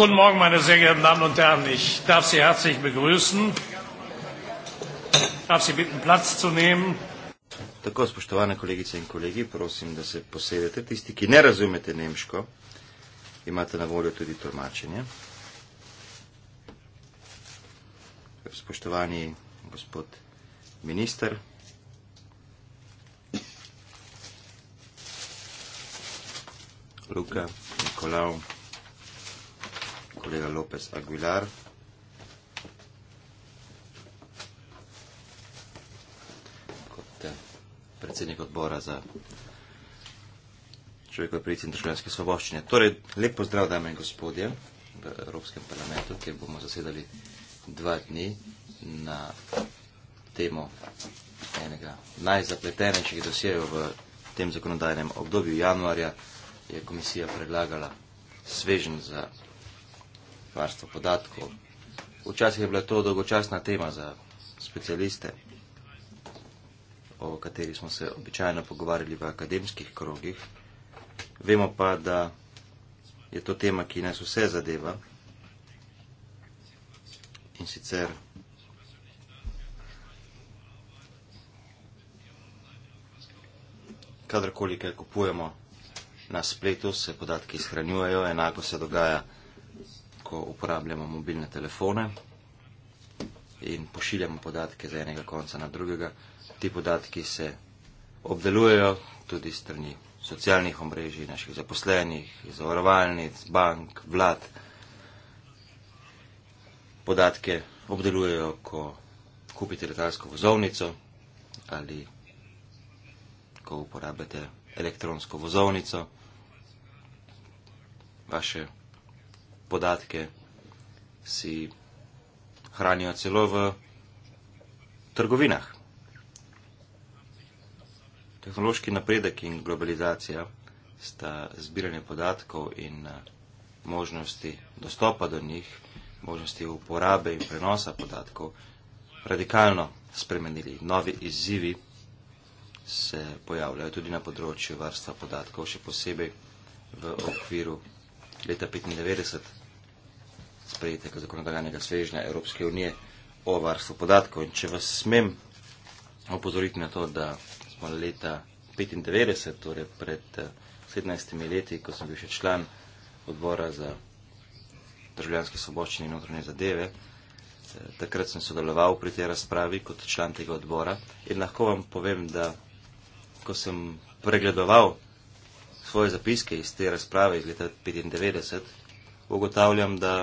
Guten Morgen, meine sehr geehrten Damen und Herren. Ich darf Sie herzlich begrüßen. Darf Sie bitten, Platz zu nehmen. Tako, spoštovane kolegice in kolegi, prosim, da se posedete. Tisti, ki ne razumete nemško, imate na voljo tudi tolmačenje. Spoštovani gospod minister, Luka, Nikolaus kolega López Aguilar. Eh, predsednik odbora za človekove pravice in državljanske svoboščine. Torej, lep pozdrav, dame in gospodje, v Evropskem parlamentu, kjer bomo zasedali dva dni na temo enega najzapletenejših dosjejev v tem zakonodajnem obdobju januarja. Je komisija predlagala svežen za varstvo podatkov. Včasih je bila to dolgočasna tema za specialiste, o kateri smo se običajno pogovarjali v akademskih krogih. Vemo pa, da je to tema, ki nas vse zadeva in sicer. Kadarkoli kaj kupujemo na spletu, se podatki shranjujejo, enako se dogaja ko uporabljamo mobilne telefone in pošiljamo podatke z enega konca na drugega. Ti podatki se obdelujejo tudi strani socialnih omrežij, naših zaposlenih, zavarovalnic, bank, vlad. Podatke obdelujejo, ko kupite letalsko vozovnico ali ko uporabljate elektronsko vozovnico. Vaše podatke si hranijo celo v trgovinah. Tehnološki napredek in globalizacija sta zbiranje podatkov in eh, možnosti dostopa do njih, možnosti uporabe in prenosa podatkov radikalno spremenili. Novi izzivi se pojavljajo tudi na področju varstva podatkov, še posebej v okviru leta 1995 sprejetega zakonodajnega svežnja Evropske unije o varstvu podatkov. In če vas smem opozoriti na to, da smo leta 95, torej pred 17 eh, leti, ko sem bil še član odbora za državljanske soboščine in notranje zadeve, eh, takrat sem sodeloval pri tej razpravi kot član tega odbora in lahko vam povem, da ko sem pregledoval svoje zapiske iz te razprave iz leta 95, ugotavljam, da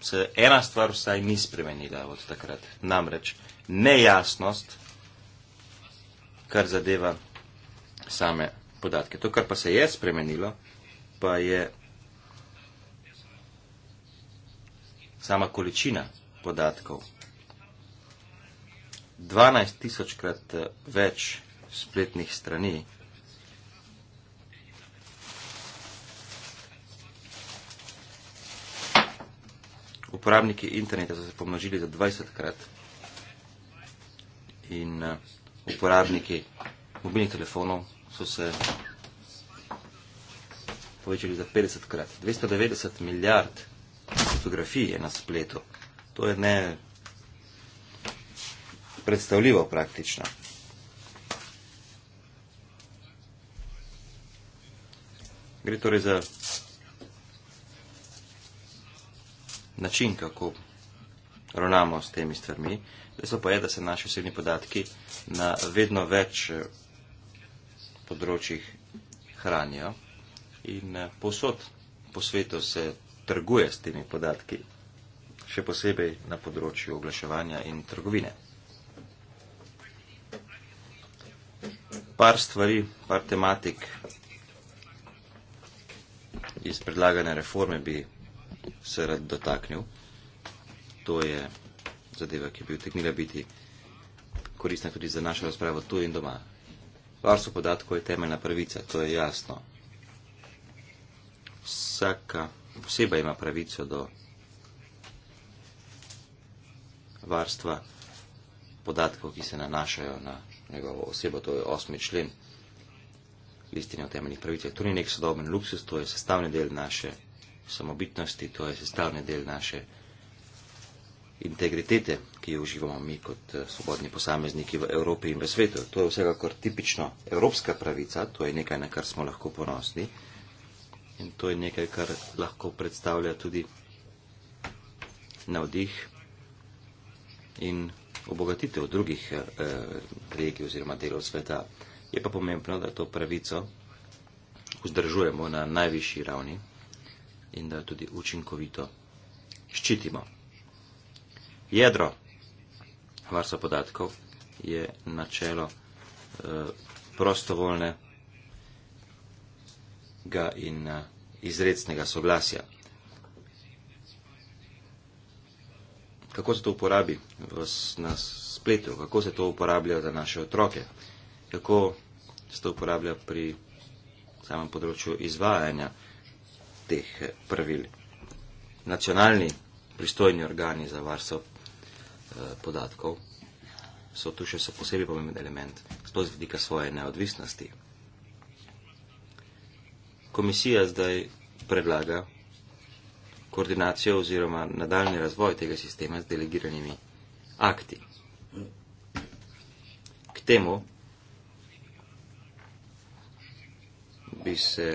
se ena stvar vsaj ni spremenila od takrat. Namreč nejasnost, kar zadeva same podatke. To, kar pa se je spremenilo, pa je sama količina podatkov. 12 tisočkrat eh, več spletnih strani uporabniki interneta so se pomnožili za 20 krat in uh, uporabniki mobilnih telefonov so se povečali za 50 krat. 290 milijard fotografij je na spletu. To je ne predstavljivo praktično. Gre torej za način, kako ravnamo s temi stvarmi. Veselo pa je, da se naši osebni podatki na vedno več eh, področjih hranijo in eh, posod po svetu se trguje s temi podatki, še posebej na področju oglaševanja in trgovine. Par stvari, par tematik iz predlagane reforme bi se rad dotaknil. To je zadeva, ki bi utegnila biti koristna tudi za našo razpravo tu in doma. Varstvo podatkov je temeljna pravica, to je jasno. Vsaka oseba ima pravico do varstva podatkov, ki se nanašajo na njegovo osebo, to je osmi člen listine o temeljnih pravicah. To ni nek sodoben luksus, to je sestavni del naše samobitnosti, to je sestavni del naše integritete, ki jo uživamo mi kot eh, svobodni posamezniki v Evropi in v svetu. To je vsekakor tipično evropska pravica, to je nekaj, na kar smo lahko ponosni in to je nekaj, kar lahko predstavlja tudi navdih in obogatitev drugih eh, regij oziroma delov sveta. Je pa pomembno, da to pravico vzdržujemo na najvišji ravni in da jo tudi učinkovito ščitimo. Jedro varstva podatkov je načelo eh, prostovoljnega in eh, izrecnega soglasja. Kako se to uporabi na spletu, kako se to uporablja za naše otroke, kako se to uporablja pri samem področju izvajanja teh pravil. Nacionalni pristojni organi za varstvo eh, podatkov so tu še so posebej pomemben element, sploh z vidika svoje neodvisnosti. Komisija zdaj predlaga koordinacijo oziroma nadaljni razvoj tega sistema z delegiranimi akti. K temu bi se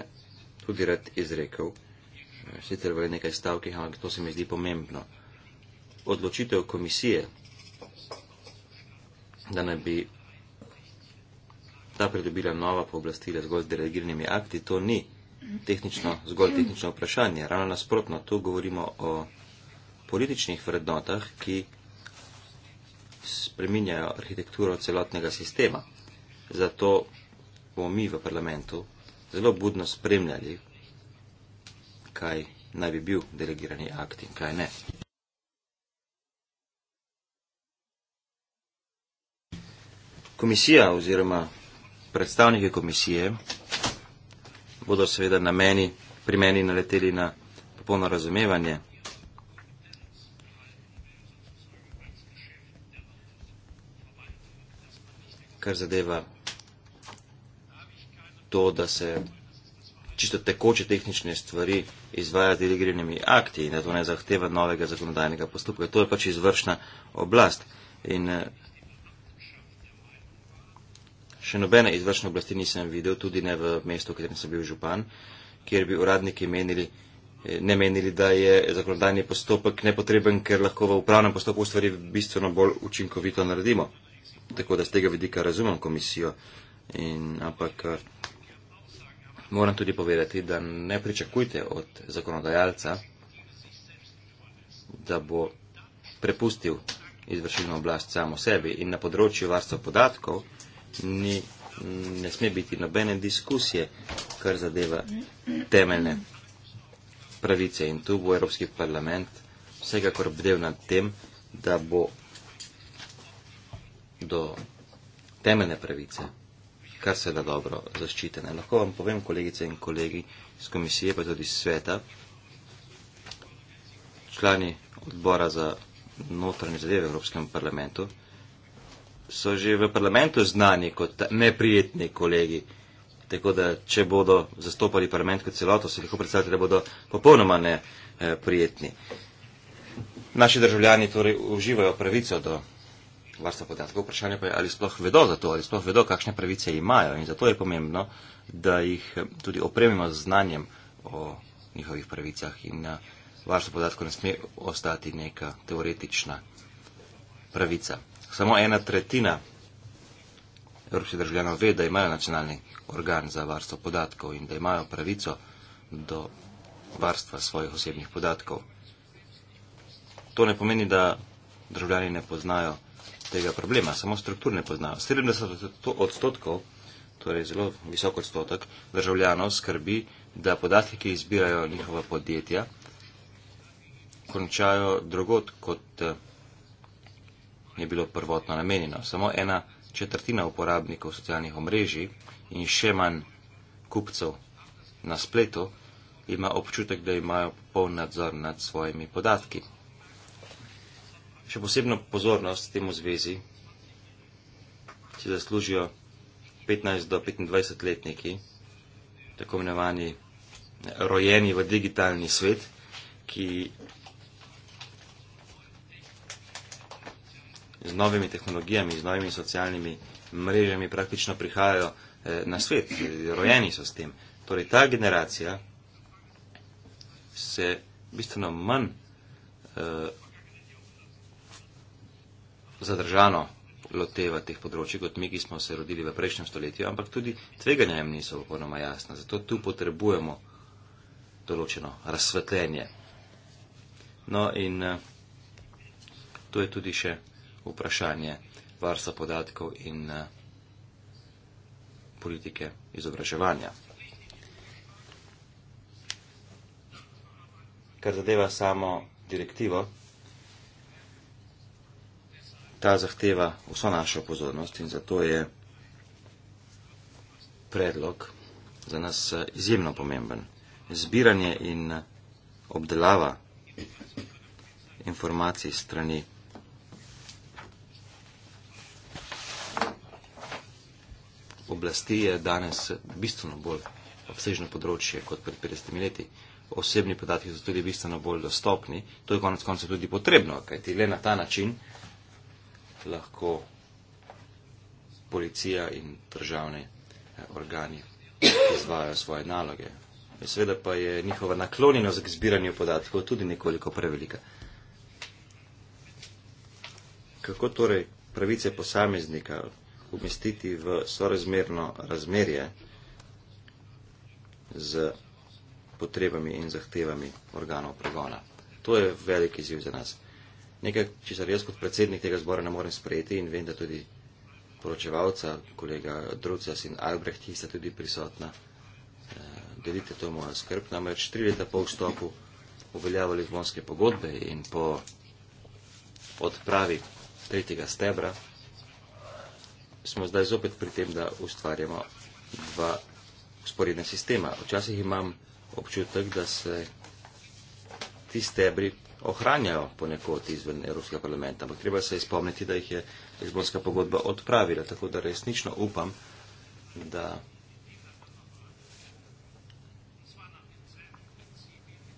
tudi rad izrekel, eh, sicer v le nekaj stavkih, ampak to se mi zdi pomembno. Odločitev komisije, da naj bi ta pridobila nova pooblastila zgolj z delegiranimi akti, to ni tehnično, zgolj tehnično vprašanje. Ravno nasprotno, tu govorimo o političnih vrednotah, ki spreminjajo arhitekturo celotnega sistema. Zato bomo mi v parlamentu zelo budno spremljali, kaj naj bi bil delegirani akt in kaj ne. Komisija oziroma predstavniki komisije bodo seveda na meni, pri meni naleteli na popolno razumevanje. kar zadeva to, da se čisto tekoče tehnične stvari izvaja z delegiranimi akti in da to ne zahteva novega zakonodajnega postopka. To je pač izvršna oblast. In eh, še nobene izvršne oblasti nisem videl, tudi ne v mestu, kjer sem bil župan, kjer bi uradniki menili, eh, ne menili, da je zakonodajni postopek nepotreben, ker lahko v upravnem postopku stvari bistveno bolj učinkovito naredimo. Tako da z tega vidika razumem komisijo. In, ampak eh, Moram tudi povedati, da ne pričakujte od zakonodajalca, da bo prepustil izvršilno oblast samo sebi in na področju varstva podatkov ni, ne sme biti nobene diskusije, kar zadeva temeljne pravice. In tu bo Evropski parlament vsekakor bdel nad tem, da bo do temeljne pravice kar se da dobro zaščitene. Lahko vam povem, kolegice in kolegi iz komisije, pa tudi iz sveta, člani odbora za notranje zadeve v Evropskem parlamentu, so že v parlamentu znani kot neprijetni kolegi. Tako da, če bodo zastopali parlament kot celoto, se lahko predstavljate, da bodo popolnoma neprijetni. Eh, Naši državljani torej uživajo pravico do varstva podatkov, vprašanje pa je, ali sploh vedo za to, ali sploh vedo, kakšne pravice imajo. In zato je pomembno, da jih eh, tudi opremimo z znanjem o njihovih pravicah in eh, varstvo podatkov ne sme ostati neka teoretična pravica. Samo ena tretjina evropskih državljanov ve, da imajo nacionalni organ za varstvo podatkov in da imajo pravico do varstva svojih osebnih podatkov. To ne pomeni, da državljani ne poznajo tega problema, samo struktur ne poznajo. 70 odstotkov, torej zelo visok odstotek, državljanov skrbi, da podatke, ki izbirajo njihova podjetja, končajo drugot, kot eh, je bilo prvotno namenjeno. Samo ena četrtina uporabnikov socialnih omrežij in še manj kupcev na spletu ima občutek, da imajo popoln nadzor nad svojimi podatki še posebno pozornost temu zvezi, ki zaslužijo 15 do 25 letniki, tako imenovani eh, rojeni v digitalni svet, ki z novimi tehnologijami, z novimi socialnimi mrežami praktično prihajajo eh, na svet, rojeni so s tem. Torej, ta generacija se bistveno manj eh, zadržano loteva teh področji, kot mi, ki smo se rodili v prejšnjem stoletju, ampak tudi tveganja jim niso popolnoma jasna. Zato tu potrebujemo določeno razsvetljenje. No in eh, tu je tudi še vprašanje varstva podatkov in eh, politike izobraževanja. Kar zadeva samo direktivo, ta zahteva vso našo pozornost in zato je predlog za nas eh, izjemno pomemben. Zbiranje in eh, obdelava informacij strani oblasti je danes eh, bistveno bolj obsežno področje kot pred 50 leti. Osebni podatki so tudi bistveno bolj dostopni. To je konec konca tudi potrebno, kajti le na ta način lahko policija in državni eh, organi izvajajo svoje naloge. Sveda pa je njihova naklonjenost k zbiranju podatkov tudi nekoliko prevelika. Kako torej pravice posameznika umestiti v sorazmerno razmerje z potrebami in zahtevami organov pregona? To je veliki ziv za nas nekaj, če se jaz kot predsednik tega zbora ne morem sprejeti in vem, da tudi poročevalca, kolega Drucas in Albrecht, ki sta tudi prisotna, eh, delite to mojo skrb. Namreč tri leta po vstopu uveljavljajo Lizbonske pogodbe in po odpravi tretjega stebra smo zdaj zopet pri tem, da ustvarjamo dva sporedna sistema. Včasih imam občutek, da se ti stebri ohranjajo ponekod izven Evropskega parlamenta, ampak treba se izpomniti, da jih je Lizbonska pogodba odpravila, tako da resnično upam, da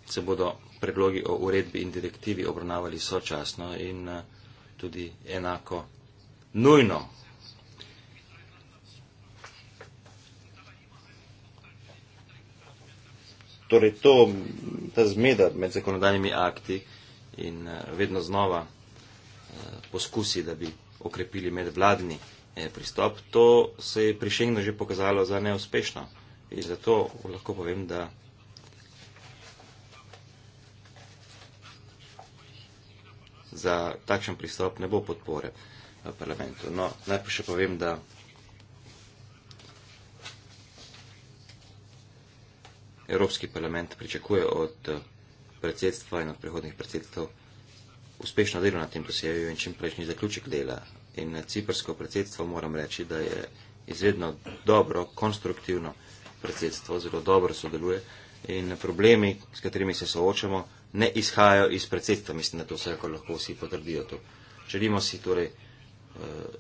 se bodo predlogi o uredbi in direktivi obravnavali sočasno in eh, tudi enako nujno. Torej, to, ta zmeda med zakonodajnimi akti, in eh, vedno znova eh, poskusi, da bi okrepili medvladni eh, pristop. To se je pri Šengnu že pokazalo za neuspešno in zato lahko povem, da za takšen pristop ne bo podpore v parlamentu. No, najprej še povem, da Evropski parlament pričakuje od predsedstva in od prihodnih predsedstv uspešno delo na tem dosjeju in čim prejšnji zaključek dela. In ciprsko predsedstvo moram reči, da je izredno dobro, konstruktivno predsedstvo, zelo dobro sodeluje in problemi, s katerimi se soočamo, ne izhajajo iz predsedstva. Mislim, da to vse lahko vsi potrdijo to. Želimo si torej eh,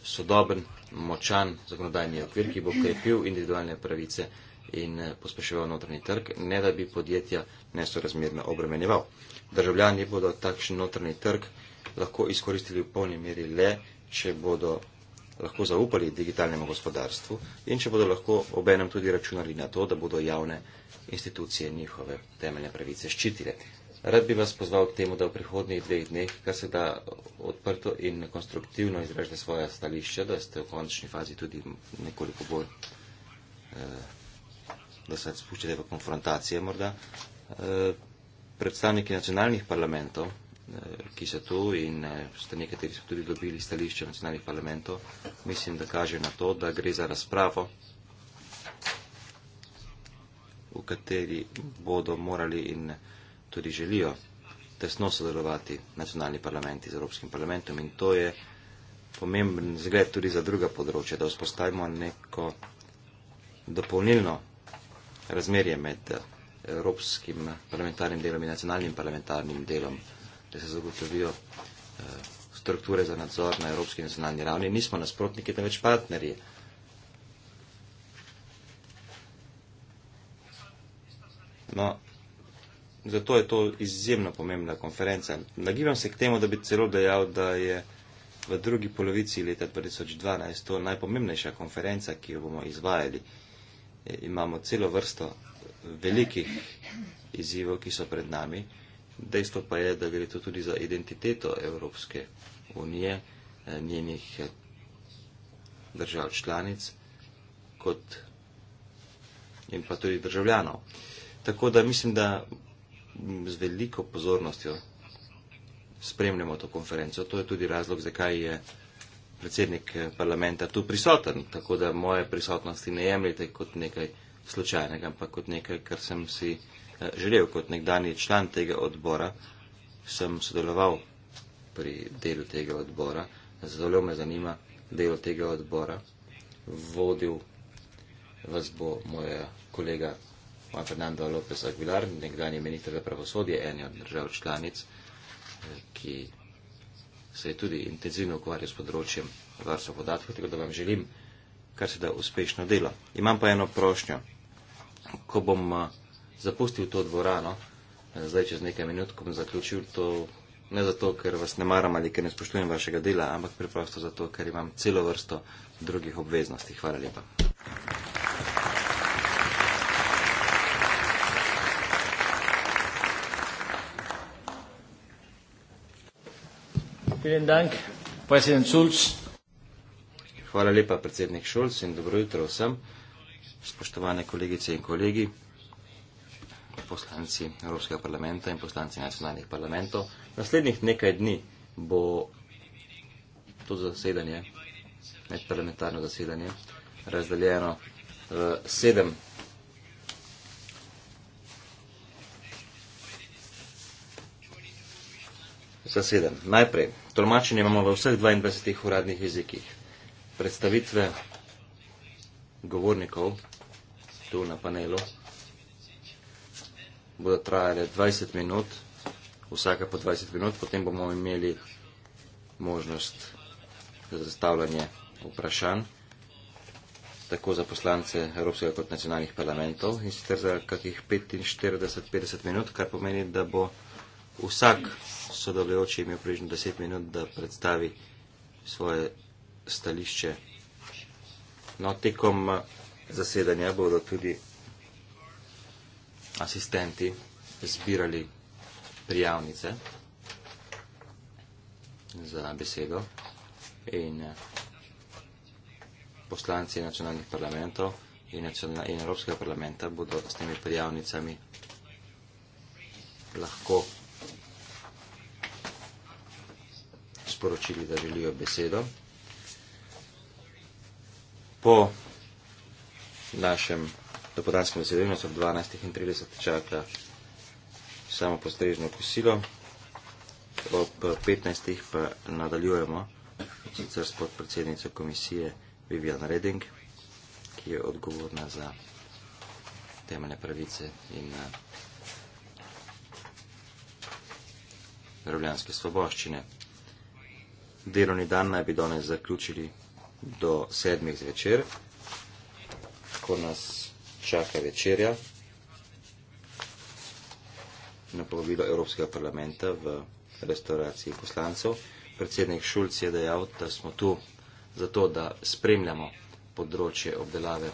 sodoben, močan zakonodajni okvir, ki bo krepil individualne pravice in eh, pospeševal notranji trg, ne da bi podjetja nesorazmerno obremenjeval. Državljani bodo takšen notranji trg lahko izkoristili v polni meri le, če bodo lahko zaupali digitalnemu gospodarstvu in če bodo lahko obenem tudi računali na to, da bodo javne institucije njihove temeljne pravice ščitile. Rad bi vas pozval k temu, da v prihodnjih dveh dneh, kar se da odprto in konstruktivno izražite svoje stališče, da ste v končni fazi tudi nekoliko bolj eh, da se spuščate v konfrontacije morda. Eh, predstavniki nacionalnih parlamentov, eh, ki so tu in eh, ste nekateri so tudi dobili stališče nacionalnih parlamentov, mislim, da kaže na to, da gre za razpravo, v kateri bodo morali in tudi želijo tesno sodelovati nacionalni parlamenti z Evropskim parlamentom in to je pomemben zgled tudi za druga področja, da vzpostavimo neko dopolnilno razmerje med eh, evropskim parlamentarnim delom in nacionalnim parlamentarnim delom, da se zagotovijo eh, strukture za nadzor na evropski in nacionalni ravni. Nismo nasprotniki, temveč partnerji. No, zato je to izjemno pomembna konferenca. Nagibam se k temu, da bi celo dejal, da je v drugi polovici leta 2012 to najpomembnejša konferenca, ki jo bomo izvajali imamo celo vrsto velikih izzivov, ki so pred nami. Dejstvo pa je, da gre to tudi za identiteto Evropske unije, eh, njenih eh, držav članic kot in pa tudi državljanov. Tako da mislim, da z veliko pozornostjo spremljamo to konferenco. To je tudi razlog, zakaj je predsednik eh, parlamenta tu prisoten, tako da moje prisotnosti ne jemljite kot nekaj slučajnega, ampak kot nekaj, kar sem si eh, želel. Kot nekdani član tega odbora sem sodeloval pri delu tega odbora, zelo me zanima delo tega odbora, vodil vas bo moj kolega Juan Fernando López Aguilar, nekdani minister za pravosodje, eni od držav članic, eh, ki se je tudi intenzivno ukvarjal s področjem varstva podatkov, tako da vam želim kar se da uspešno delo. Imam pa eno prošnjo. Ko bom eh, zapustil to dvorano, eh, zdaj čez nekaj minut, ko bom zaključil to, ne zato, ker vas ne maram ali ker ne spoštujem vašega dela, ampak preprosto zato, ker imam celo vrsto drugih obveznosti. Hvala lepa. Hvala lepa, predsednik Šolc in dobro jutro vsem, spoštovane kolegice in kolegi, poslanci Evropskega parlamenta in poslanci nacionalnih parlamentov. Naslednjih nekaj dni bo to zasedanje, medparlamentarno zasedanje, razdeljeno v sedem. Za sedem. Najprej Tolmačenje imamo v vseh 22 uradnih jezikih. Predstavitve govornikov tu na panelu bodo trajale 20 minut, vsaka po 20 minut, potem bomo imeli možnost za zastavljanje vprašanj tako za poslance Evropskega kot nacionalnih parlamentov in sicer za kakih 45-50 minut, kar pomeni, da bo vsak sodelujoči imel približno 10 minut, da predstavi svoje stališče. No, tekom eh, zasedanja bodo tudi asistenti zbirali prijavnice za besedo in eh, poslanci nacionalnih parlamentov in, nacional in Evropskega parlamenta bodo s temi prijavnicami lahko sporočili, da želijo besedo. Po našem dopodanskem besedenju so v 12.30 čaka samo postrežno kosilo, ob 15. pa nadaljujemo sicer s podpredsednico komisije Vivian Reding, ki je odgovorna za temeljne pravice in uh, eh, ljubljanske svoboščine. Delovni dan naj bi danes zaključili do sedmih zvečer, ko nas čaka večerja na povabilo Evropskega parlamenta v restauraciji poslancev. Predsednik Šulc je dejal, da smo tu zato, da spremljamo področje obdelave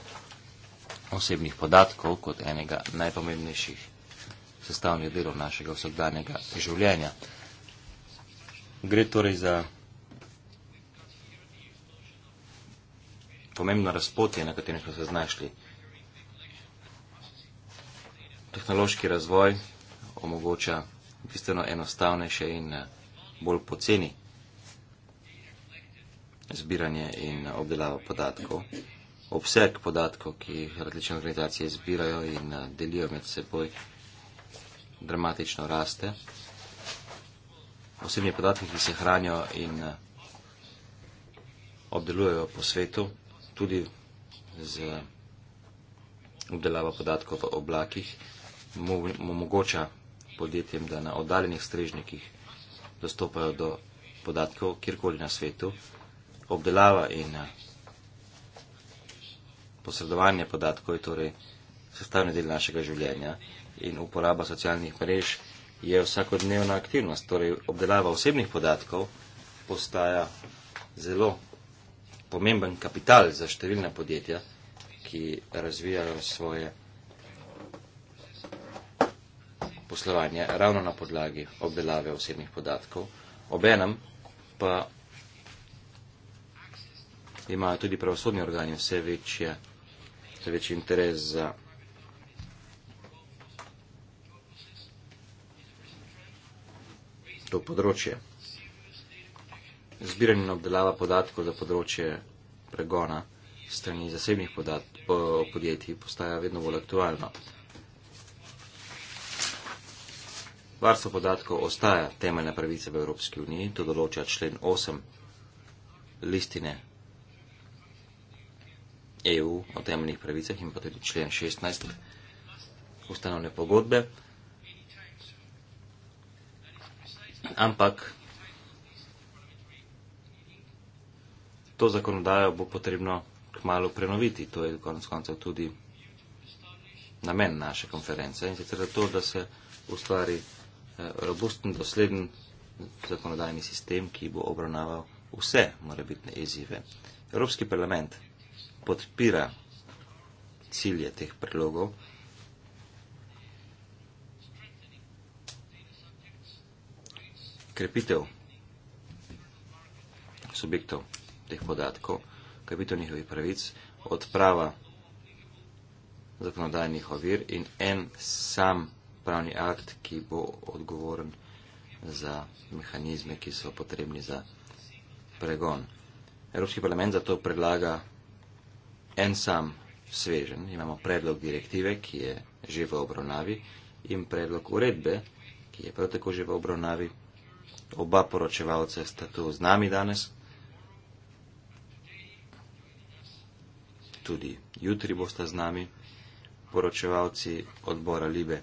osebnih podatkov kot enega najpomembnejših sestavnih delov našega vsakdanjega življenja. Gre torej za pomembno razpotje, na katerem smo se znašli. Tehnološki razvoj omogoča bistveno enostavnejše in eh, bolj poceni zbiranje in obdelavo podatkov. Obseg podatkov, ki jih različne organizacije zbirajo in eh, delijo med seboj, dramatično raste. Osebni podatki, ki se hranijo in eh, obdelujejo po svetu, tudi z obdelavo podatkov v oblakih omogoča podjetjem, da na oddaljenih strežnikih dostopajo do podatkov kjerkoli na svetu. Obdelava in eh, posredovanje podatkov je torej sestavni del našega življenja in uporaba socialnih mrež je vsakodnevna aktivnost. Torej obdelava osebnih podatkov postaja zelo pomemben kapital za številna podjetja, ki razvijajo svoje poslovanje ravno na podlagi obdelave osebnih podatkov. Obenem pa imajo tudi pravosodni organi vse večje, vse večji interes za to področje zbiranje in obdelava podatkov za področje pregona strani zasebnih podjetij postaja vedno bolj aktualno. Varstvo podatkov ostaja temeljna pravica v Evropski uniji, to določa člen 8 listine EU o temeljnih pravicah in pa tudi člen 16 ustanovne pogodbe. Ampak to zakonodajo bo potrebno kmalo prenoviti. To je konec koncev tudi namen naše konference in sicer to, da se ustvari eh, robusten, dosleden zakonodajni sistem, ki bo obravnaval vse morebitne izzive. Evropski parlament podpira cilje teh predlogov. krepitev subjektov teh podatkov, kapitol njihovih pravic, odprava zakonodajnih ovir in en sam pravni akt, ki bo odgovoren za mehanizme, ki so potrebni za pregon. Evropski parlament zato predlaga en sam svežen. Imamo predlog direktive, ki je že v obravnavi, in predlog uredbe, ki je prav tako že v obravnavi. Oba poročevalca sta tu z nami danes, tudi jutri boste z nami. Poročevalci odbora Libe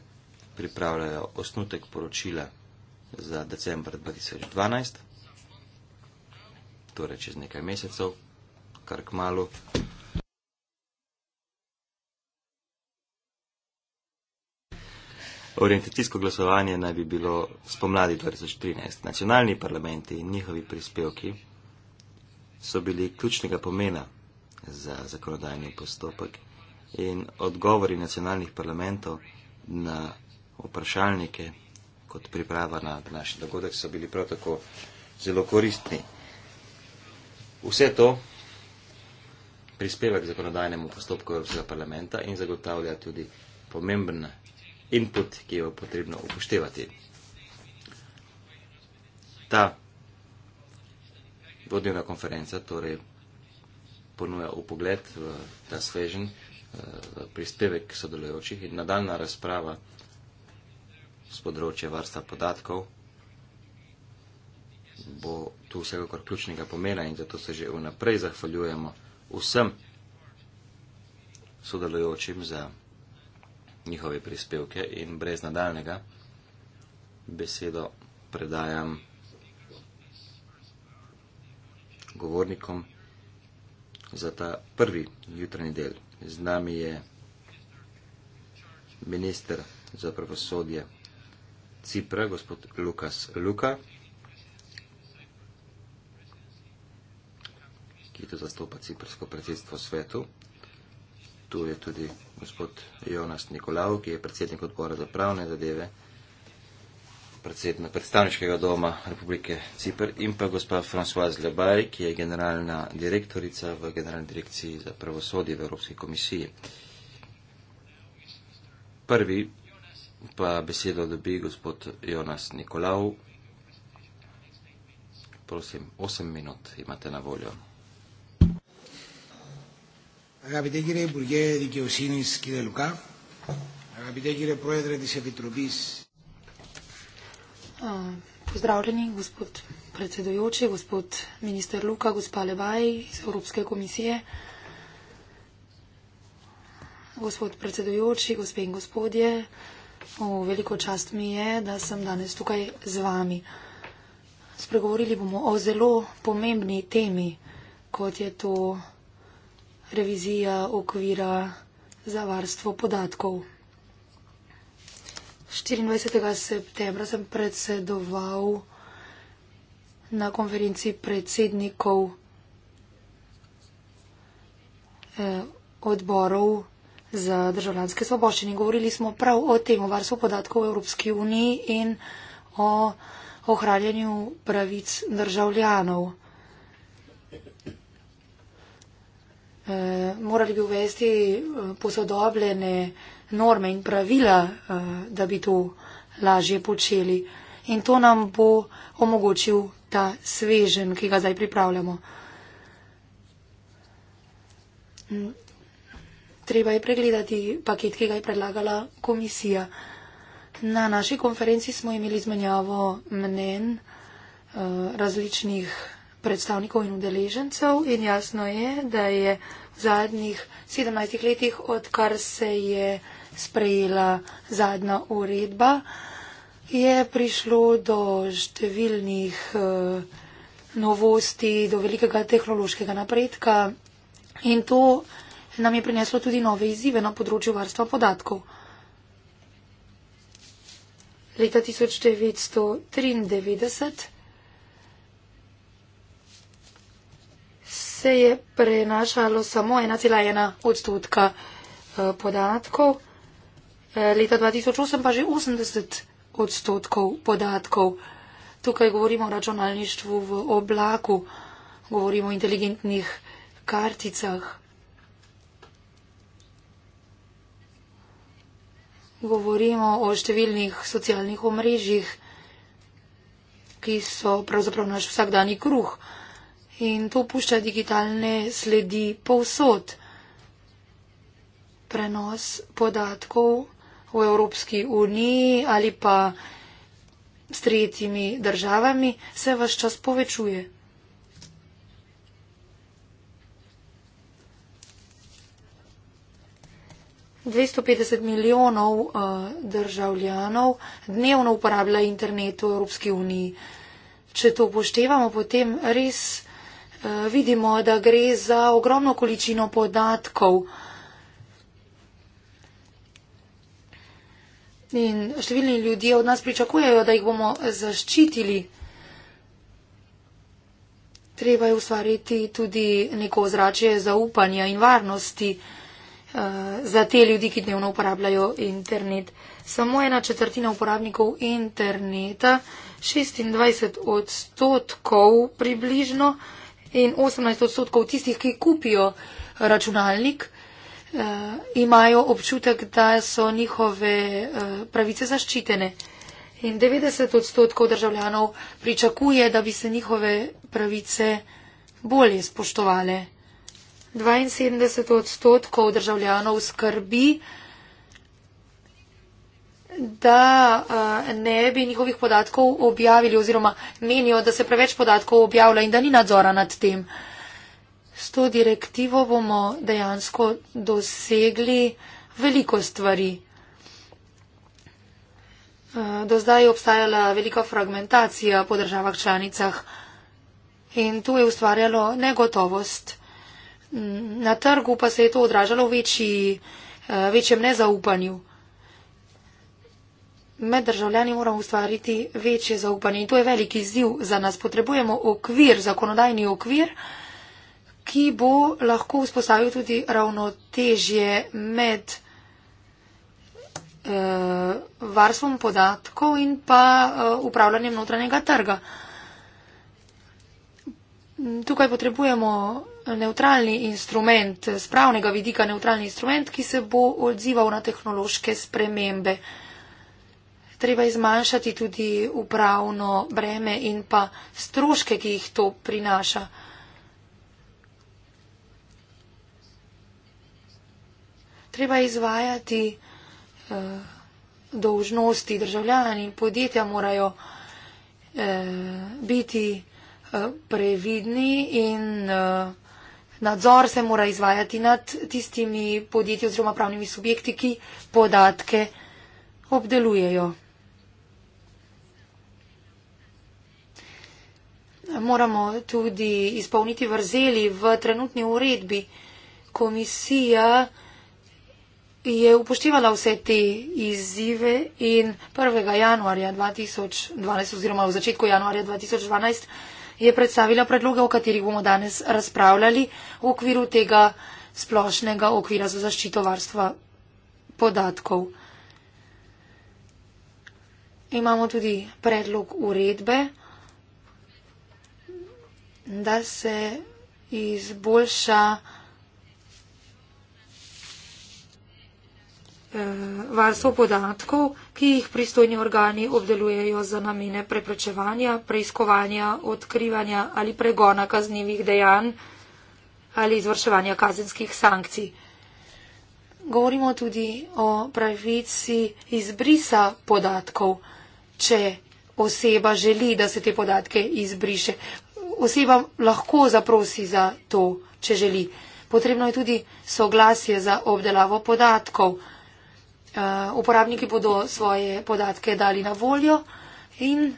pripravljajo osnutek poročila za decembr 2012, torej čez nekaj mesecev, kar k malu. Orientacijsko glasovanje naj bi bilo spomladi 2013. Nacionalni parlamenti in njihovi prispevki so bili ključnega pomena za zakonodajni postopek in odgovori nacionalnih parlamentov na vprašalnike kot priprava na naš dogodek so bili prav tako zelo koristni. Vse to prispeva k zakonodajnemu postopku Evropskega parlamenta in zagotavlja tudi pomemben input, ki jo potrebno upoštevati. Ta vodnjena konferenca, torej ponuja upogled v ta svežen eh, v prispevek sodelujočih in nadaljna razprava z področja varstva podatkov bo tu vsekakor ključnega pomena in zato se že vnaprej zahvaljujemo vsem sodelujočim za njihove prispevke in brez nadaljnega besedo predajam govornikom za ta prvi jutranji del. Z nami je minister za pravosodje Cipra, gospod Lukas Luka, ki tu zastopa ciprsko predsedstvo svetu. Tu je tudi gospod Jonas Nikolaov, ki je predsednik odbora za pravne zadeve predsednika predstavniškega doma Republike Cipr in pa gospa Françoise Lebaj, ki je generalna direktorica v Generalni direkciji za pravosodje v Evropski komisiji. Prvi pa besedo dobi gospod Jonas Nikolau. Prosim, 8 minut imate na voljo. Agapite, kire, burje, dikeosinis, kire, luka. Agapite, kire, proedre, disepitrobis, Pozdravljeni, gospod predsedujoči, gospod minister Luka, gospa Lebaj iz Evropske komisije. Gospod predsedujoči, gospe in gospodje, veliko čast mi je, da sem danes tukaj z vami. Spregovorili bomo o zelo pomembni temi, kot je to revizija okvira za varstvo podatkov. 24. septembra sem predsedoval na konferenci predsednikov eh, odborov za državljanske svoboščine. Govorili smo prav o tem, o varstvu podatkov v Evropski uniji in o ohranjanju pravic državljanov. Eh, morali bi uvesti eh, posodobljene eh, norme in pravila, eh, da bi to lažje počeli. In to nam bo omogočil ta svežen, ki ga zdaj pripravljamo. Hm. Treba je pregledati paket, ki ga je predlagala komisija. Na naši konferenci smo imeli izmenjavo mnen eh, različnih predstavnikov in udeležencev in jasno je, da je v zadnjih 17 letih, odkar se je sprejela zadnja uredba, je prišlo do številnih eh, novosti, do velikega tehnološkega napredka in to nam je prineslo tudi nove izzive na področju varstva podatkov. Leta 1993 se je prenašalo samo 1,1 odstotka eh, podatkov leta 2008 pa že 80 odstotkov podatkov. Tukaj govorimo o računalništvu v oblaku, govorimo o inteligentnih karticah. Govorimo o številnih socialnih omrežjih, ki so pravzaprav naš vsakdani kruh. In to pušča digitalne sledi povsod. Prenos podatkov v Evropski uniji ali pa s tretjimi državami, se vaš čas povečuje. Dvesto petdeset milijonov eh, državljanov dnevno uporablja internet v Evropski uniji. Če to upoštevamo, potem res eh, vidimo, da gre za ogromno količino podatkov. In številni ljudje od nas pričakujejo, da jih bomo zaščitili. Treba je ustvariti tudi neko ozračje zaupanja in varnosti uh, za te ljudi, ki dnevno uporabljajo internet. Samo ena četrtina uporabnikov interneta, 26 odstotkov približno in 18 odstotkov tistih, ki kupijo računalnik uh, imajo občutek, da so njihove uh, pravice zaščitene. In 90 odstotkov državljanov pričakuje, da bi se njihove pravice bolje spoštovale. 72 odstotkov državljanov skrbi, da uh, ne bi njihovih podatkov objavili oziroma menijo, da se preveč podatkov objavlja in da ni nadzora nad tem. Uh, S to direktivo bomo dejansko dosegli veliko stvari. Eh, do zdaj je obstajala velika fragmentacija po državah članicah in tu je ustvarjalo negotovost. Na trgu pa se je to odražalo v večji, eh, večjem nezaupanju. Med državljani moramo ustvariti večje zaupanje in to je veliki ziv za nas. Potrebujemo okvir, zakonodajni okvir, ki bo lahko vzpostavil tudi ravnotežje med eh, varstvom podatkov in pa eh, upravljanjem notranjega trga. Tukaj potrebujemo neutralni instrument, spravnega vidika neutralni instrument, ki se bo odzival na tehnološke spremembe. Treba je zmanjšati tudi upravno breme in pa stroške, ki jih to prinaša. treba izvajati uh, dolžnosti državljani in podjetja morajo uh, biti uh, previdni in uh, nadzor se mora izvajati nad tistimi podjetji oziroma pravnimi subjekti, ki podatke obdelujejo. Moramo tudi izpolniti vrzeli v trenutni uredbi. Komisija je upoštevala vse te izzive in 1. januarja 2012 oziroma v začetku januarja 2012 je predstavila predloge, o katerih bomo danes razpravljali v okviru tega splošnega okvira za zaščito varstva podatkov. Imamo tudi predlog uredbe, da se izboljša Eh, varstvo podatkov, ki jih pristojni organi obdelujejo za namene preprečevanja, preiskovanja, odkrivanja ali pregona kaznjivih dejanj ali izvrševanja kazenskih sankcij. Govorimo tudi o pravici izbrisa podatkov, če oseba želi, da se te podatke izbriše. Oseba lahko zaprosi za to, če želi. Potrebno je tudi soglasje za obdelavo podatkov. Uh, uporabniki bodo svoje podatke dali na voljo in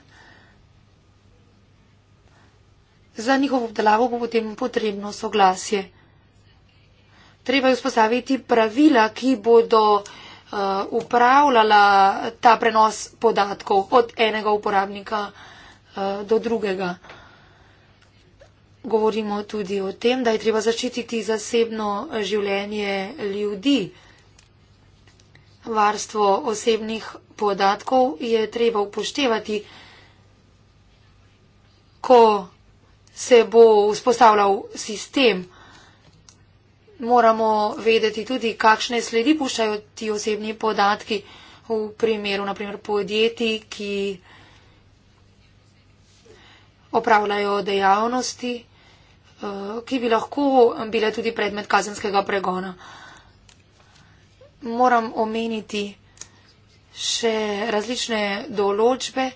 za njihovo obdelavo bo potem potrebno soglasje. Treba je vzpostaviti pravila, ki bodo uh, upravljala ta prenos podatkov od enega uporabnika uh, do drugega. Govorimo tudi o tem, da je treba zaščititi zasebno življenje ljudi. Uh, varstvo osebnih podatkov je treba upoštevati, ko se bo vzpostavljal sistem. Moramo vedeti tudi, kakšne sledi puščajo ti osebni podatki v primeru naprimer podjetij, ki opravljajo dejavnosti, eh, ki bi lahko bile tudi predmet kazenskega pregona moram omeniti še različne določbe,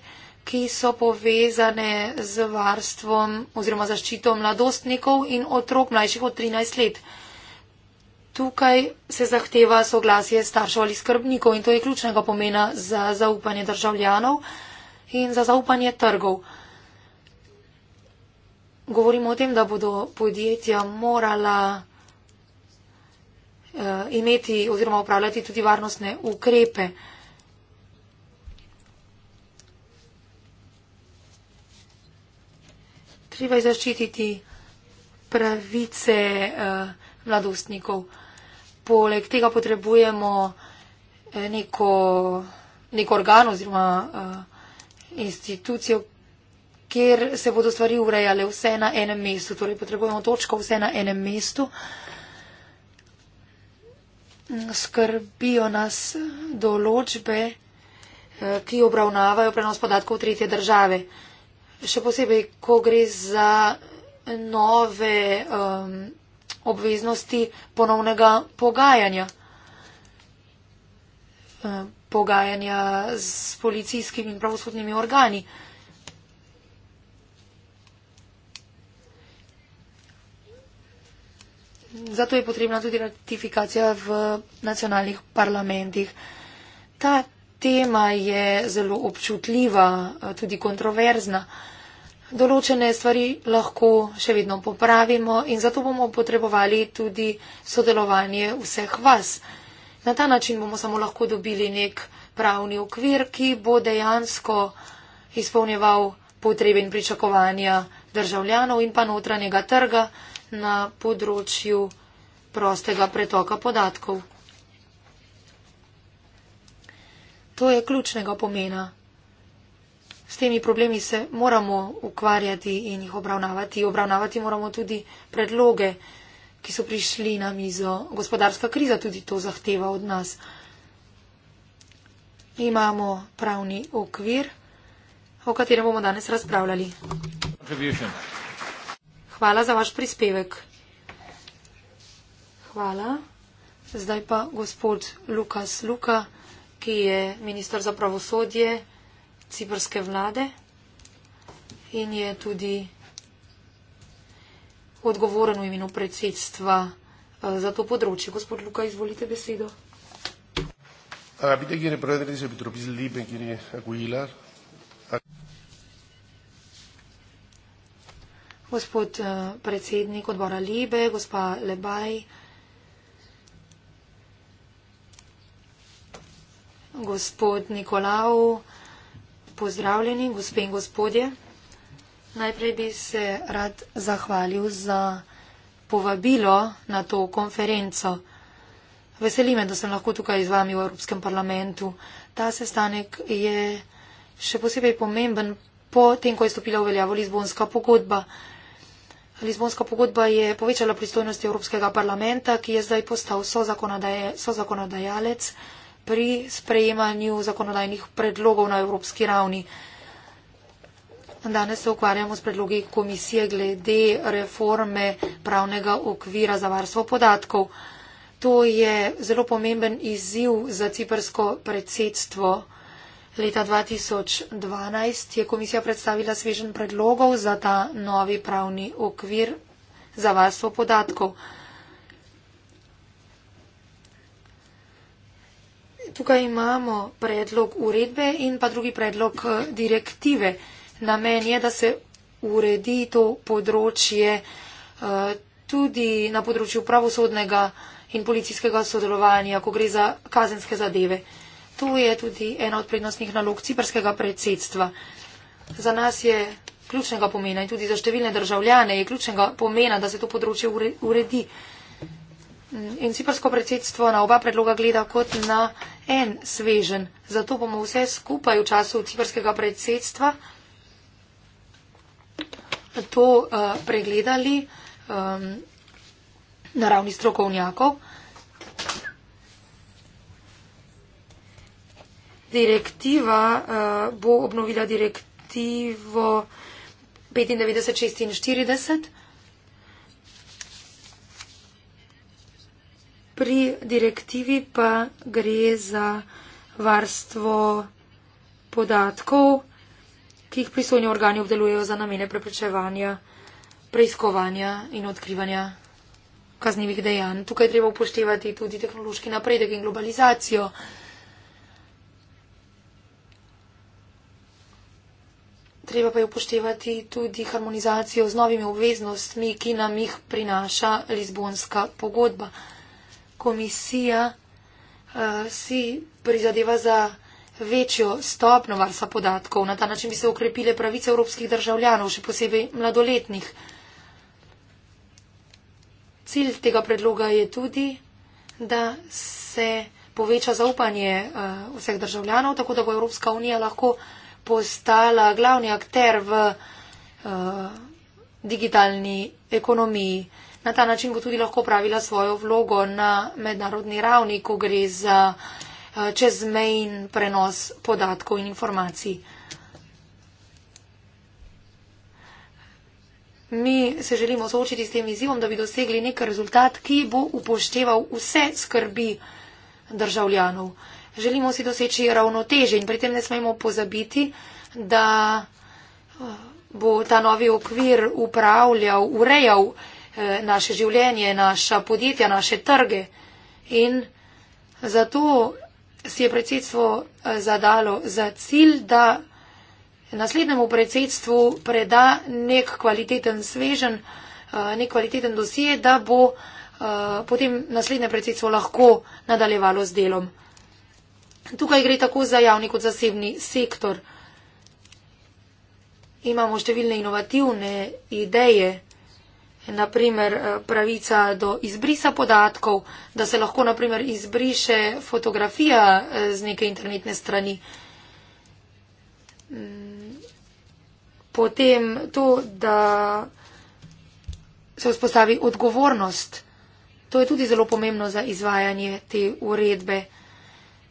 ki so povezane z varstvom oziroma zaščito mladostnikov in otrok mlajših od 13 let. Tukaj se zahteva soglasje staršev ali skrbnikov in to je ključnega pomena za zaupanje državljanov in za zaupanje trgov. Govorimo o tem, da bodo podjetja morala uh, imeti oziroma upravljati tudi varnostne ukrepe. Treba je zaščititi pravice uh, mladostnikov. Poleg tega potrebujemo eh, neko, neko organ oziroma uh, institucijo, kjer se bodo stvari urejale vse na enem mestu. Torej potrebujemo točko vse na enem mestu. Uh, skrbijo nas določbe, eh, ki obravnavajo prenos podatkov v tretje države. Še posebej, ko gre za nove um, obveznosti ponovnega pogajanja. Pogajanja s policijskimi in pravosodnimi organi. Uh, zato je potrebna tudi ratifikacija v nacionalnih parlamentih. Ta tema je zelo občutljiva, tudi kontroverzna. Določene stvari lahko še vedno popravimo in zato bomo potrebovali tudi sodelovanje vseh vas. Na ta način bomo samo lahko dobili nek pravni okvir, ki bo dejansko izpolnjeval potrebe in pričakovanja državljanov in pa notranjega trga na področju prostega pretoka podatkov. To je ključnega pomena. S temi problemi se moramo ukvarjati in jih obravnavati. Obravnavati moramo tudi predloge, ki so prišli na mizo. Gospodarska kriza tudi to zahteva od nas. Imamo pravni okvir, o katerem bomo danes razpravljali. Contribution. Hvala za vaš prispevek. Hvala. Zdaj pa gospod Lukas Luka, ki je ministr za pravosodje ciprske vlade in je tudi odgovoren v imenu predsedstva eh, za to področje. Gospod Luka, izvolite besedo. Arabita quiere perder, dice el ministro Pizlipe, quiere aguilar gospod uh, predsednik odbora Libe, gospa Lebaj, gospod Nikolau, pozdravljeni, gospe in gospodje. Najprej bi se rad zahvalil za povabilo na to konferenco. Veseli me, da sem lahko tukaj z vami v Evropskem parlamentu. Ta sestanek je še posebej pomemben po tem, ko je stopila v veljavo Lizbonska pogodba. Lizbonska pogodba je povečala pristojnosti Evropskega parlamenta, ki je zdaj postal sozakonodajalec pri sprejemanju zakonodajnih predlogov na evropski ravni. Danes se ukvarjamo s predlogi komisije glede reforme pravnega okvira za varstvo podatkov. To je zelo pomemben izziv za ciprsko predsedstvo. Leta 2012 je komisija predstavila svežen predlogov za ta novi pravni okvir za varstvo podatkov. Tukaj imamo predlog uredbe in pa drugi predlog eh, direktive. Namen je, da se uredi to področje eh, tudi na področju pravosodnega in policijskega sodelovanja, ko gre za kazenske zadeve to je tudi ena od prednostnih nalog ciprskega predsedstva. Za nas je ključnega pomena in tudi za številne državljane je ključnega pomena, da se to področje uredi. In ciprsko predsedstvo na oba predloga gleda kot na en svežen. Zato bomo vse skupaj v času ciprskega predsedstva to uh, pregledali um, na ravni strokovnjakov. direktiva uh, bo obnovila direktivo 95-46. Pri direktivi pa gre za varstvo podatkov, ki jih pristojni organi obdelujejo za namene preprečevanja, preiskovanja in odkrivanja kaznivih dejanj. Tukaj treba upoštevati tudi tehnološki napredek in globalizacijo. treba pa je upoštevati tudi harmonizacijo z novimi obveznostmi, ki nam jih prinaša Lizbonska pogodba. Komisija uh, si prizadeva za večjo stopno varstva podatkov. Na ta način bi se ukrepile pravice evropskih državljanov, še posebej mladoletnih. Cilj tega predloga je tudi, da se poveča zaupanje uh, vseh državljanov, tako da bo Evropska unija lahko postala glavni akter v uh, digitalni ekonomiji. Na ta način bo tudi lahko pravila svojo vlogo na mednarodni ravni, ko gre za uh, čezmejn prenos podatkov in informacij. Mi se želimo soočiti s tem izzivom, da bi dosegli nek rezultat, ki bo upošteval vse skrbi državljanov želimo si doseči ravnoteže in pri tem ne smemo pozabiti, da eh, bo ta novi okvir upravljal, urejal eh, naše življenje, naša podjetja, naše trge. In zato si je predsedstvo eh, zadalo za cilj, da naslednjemu predsedstvu preda nek kvaliteten svežen, nek kvaliteten dosije, da bo potem naslednje predsedstvo lahko nadaljevalo z delom. Tukaj gre tako za javni kot zasebni sektor. Imamo številne inovativne ideje, naprimer eh, pravica do izbrisa podatkov, da se lahko naprimer izbriše fotografija eh, z neke internetne strani. Mm, potem to, da se vzpostavi odgovornost. To je tudi zelo pomembno za izvajanje te uredbe.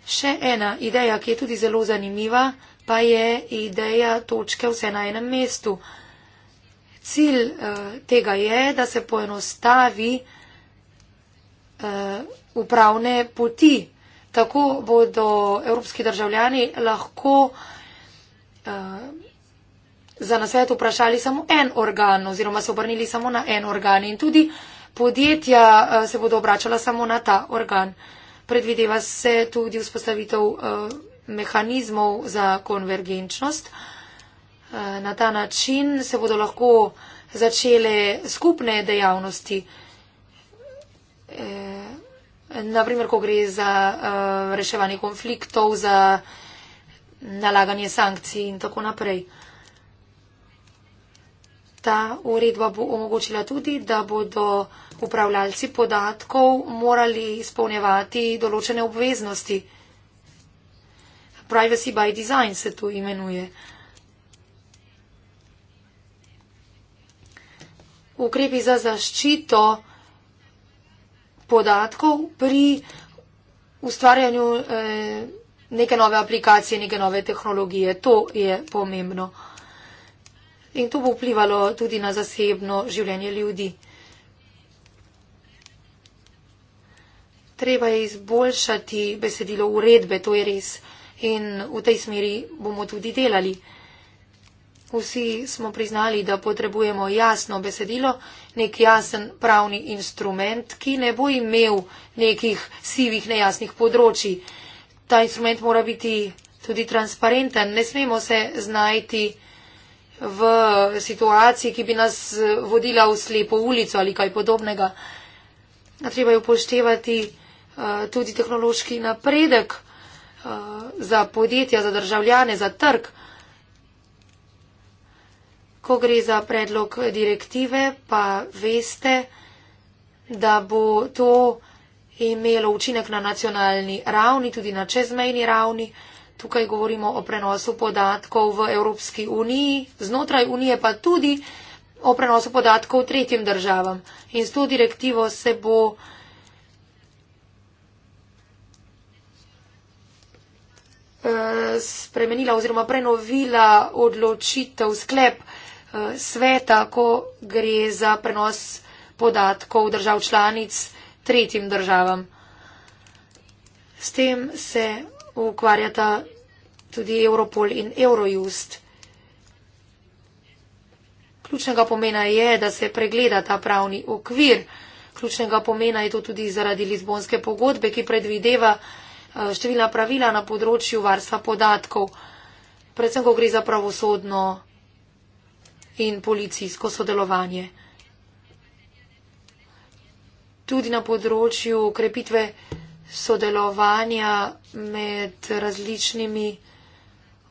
Še ena ideja, ki je tudi zelo zanimiva, pa je ideja točke vse na enem mestu. Cilj eh, tega je, da se poenostavi eh, upravne poti. Tako bodo evropski državljani lahko eh, za nasvet vprašali samo en organ oziroma se obrnili samo na en organ in tudi podjetja eh, se bodo obračala samo na ta organ. Predvideva se tudi vzpostavitev eh, mehanizmov za konvergenčnost. Eh, na ta način se bodo lahko začele skupne dejavnosti, eh, naprimer, ko gre za reševanje konfliktov, za nalaganje sankcij in tako naprej. Ta uredba bo omogočila tudi, da bodo upravljalci podatkov morali izpolnjevati določene obveznosti. Privacy by design se to imenuje. Ukrepi za zaščito podatkov pri ustvarjanju eh, neke nove aplikacije, neke nove tehnologije. To je pomembno. In to bo vplivalo tudi na zasebno življenje ljudi. Treba je izboljšati besedilo uredbe, to je res. In v tej smeri bomo tudi delali. Vsi smo priznali, da potrebujemo jasno besedilo, nek jasen pravni instrument, ki ne bo imel nekih sivih, nejasnih področji. Ta instrument mora biti tudi transparenten. Ne smemo se znajti v situaciji, ki bi nas vodila v slepo ulico ali kaj podobnega. Treba je upoštevati uh, tudi tehnološki napredek uh, za podjetja, za državljane, za trg. Ko gre za predlog direktive, pa veste, da bo to imelo učinek na nacionalni ravni, tudi na čezmejni ravni. Tukaj govorimo o prenosu podatkov v Evropski uniji, znotraj unije pa tudi o prenosu podatkov tretjim državam. In s to direktivo se bo eh, spremenila oziroma prenovila odločitev sklep eh, sveta, ko gre za prenos podatkov držav članic tretjim državam. S tem se ukvarjata tudi Europol in Eurojust. Ključnega pomena je, da se pregleda ta pravni okvir. Ključnega pomena je to tudi zaradi Lizbonske pogodbe, ki predvideva eh, številna pravila na področju varstva podatkov, predvsem, ko gre za pravosodno in policijsko sodelovanje. Tudi na področju krepitve sodelovanja med različnimi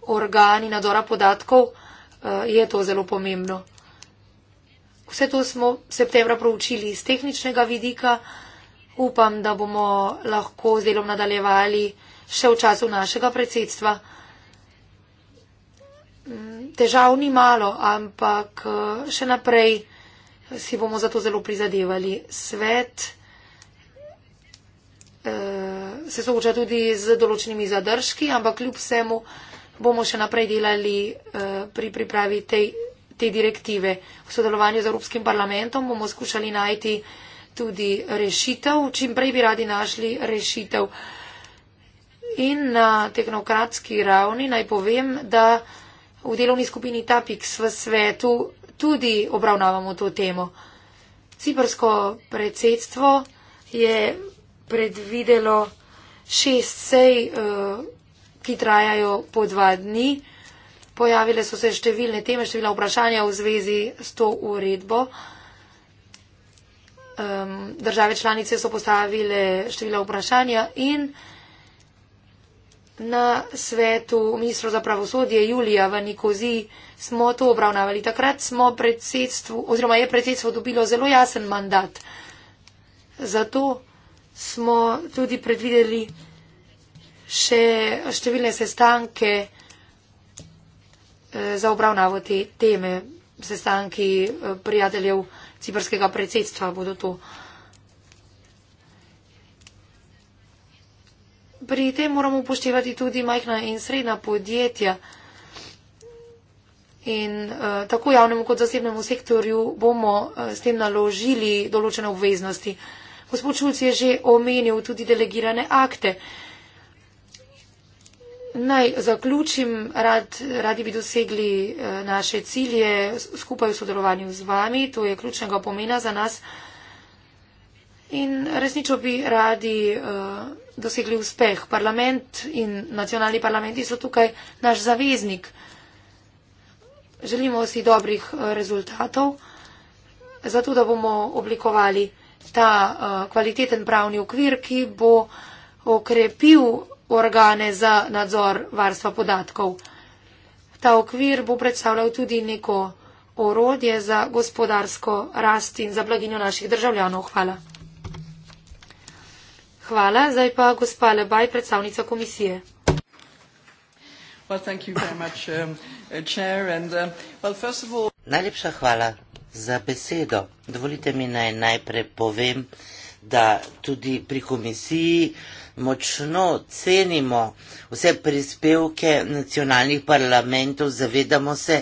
organi nadzora podatkov, eh, je to zelo pomembno. Vse to smo septembra proučili iz tehničnega vidika. Upam, da bomo lahko z delom nadaljevali še v času našega predsedstva. Težav ni malo, ampak eh, še naprej si bomo za to zelo prizadevali. Svet. Eh, se sooča tudi z določenimi zadržki, ampak kljub vsemu bomo še naprej delali eh, pri pripravi te, te direktive. V sodelovanju z Evropskim parlamentom bomo skušali najti tudi rešitev, čim prej bi radi našli rešitev. In na tehnokratski ravni naj povem, da v delovni skupini TAPIX v svetu tudi obravnavamo to temo. Ciprsko predsedstvo je predvidelo šest sej, eh, ki trajajo po dva dni. Pojavile so se številne teme, številna vprašanja v zvezi s to uredbo. Države članice so postavile številna vprašanja in na svetu ministra za pravosodje Julija v Nikozi smo to obravnavali. Takrat smo predsedstvo, oziroma je predsedstvo dobilo zelo jasen mandat. Zato smo tudi predvideli še številne sestanke eh, za obravnavo te teme. Sestanki eh, prijateljev ciprskega predsedstva bodo tu. Pri tem moramo upoštevati tudi majhna in srednja podjetja. In uh, tako javnemu kot zasebnemu sektorju bomo uh, s tem naložili določene obveznosti. Uh, Gospod Šulc je že omenil tudi delegirane akte. Naj zaključim, rad, radi bi dosegli eh, naše cilje skupaj v sodelovanju z vami. To je ključnega pomena za nas. In resnično bi radi uh, dosegli uspeh. Parlament in nacionalni parlamenti so tukaj naš zaveznik. Želimo si dobrih eh, rezultatov, zato da bomo oblikovali ta uh, kvaliteten pravni okvir, ki bo okrepil organe za nadzor varstva podatkov. Ta okvir bo predstavljal tudi neko orodje za gospodarsko rast in za blaginjo naših državljanov. Hvala. Hvala. Zdaj pa gospa Lebaj, predstavnica komisije. Well, much, um, uh, and, uh, well, all... Najlepša hvala, za besedo. Dovolite mi naj najprej povem, da tudi pri komisiji močno cenimo vse prispevke nacionalnih parlamentov, zavedamo se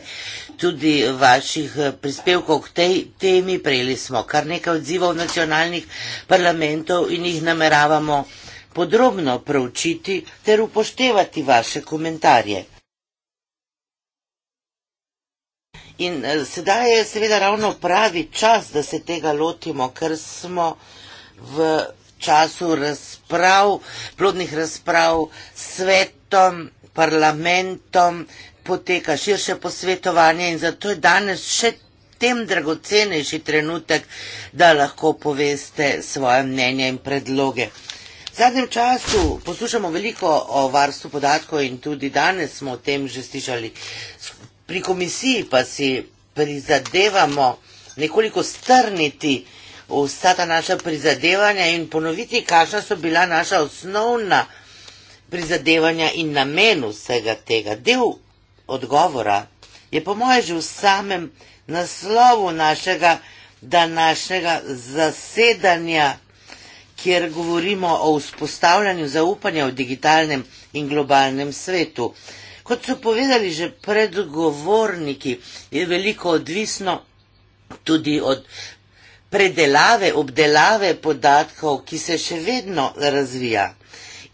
tudi vaših prispevkov k tej temi. Prejeli smo kar nekaj odzivov nacionalnih parlamentov in jih nameravamo podrobno proučiti ter upoštevati vaše komentarje. In eh, sedaj je seveda ravno pravi čas, da se tega lotimo, ker smo v času razprav, plodnih razprav s svetom, parlamentom, poteka širše posvetovanje in zato je danes še tem dragocenejši trenutek, da lahko poveste svoje mnenje in predloge. V zadnjem času poslušamo veliko o varstvu podatkov in tudi danes smo o tem že slišali pri komisiji pa si prizadevamo nekoliko strniti vsa ta naša prizadevanja in ponoviti, kakšna so bila naša osnovna prizadevanja in namen vsega tega. Del odgovora je po moje že v samem naslovu našega današnjega zasedanja, kjer govorimo o vzpostavljanju zaupanja v digitalnem in globalnem svetu. Kot so povedali že predgovorniki, je veliko odvisno tudi od predelave, obdelave podatkov, ki se še vedno razvija.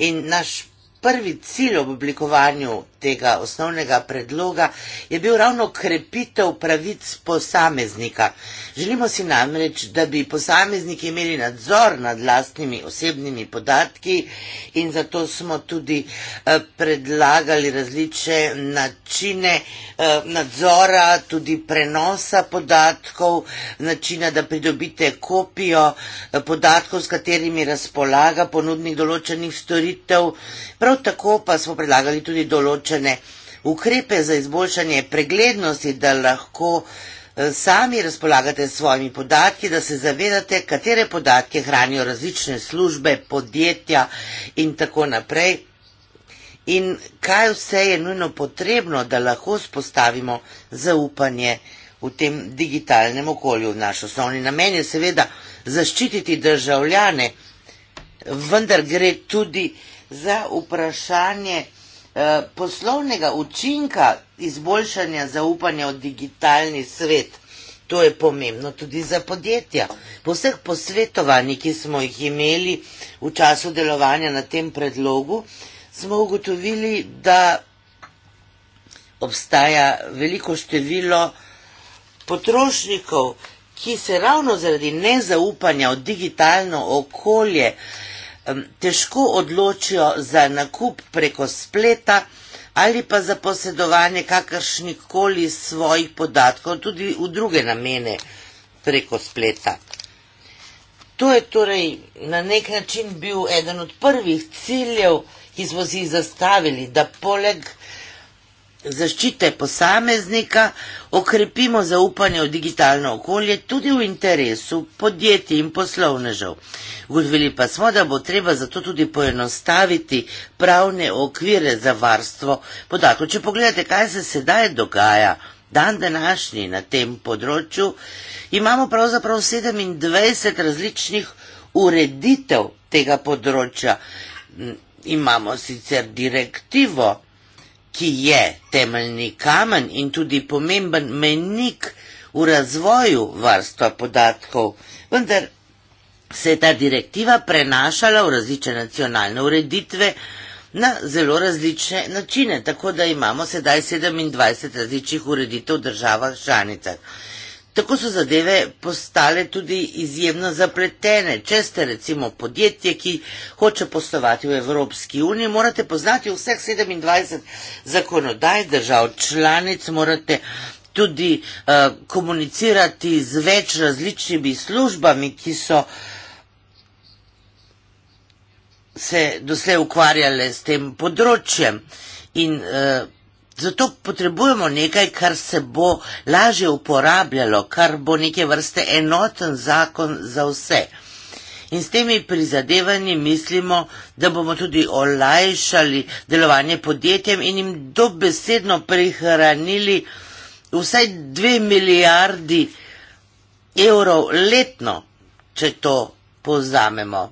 In naš prvi cilj ob oblikovanju tega osnovnega predloga je bil ravno krepitev pravic posameznika. Želimo si namreč, da bi posamezniki imeli nadzor nad lastnimi osebnimi podatki in zato smo tudi eh, predlagali različne načine eh, nadzora, tudi prenosa podatkov, načina, da pridobite kopijo eh, podatkov, s katerimi razpolaga ponudnik določenih storitev. Prav tako pa smo predlagali tudi določene določene ukrepe za izboljšanje preglednosti, da lahko eh, sami razpolagate s svojimi podatki, da se zavedate, katere podatke hranijo različne službe, podjetja in tako naprej. In kaj vse je nujno potrebno, da lahko spostavimo zaupanje v tem digitalnem okolju. Naš osnovni namen je seveda zaščititi državljane, vendar gre tudi za vprašanje Eh, poslovnega učinka izboljšanja zaupanja v digitalni svet. To je pomembno tudi za podjetja. Po vseh posvetovanjih, ki smo jih imeli v času delovanja na tem predlogu, smo ugotovili, da obstaja veliko število potrošnikov, ki se ravno zaradi nezaupanja v digitalno okolje eh, težko odločijo za nakup preko spleta ali pa za posedovanje kakršnih koli svojih podatkov tudi v druge namene preko spleta. To je torej na nek način bil eden od prvih ciljev, ki smo si jih zastavili, da poleg zaščite posameznika, okrepimo zaupanje v digitalno okolje tudi v interesu podjetij in poslovnežev. Ugotovili pa smo, da bo treba zato tudi poenostaviti pravne okvire za varstvo podatkov. Če pogledate, kaj se sedaj dogaja, dan današnji na tem področju, imamo pravzaprav 27 različnih ureditev tega področja. Imamo sicer direktivo, ki je temeljni kamen in tudi pomemben mejnik v razvoju varstva podatkov, vendar se je ta direktiva prenašala v različne nacionalne ureditve na zelo različne načine, tako da imamo sedaj 27 različnih ureditev v državah članicah. Tako so zadeve postale tudi izjemno zapletene. Če ste recimo podjetje, ki hoče poslovati v Evropski uniji, morate poznati vseh 27 zakonodaj držav članic, morate tudi uh, komunicirati z več različnimi službami, ki so se doslej ukvarjale s tem področjem in uh, Zato potrebujemo nekaj, kar se bo lažje uporabljalo, kar bo neke vrste enoten zakon za vse. In s temi prizadevanji mislimo, da bomo tudi olajšali delovanje podjetjem in jim dobesedno prihranili vsaj dve milijardi evrov letno, če to pozamemo.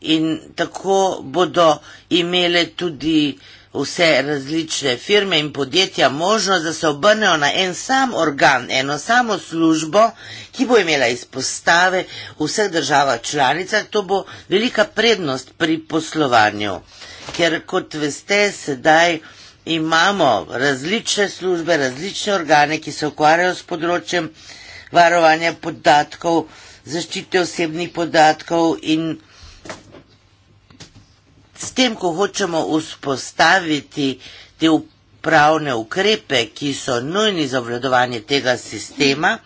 In tako bodo imele tudi vse različne firme in podjetja možnost, da se obrnejo na en sam organ, eno samo službo, ki bo imela izpostave v vseh državah članicah. To bo velika prednost pri poslovanju, ker kot veste, sedaj imamo različne službe, različne organe, ki se ukvarjajo s področjem varovanja podatkov, zaščite osebnih podatkov in podatkov. S tem, ko hočemo vzpostaviti te upravne ukrepe, ki so nujni za obvladovanje tega sistema,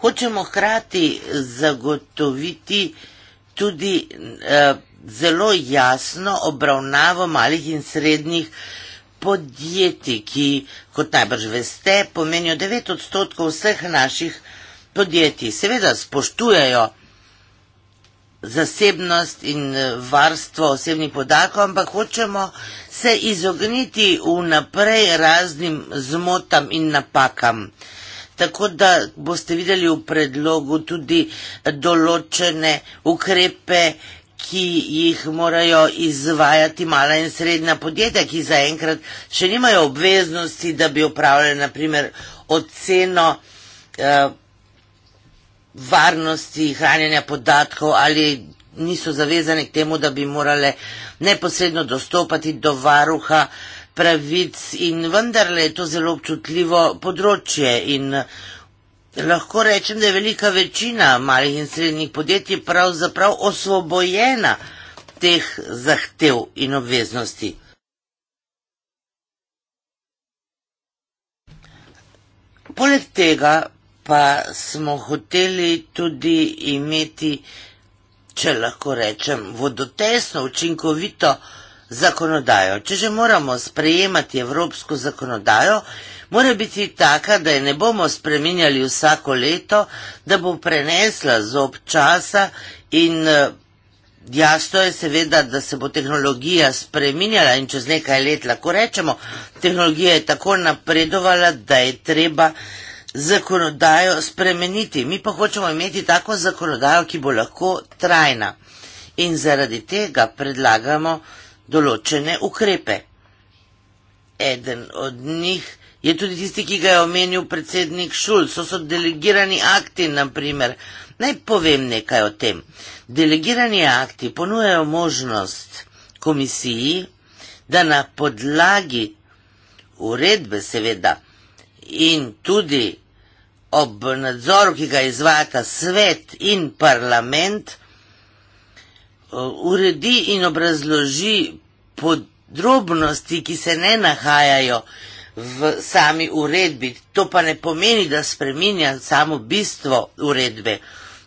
hočemo hkrati zagotoviti tudi eh, zelo jasno obravnavo malih in srednjih podjetij, ki, kot najbrž veste, pomenijo 9 odstotkov vseh naših podjetij. Seveda spoštujajo zasebnost in eh, varstvo osebnih podatkov, ampak hočemo se izogniti vnaprej raznim zmotam in napakam. Tako da boste videli v predlogu tudi določene ukrepe, ki jih morajo izvajati mala in srednja podjetja, ki zaenkrat še nimajo obveznosti, da bi upravljali naprimer oceno eh, varnosti hranjenja podatkov ali niso zavezane k temu, da bi morale neposredno dostopati do varuha pravic in vendarle je to zelo občutljivo področje in lahko rečem, da je velika večina malih in srednjih podjetij pravzaprav osvobojena teh zahtev in obveznosti. Poleg tega pa smo hoteli tudi imeti, če lahko rečem, vodotesno, učinkovito zakonodajo. Če že moramo sprejemati evropsko zakonodajo, mora biti taka, da je ne bomo spreminjali vsako leto, da bo prenesla zob časa in eh, jasno je seveda, da se bo tehnologija spreminjala in čez nekaj let lahko rečemo, tehnologija je tako napredovala, da je treba zakonodajo spremeniti. Mi pa hočemo imeti tako zakonodajo, ki bo lahko trajna. In zaradi tega predlagamo določene ukrepe. Eden od njih je tudi tisti, ki ga je omenil predsednik Šul. So so delegirani akti, naprimer. Naj povem nekaj o tem. Delegirani akti ponujajo možnost komisiji, da na podlagi uredbe seveda in tudi ob nadzoru, ki ga izvata svet in parlament, eh, uredi in obrazloži podrobnosti, ki se ne nahajajo v sami uredbi. To pa ne pomeni, da spreminja samo bistvo uredbe.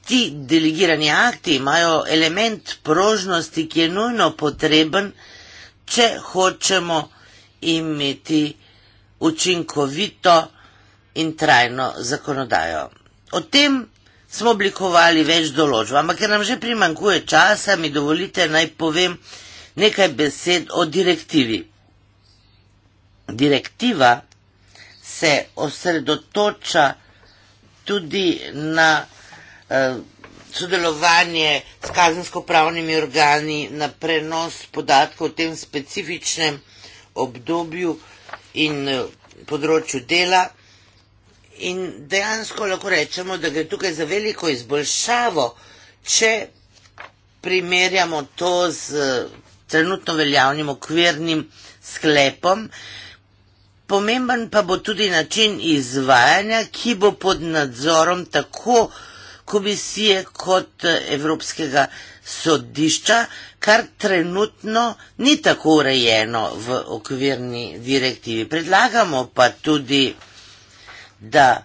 Ti delegirani akti imajo element prožnosti, ki je nujno potreben, če hočemo imeti učinkovito, in trajno zakonodajo. O tem smo oblikovali več določb, ampak ker nam že primankuje časa, mi dovolite naj povem nekaj besed o direktivi. Direktiva se osredotoča tudi na eh, sodelovanje s kazensko-pravnimi organi, na prenos podatkov v tem specifičnem obdobju in eh, področju dela. In dejansko lahko rečemo, da gre tukaj za veliko izboljšavo, če primerjamo to z eh, trenutno veljavnim okvirnim sklepom. Pomemben pa bo tudi način izvajanja, ki bo pod nadzorom tako komisije kot eh, Evropskega sodišča, kar trenutno ni tako urejeno v okvirni direktivi. Predlagamo pa tudi da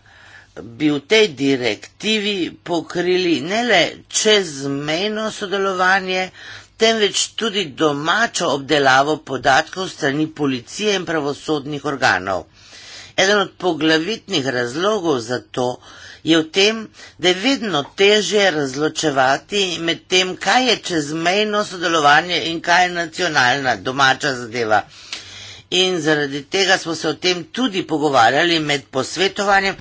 bi v tej direktivi pokrili ne le čezmejno sodelovanje, temveč tudi domačo obdelavo podatkov strani policije in pravosodnih organov. Eden od poglavitnih razlogov za to je v tem, da je vedno težje razločevati med tem, kaj je čezmejno sodelovanje in kaj je nacionalna domača zadeva in zaradi tega smo se o tem tudi pogovarjali med posvetovanjem.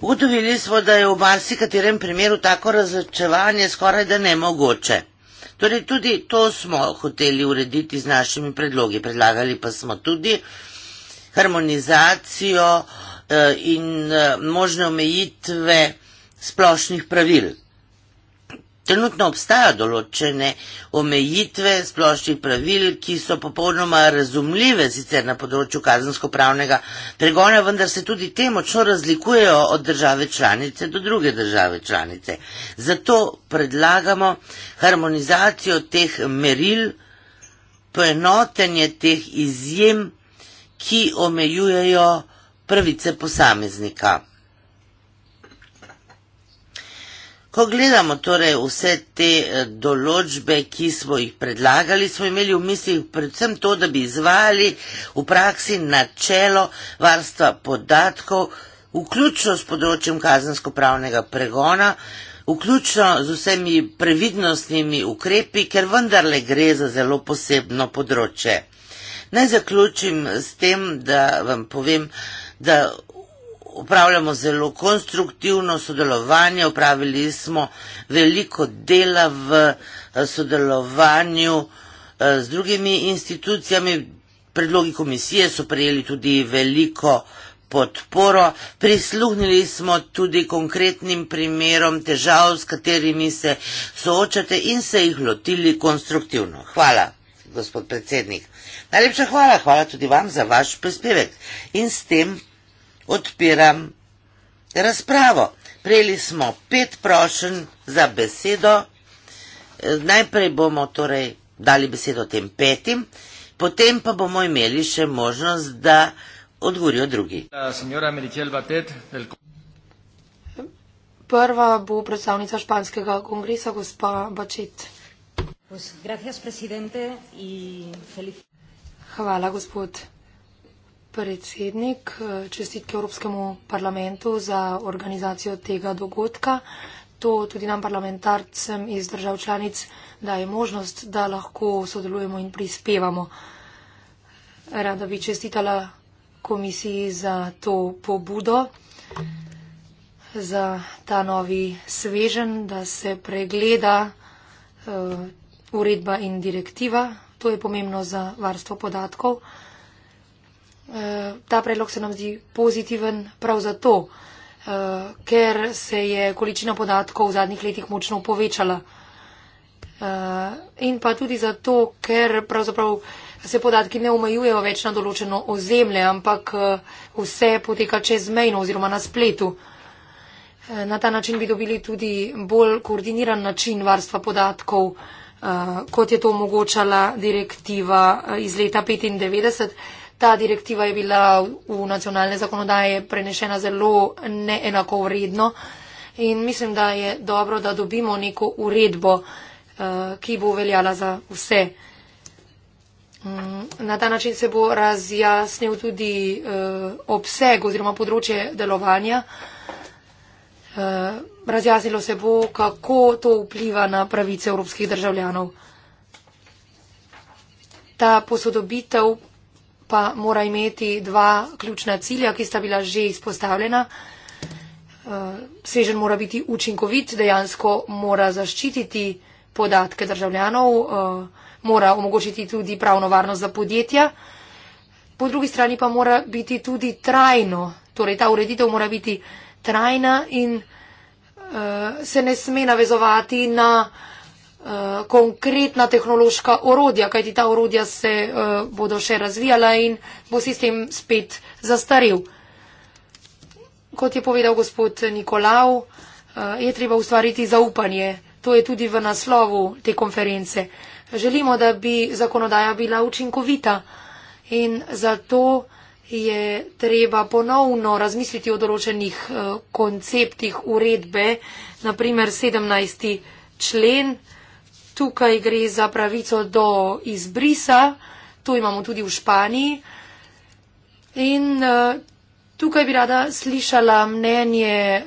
Ugotovili smo, da je v marsikaterem primeru tako razočevanje skoraj da nemogoče. Torej tudi to smo hoteli urediti z našimi predlogi. Predlagali pa smo tudi harmonizacijo eh, in eh, možne omejitve splošnih pravil. Trenutno obstaja določene omejitve splošnih pravil, ki so popolnoma razumljive sicer na področju kazensko-pravnega pregona, vendar se tudi te močno razlikujejo od države članice do druge države članice. Zato predlagamo harmonizacijo teh meril, poenotenje teh izjem, ki omejujejo pravice posameznika. Ko gledamo torej vse te eh, določbe, ki smo jih predlagali, smo imeli v mislih predvsem to, da bi izvali v praksi načelo varstva podatkov, vključno s področjem kazensko-pravnega pregona, vključno z vsemi previdnostnimi ukrepi, ker vendarle gre za zelo posebno področje. Naj zaključim s tem, da vam povem, da upravljamo zelo konstruktivno sodelovanje, upravili smo veliko dela v eh, sodelovanju eh, z drugimi institucijami, predlogi komisije so prejeli tudi veliko podporo, prisluhnili smo tudi konkretnim primerom težav, s katerimi se soočate in se jih lotili konstruktivno. Hvala, gospod predsednik. Najlepša hvala, hvala tudi vam za vaš prispevek. In s tem odpiram razpravo. Prejeli smo pet prošen za besedo. Eh, najprej bomo torej dali besedo tem petim, potem pa bomo imeli še možnost, da odgovorijo drugi. Prva bo predstavnica španskega kongresa, gospa Bačet. Hvala, gospod predsednik, eh, čestitke Evropskemu parlamentu za organizacijo tega dogodka. To tudi nam parlamentarcem iz držav članic daje možnost, da lahko sodelujemo in prispevamo. Rada bi čestitala komisiji za to pobudo, za ta novi svežen, da se pregleda uh, uredba in direktiva. To je pomembno za varstvo podatkov. Eh, ta predlog se nam zdi pozitiven prav zato, eh, ker se je količina podatkov v zadnjih letih močno povečala. Eh, in pa tudi zato, ker pravzaprav se podatki ne omejujejo več na določeno ozemlje, ampak vse poteka čez mejno oziroma na spletu. Na ta način bi dobili tudi bolj koordiniran način varstva podatkov, kot je to omogočala direktiva iz leta 1995. Ta direktiva je bila v nacionalne zakonodaje prenešena zelo neenako vredno in mislim, da je dobro, da dobimo neko uredbo, eh, ki bo veljala za vse. Mm, na ta način se bo razjasnil tudi eh, obseg oziroma področje delovanja. Eh, razjasnilo se bo, kako to vpliva na pravice evropskih državljanov. Ta posodobitev pa mora imeti dva ključna cilja, ki sta bila že izpostavljena. Eh, svežen mora biti učinkovit, dejansko mora zaščititi podatke državljanov, eh, mora omogočiti tudi pravno varnost za podjetja. Po drugi strani pa mora biti tudi trajno, torej ta ureditev mora biti trajna in uh, se ne sme navezovati na uh, Eh, konkretna tehnološka orodja, kajti ta orodja se uh, bodo še razvijala in bo sistem spet zastarel. Kot je povedal gospod Nikolau, uh, je treba ustvariti zaupanje. To je tudi v naslovu te konference. Želimo, da bi zakonodaja bila učinkovita in zato je treba ponovno razmisliti o določenih uh, konceptih uredbe, naprimer 17. člen, Tukaj gre za pravico do izbrisa, to imamo tudi v Španiji. In eh, tukaj bi rada slišala mnenje eh,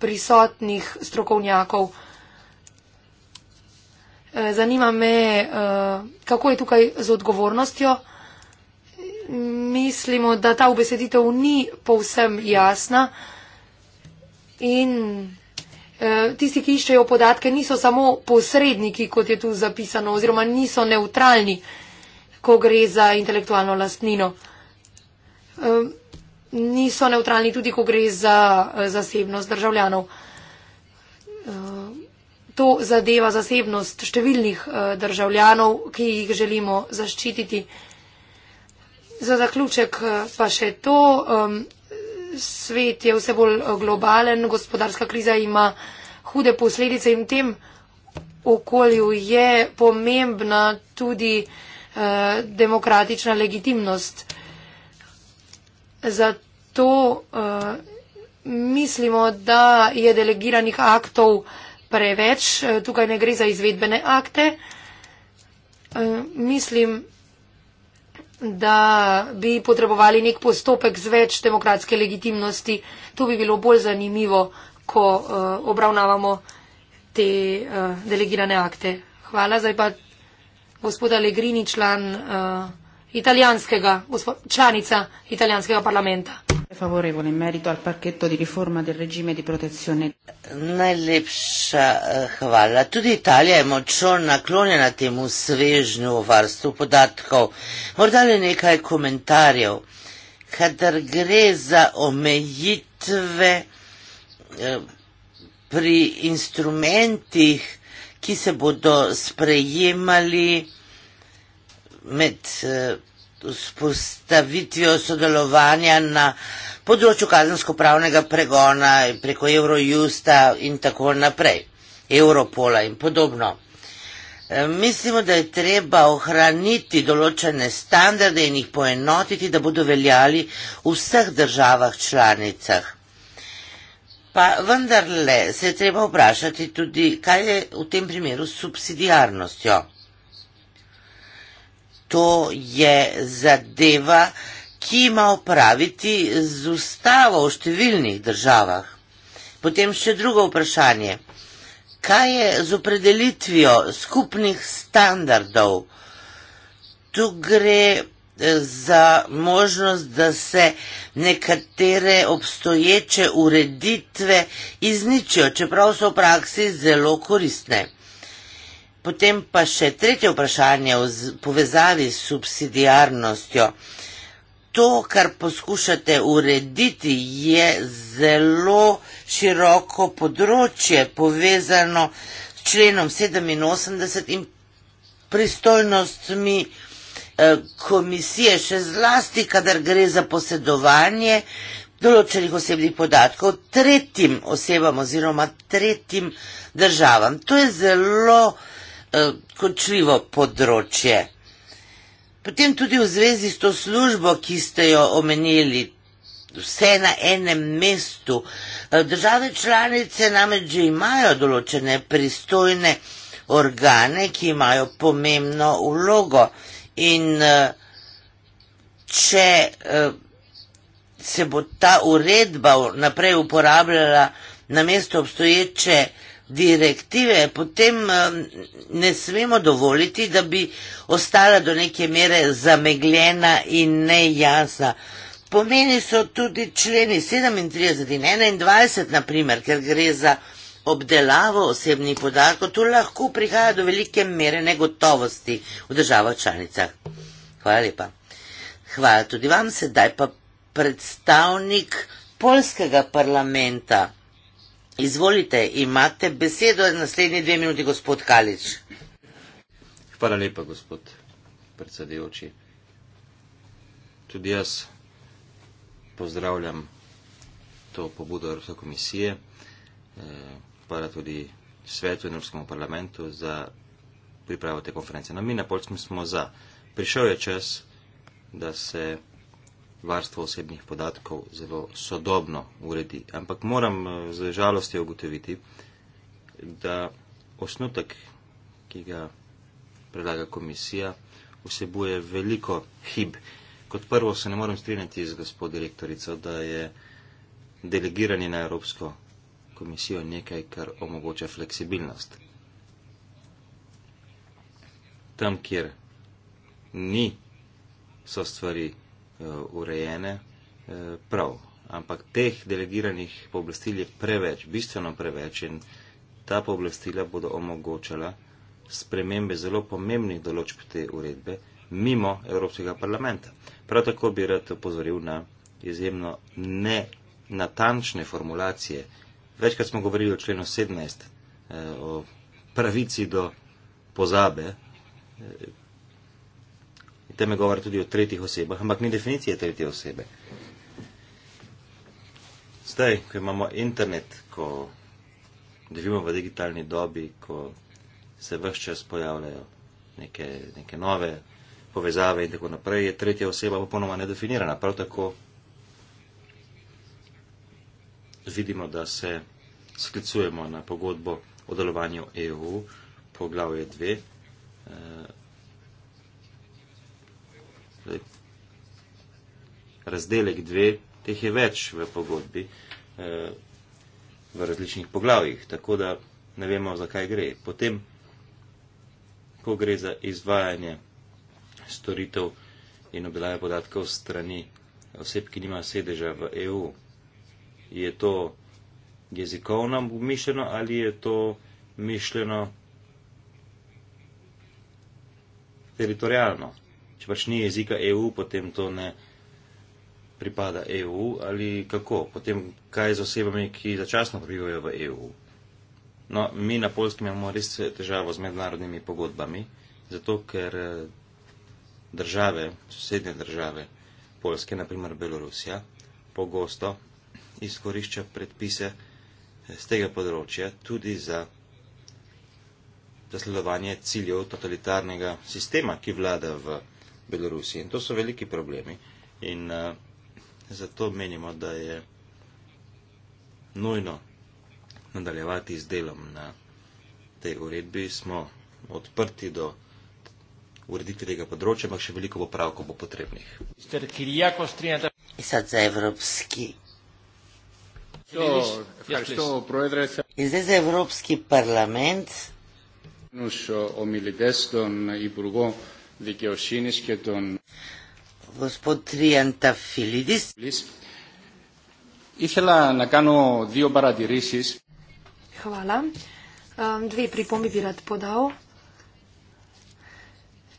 prisotnih strokovnjakov. Eh, zanima me, kako je tukaj z odgovornostjo. Mislimo, da ta ubeseditev ni povsem jasna. In Eh, tisti, ki iščejo podatke, niso samo posredniki, kot je tu zapisano, oziroma niso neutralni, ko gre za intelektualno lastnino. Eh, niso neutralni tudi, ko gre za eh, zasebnost državljanov. To zadeva zasebnost številnih državljanov, ki jih želimo zaščititi. Za zaključek pa še to svet je vse bolj eh, globalen, gospodarska kriza ima hude posledice in v tem okolju je pomembna tudi eh, demokratična legitimnost. Zato eh, mislimo, da je delegiranih aktov preveč. Eh, tukaj ne gre za izvedbene akte. Eh, mislim, da bi potrebovali nek postopek z več demokratske legitimnosti. To bi bilo bolj zanimivo, ko uh, obravnavamo te uh, delegirane akte. Hvala. Zdaj pa gospod Alegrini, član. Uh, italijanskega, članica italijanskega parlamenta. Favorevole in merito al pacchetto di riforma del regime di protezione. Najlepša eh, hvala. Tudi Italija je močno naklonjena temu svežnju o varstvu podatkov. Morda le nekaj komentarjev. Kadar gre za omejitve eh, pri instrumentih, ki se bodo sprejemali, med spostavitvijo eh, sodelovanja na področju kazensko-pravnega pregona preko Eurojusta in tako naprej, Europola in podobno. Eh, mislimo, da je treba ohraniti določene standarde in jih poenotiti, da bodo veljali v vseh državah članicah. Pa vendarle se je treba vprašati tudi, kaj je v tem primeru subsidijarnostjo to je zadeva, ki ima opraviti z ustavo v številnih državah. Potem še drugo vprašanje. Kaj je z opredelitvijo skupnih standardov? Tu gre eh, za možnost, da se nekatere obstoječe ureditve izničijo, čeprav so v praksi zelo koristne. Potem pa še tretje vprašanje v povezavi s subsidiarnostjo. To, kar poskušate urediti, je zelo široko področje povezano s členom 87 in pristojnostmi eh, komisije, še zlasti, kadar gre za posedovanje določenih osebnih podatkov tretjim osebam oziroma tretjim državam. To je zelo široko. Eh, kočljivo področje. Potem tudi v zvezi s to službo, ki ste jo omenili, vse na enem mestu. Eh, države članice namreč že imajo določene pristojne organe, ki imajo pomembno vlogo in eh, če se bo ta uredba naprej uporabljala na mesto obstoječe, direktive, potem eh, ne smemo dovoliti, da bi ostala do neke mere zamegljena in nejasna. Pomeni so tudi členi 37 in 21, naprimer, ker gre za obdelavo osebnih podatkov, tu lahko prihaja do velike mere negotovosti v državah članicah. Hvala lepa. Hvala tudi vam, sedaj pa predstavnik polskega parlamenta. Izvolite, imate besedo naslednji dve minuti, gospod Kalič. Hvala lepa, gospod predsedujoči. Tudi jaz pozdravljam to pobudo Evropske komisije, pa eh, tudi svetu in Evropskemu parlamentu za pripravo te konference. No, mi na polskem smo za. Prišel je čas, da se varstvo osebnih podatkov zelo sodobno uredi. Ampak moram eh, z žalostjo ugotoviti, da osnutek, ki ga predlaga komisija, vsebuje veliko hib. Kot prvo se ne morem strinjati z gospod direktorico, da je delegiranje na Evropsko komisijo nekaj, kar omogoča fleksibilnost. Tam, kjer ni, so stvari Eh, urejene eh, prav. Ampak teh delegiranih pooblastil je preveč, bistveno preveč in ta pooblastila bodo omogočala spremembe zelo pomembnih določb te uredbe mimo Evropskega parlamenta. Prav tako bi rad opozoril na izjemno nenatančne formulacije. Večkrat smo govorili o členu 17, eh, o pravici do pozabe, tem je govor tudi o tretjih osebah, ampak ni definicije tretje osebe. Zdaj, ko imamo internet, ko živimo v digitalni dobi, ko se vse čas pojavljajo neke, neke nove povezave in tako naprej, je tretja oseba popolnoma nedefinirana. Prav tako vidimo, da se sklicujemo na pogodbo o delovanju EU, poglavje 2. razdelek dve, teh je več v pogodbi eh, v različnih poglavjih, tako da ne vemo, zakaj gre. Potem, ko gre za izvajanje storitev in obdelave podatkov strani oseb, ki nima sedeža v EU, je to jezikovno mišljeno ali je to mišljeno teritorijalno? Če pač ni jezika EU, potem to ne pripada EU ali kako, potem kaj z osebami, ki začasno prebivajo v EU. No, mi na polskem imamo res težavo z mednarodnimi pogodbami, zato ker eh, države, sosednje države, Polske, naprimer Belorusija, pogosto izkorišča predpise z eh, tega področja tudi za zasledovanje ciljev totalitarnega sistema, ki vlada v Belorusiji. In to so veliki problemi. In, uh, Zato menimo, da je nujno nadaljevati z delom na tej uredbi. Smo odprti do ureditve tega področja, ampak še veliko popravkov bo potrebnih. In zdaj za Evropski parlament. Nuso omili desto in burgo di geošiniske don. Gospod Τριάντα Φιλίδης. Ήθελα να κάνω δύο παρατηρήσεις. Χαλά. Δύο πριπόμοι βήρατε ποδάω.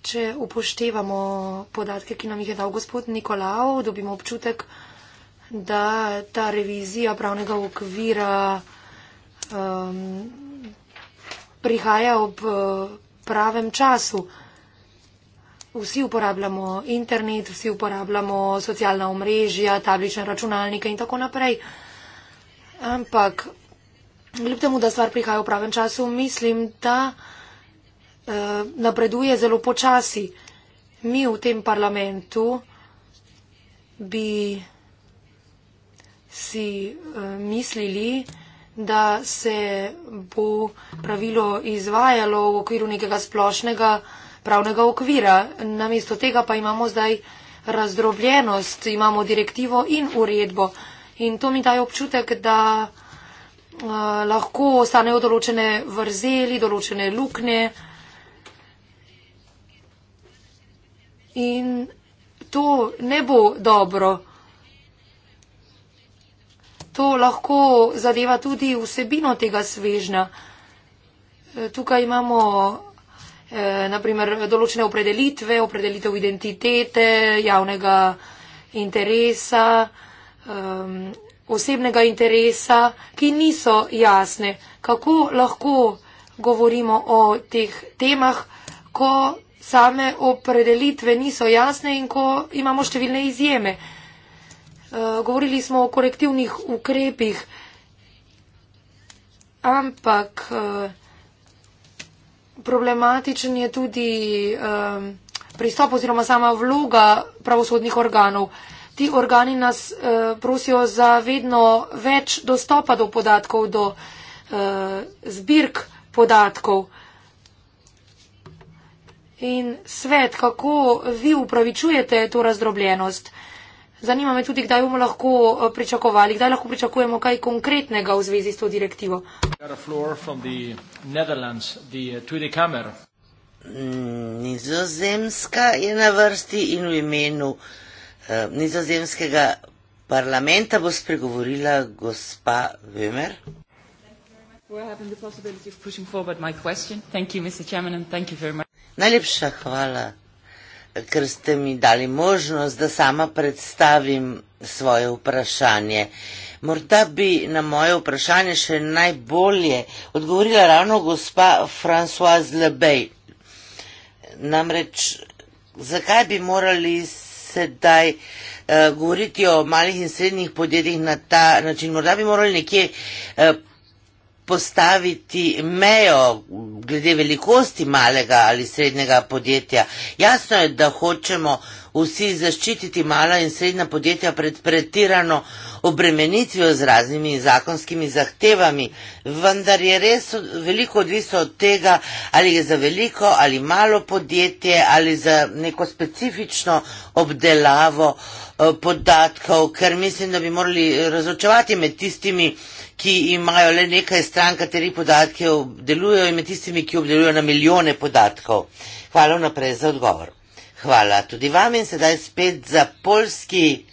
Če upoštevamo podatke, ki nam jih je dal gospod Nikolao, dobimo občutek, da ta revizija pravnega okvira um, prihaja ob uh, pravem času. Uh, vsi uporabljamo internet, vsi uporabljamo socialna omrežja, tablične računalnike in tako naprej. Ampak, kljub temu, da stvar prihaja v pravem času, mislim, da eh, napreduje zelo počasi. Mi v tem parlamentu bi si eh, mislili, da se bo pravilo izvajalo v okviru nekega splošnega eh, pravnega okvira. Namesto tega pa imamo zdaj razdrobljenost, imamo direktivo in uredbo. In to mi daje občutek, da eh, lahko ostanejo določene vrzeli, določene luknje. In to ne bo dobro. To lahko zadeva tudi vsebino tega svežna. Eh, tukaj imamo Eh, naprimer določene opredelitve, opredelitev identitete, javnega interesa, um, osebnega interesa, ki niso jasne. Kako lahko govorimo o teh temah, ko same opredelitve niso jasne in ko imamo številne izjeme? Eh, govorili smo o korektivnih ukrepih, ampak eh, problematičen je tudi um, pristop oziroma sama vloga pravosodnih organov. Ti organi nas uh, prosijo za vedno več dostopa do podatkov, do uh, zbirk podatkov. In svet, kako vi upravičujete to razdrobljenost? Zanima me tudi, kdaj bomo lahko eh, pričakovali, kdaj lahko pričakujemo kaj konkretnega v zvezi s to direktivo. Eh, mm, Nizozemska je na vrsti in v imenu eh, nizozemskega parlamenta bo spregovorila gospa Vemer. Najlepša hvala ker ste mi dali možnost, da sama predstavim svoje vprašanje. Morda bi na moje vprašanje še najbolje odgovorila ravno gospa Françoise Lebej. Namreč, zakaj bi morali sedaj eh, govoriti o malih in srednjih podjetjih na ta način? Morda bi morali nekje eh, postaviti mejo glede velikosti malega ali srednjega podjetja. Jasno je, da hočemo vsi zaščititi mala in srednja podjetja pred pretirano obremenitvijo z raznimi zakonskimi zahtevami, vendar je res veliko odvisno od tega, ali je za veliko ali malo podjetje ali za neko specifično obdelavo eh, podatkov, ker mislim, da bi morali razočevati med tistimi ki imajo le nekaj stran, kateri podatke obdelujejo in med tistimi, ki obdelujejo na milijone podatkov. Hvala vnaprej za odgovor. Hvala tudi vam in sedaj spet za polski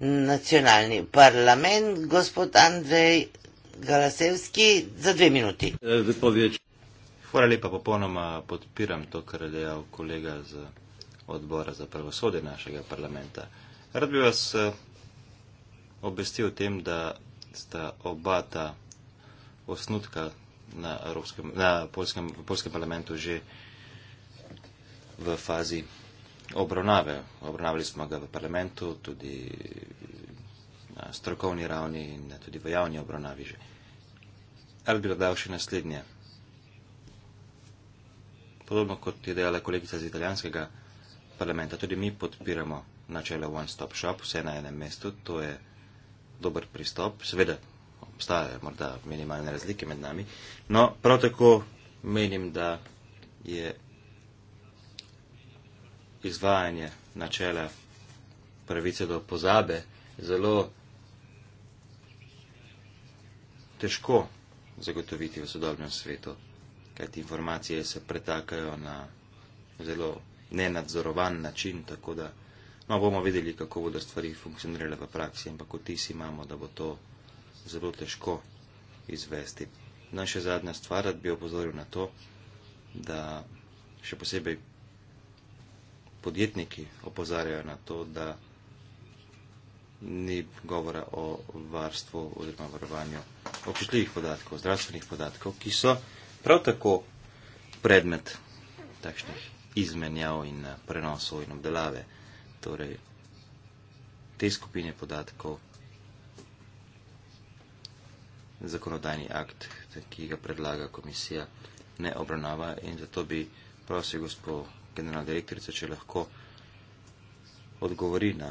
nacionalni parlament, gospod Andrej Galasevski, za dve minuti. Hvala lepa, popolnoma podpiram to, kar je dejal kolega z odbora za pravosodje našega parlamenta. Rad bi vas eh, obvestil o tem, da sta oba ta osnutka na, Evropskem, na Polskem, Polskem parlamentu že v fazi obravnave. Obravnavali smo ga v parlamentu tudi na strokovni ravni in tudi v javni obravnavi že. Ali bi dodal še naslednje? Podobno kot je dejala kolegica iz italijanskega parlamenta, tudi mi podpiramo načelo One Stop Shop, vse na enem mestu, to je dober pristop. Seveda, obstajajo morda minimalne razlike med nami. No, prav tako menim, da je izvajanje načela pravice do pozabe zelo težko zagotoviti v sodobnem svetu, kajti informacije se pretakajo na zelo nenadzorovan način, tako da No, bomo videli, kako bodo stvari funkcionirale v praksi, ampak vtis imamo, da bo to zelo težko izvesti. Naša no, zadnja stvar, da bi opozoril na to, da še posebej podjetniki opozarjajo na to, da ni govora o varstvu oziroma varovanju občutljivih podatkov, zdravstvenih podatkov, ki so prav tako predmet takšnih izmenjav in prenosov in obdelave torej te skupine podatkov zakonodajni akt, ki ga predlaga komisija, ne obravnava in zato bi prosil gospod generalna direktorica, če lahko odgovori na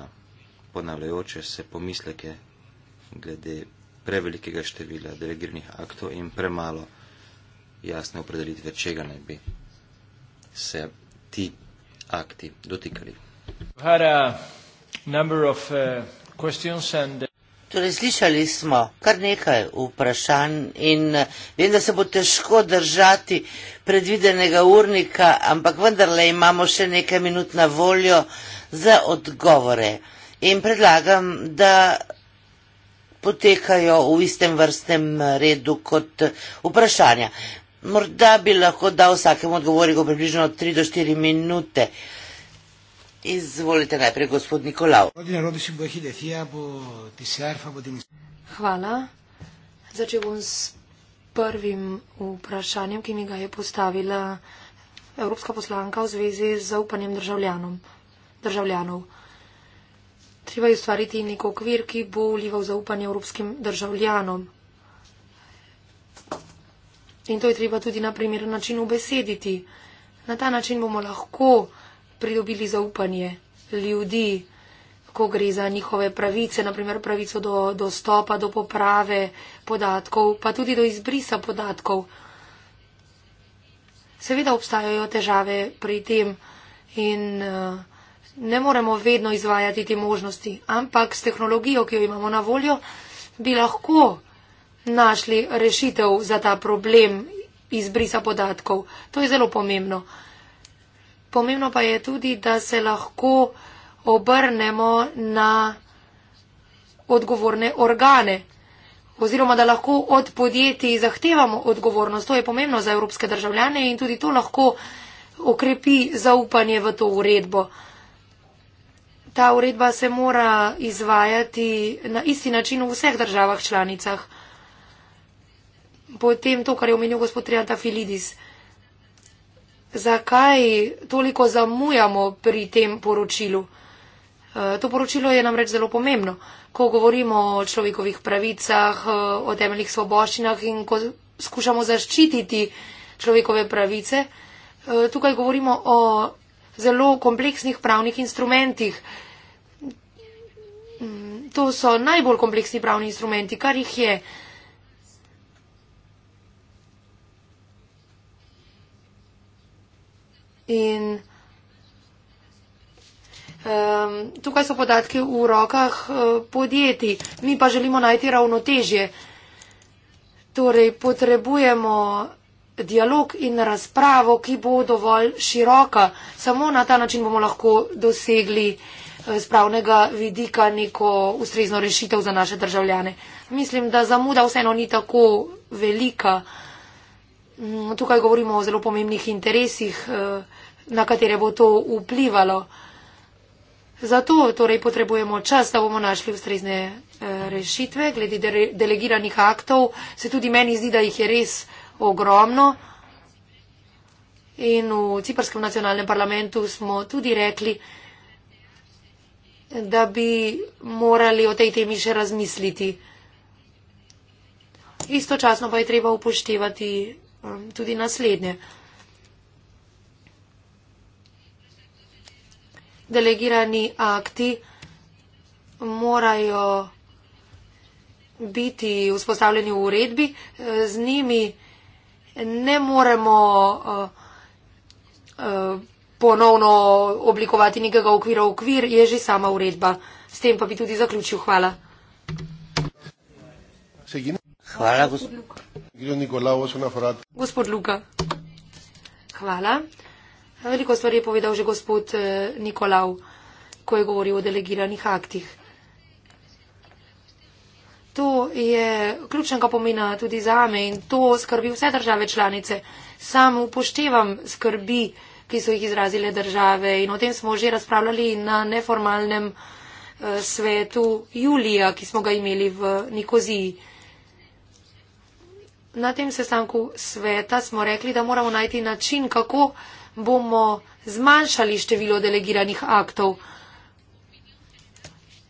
ponavljajoče se pomisleke glede prevelikega števila delegiranih aktov in premalo jasne opredelitve, čega naj bi se ti akti dotikali had a number of uh, questions and uh, Torej, slišali smo kar nekaj vprašanj in uh, vem, da se bo težko držati predvidenega urnika, ampak vendarle imamo še nekaj minut na voljo za odgovore. In predlagam, da potekajo v istem vrstem redu kot vprašanja. Morda bi lahko dal vsakemu odgovoriku približno 3 do 4 minute. Uh, Izvolite najprej, gospod Nikolaov. Hvala. Začel bom s prvim vprašanjem, ki mi ga je postavila evropska poslanka v zvezi z zaupanjem državljanov. Treba je ustvariti nek okvir, ki bo vlival zaupanje evropskim državljanom. In to je treba tudi na primeren način obesediti. Na ta način bomo lahko pridobili zaupanje ljudi, ko gre za njihove pravice, naprimer pravico do dostopa, do poprave podatkov, pa tudi do izbrisa podatkov. Seveda obstajajo težave pri tem in eh, ne moremo vedno izvajati te možnosti, ampak s tehnologijo, ki jo imamo na voljo, bi lahko našli rešitev za ta problem izbrisa podatkov. To je zelo pomembno. Pomembno pa je tudi, da se lahko obrnemo na odgovorne organe oziroma da lahko od podjetij zahtevamo odgovornost. To je pomembno za evropske državljane in tudi to lahko okrepi zaupanje v to uredbo. Ta uredba se mora izvajati na isti način v vseh državah članicah. Potem to, kar je omenil gospod Trianta Filidis zakaj toliko zamujamo pri tem poročilu. E, to poročilo je namreč zelo pomembno, ko govorimo o človekovih pravicah, e, o temeljnih svoboščinah in ko skušamo zaščititi človekove pravice. E, tukaj govorimo o zelo kompleksnih pravnih instrumentih. Mm, to so najbolj kompleksni pravni instrumenti, kar jih je. In um, tukaj so podatki v rokah uh, podjetij, mi pa želimo najti ravnotežje. Torej, potrebujemo dialog in razpravo, ki bo dovolj široka. Samo na ta način bomo lahko dosegli z eh, pravnega vidika neko ustrezno rešitev za naše državljane. Mislim, da zamuda vseeno ni tako velika. Mm, tukaj govorimo o zelo pomembnih interesih. Uh, na katere bo to vplivalo. Zato torej potrebujemo čas, da bomo našli ustrezne eh, rešitve. Glede delegiranih aktov se tudi meni zdi, da jih je res ogromno. In v Ciprskem nacionalnem parlamentu smo tudi rekli, da bi morali o tej temi še razmisliti. Istočasno pa je treba upoštevati eh, tudi naslednje. delegirani akti morajo biti vzpostavljeni v uredbi, z njimi ne moremo eh, eh, ponovno oblikovati nekega okvira. Okvir je že sama uredba. S tem pa bi tudi zaključil. Hvala. Hvala, gospod Luka. Gospod Luka, hvala. Veliko stvari je povedal že gospod eh, Nikolav, ko je govoril o delegiranih aktih. To je ključnega pomena tudi zame in to skrbi vse države članice. Sam upoštevam skrbi, ki so jih izrazile države in o tem smo že razpravljali na neformalnem eh, svetu Julija, ki smo ga imeli v Nikoziji. Na tem sestanku sveta smo rekli, da moramo najti način, kako bomo zmanjšali število delegiranih aktov.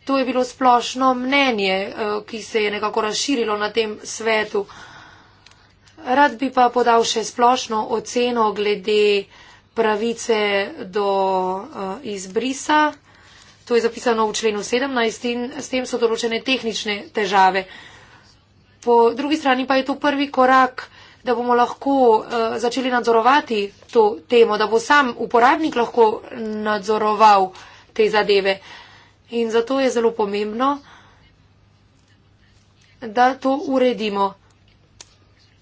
To je bilo splošno mnenje, eh, ki se je nekako razširilo na tem svetu. Rad bi pa podal še splošno oceno glede pravice do eh, izbrisa. To je zapisano v členu 17 in s tem so določene tehnične težave. Po drugi strani pa je to prvi korak, da bomo lahko eh, začeli nadzorovati to temo, da bo sam uporabnik lahko nadzoroval te zadeve. In zato je zelo pomembno, da to uredimo.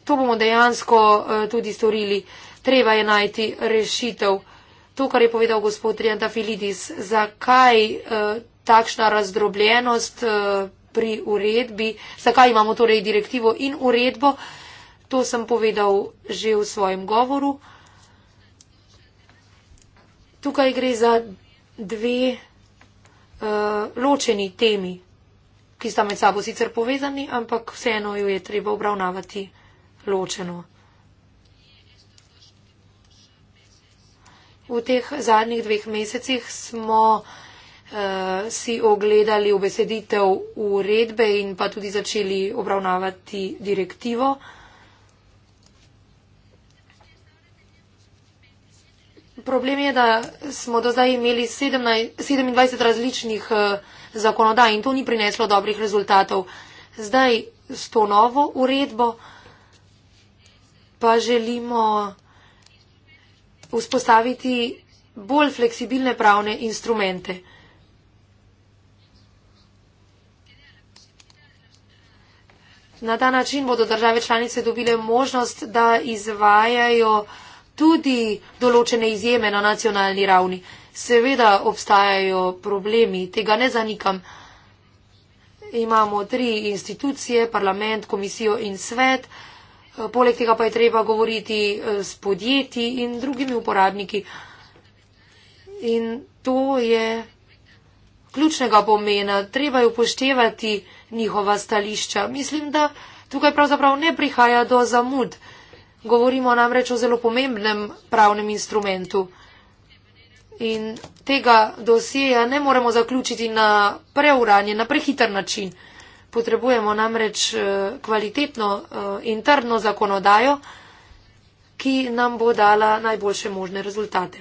To bomo dejansko eh, tudi storili. Treba je najti rešitev. To, kar je povedal gospod Trianta Filidis, zakaj eh, takšna razdrobljenost eh, pri uredbi, zakaj imamo torej direktivo in uredbo, to sem povedal že v svojem govoru. Tukaj gre za dve uh, ločeni temi, ki sta med sabo sicer povezani, ampak vseeno jo je treba obravnavati ločeno. V teh zadnjih dveh mesecih smo uh, si ogledali obeseditev uredbe in pa tudi začeli obravnavati direktivo. Uh, problem je, da smo do zdaj imeli 17, 27 različnih eh, zakonodaj in to ni prineslo dobrih rezultatov. Zdaj s to novo uredbo pa želimo vzpostaviti bolj fleksibilne pravne instrumente. Na ta način bodo države članice dobile možnost, da izvajajo uh, tudi določene izjeme na nacionalni ravni. Seveda obstajajo problemi, tega ne zanikam. Imamo tri institucije, parlament, komisijo in svet. Poleg tega pa je treba govoriti eh, s podjetji in drugimi uporabniki. In to je ključnega pomena. Treba je upoštevati njihova stališča. Mislim, da tukaj pravzaprav ne prihaja do zamud. Govorimo namreč o zelo pomembnem pravnem instrumentu. In tega dosjeja ne moremo zaključiti na preuranje, na prehiter način. Potrebujemo namreč eh, kvalitetno eh, in trdno zakonodajo, ki nam bo dala najboljše možne rezultate.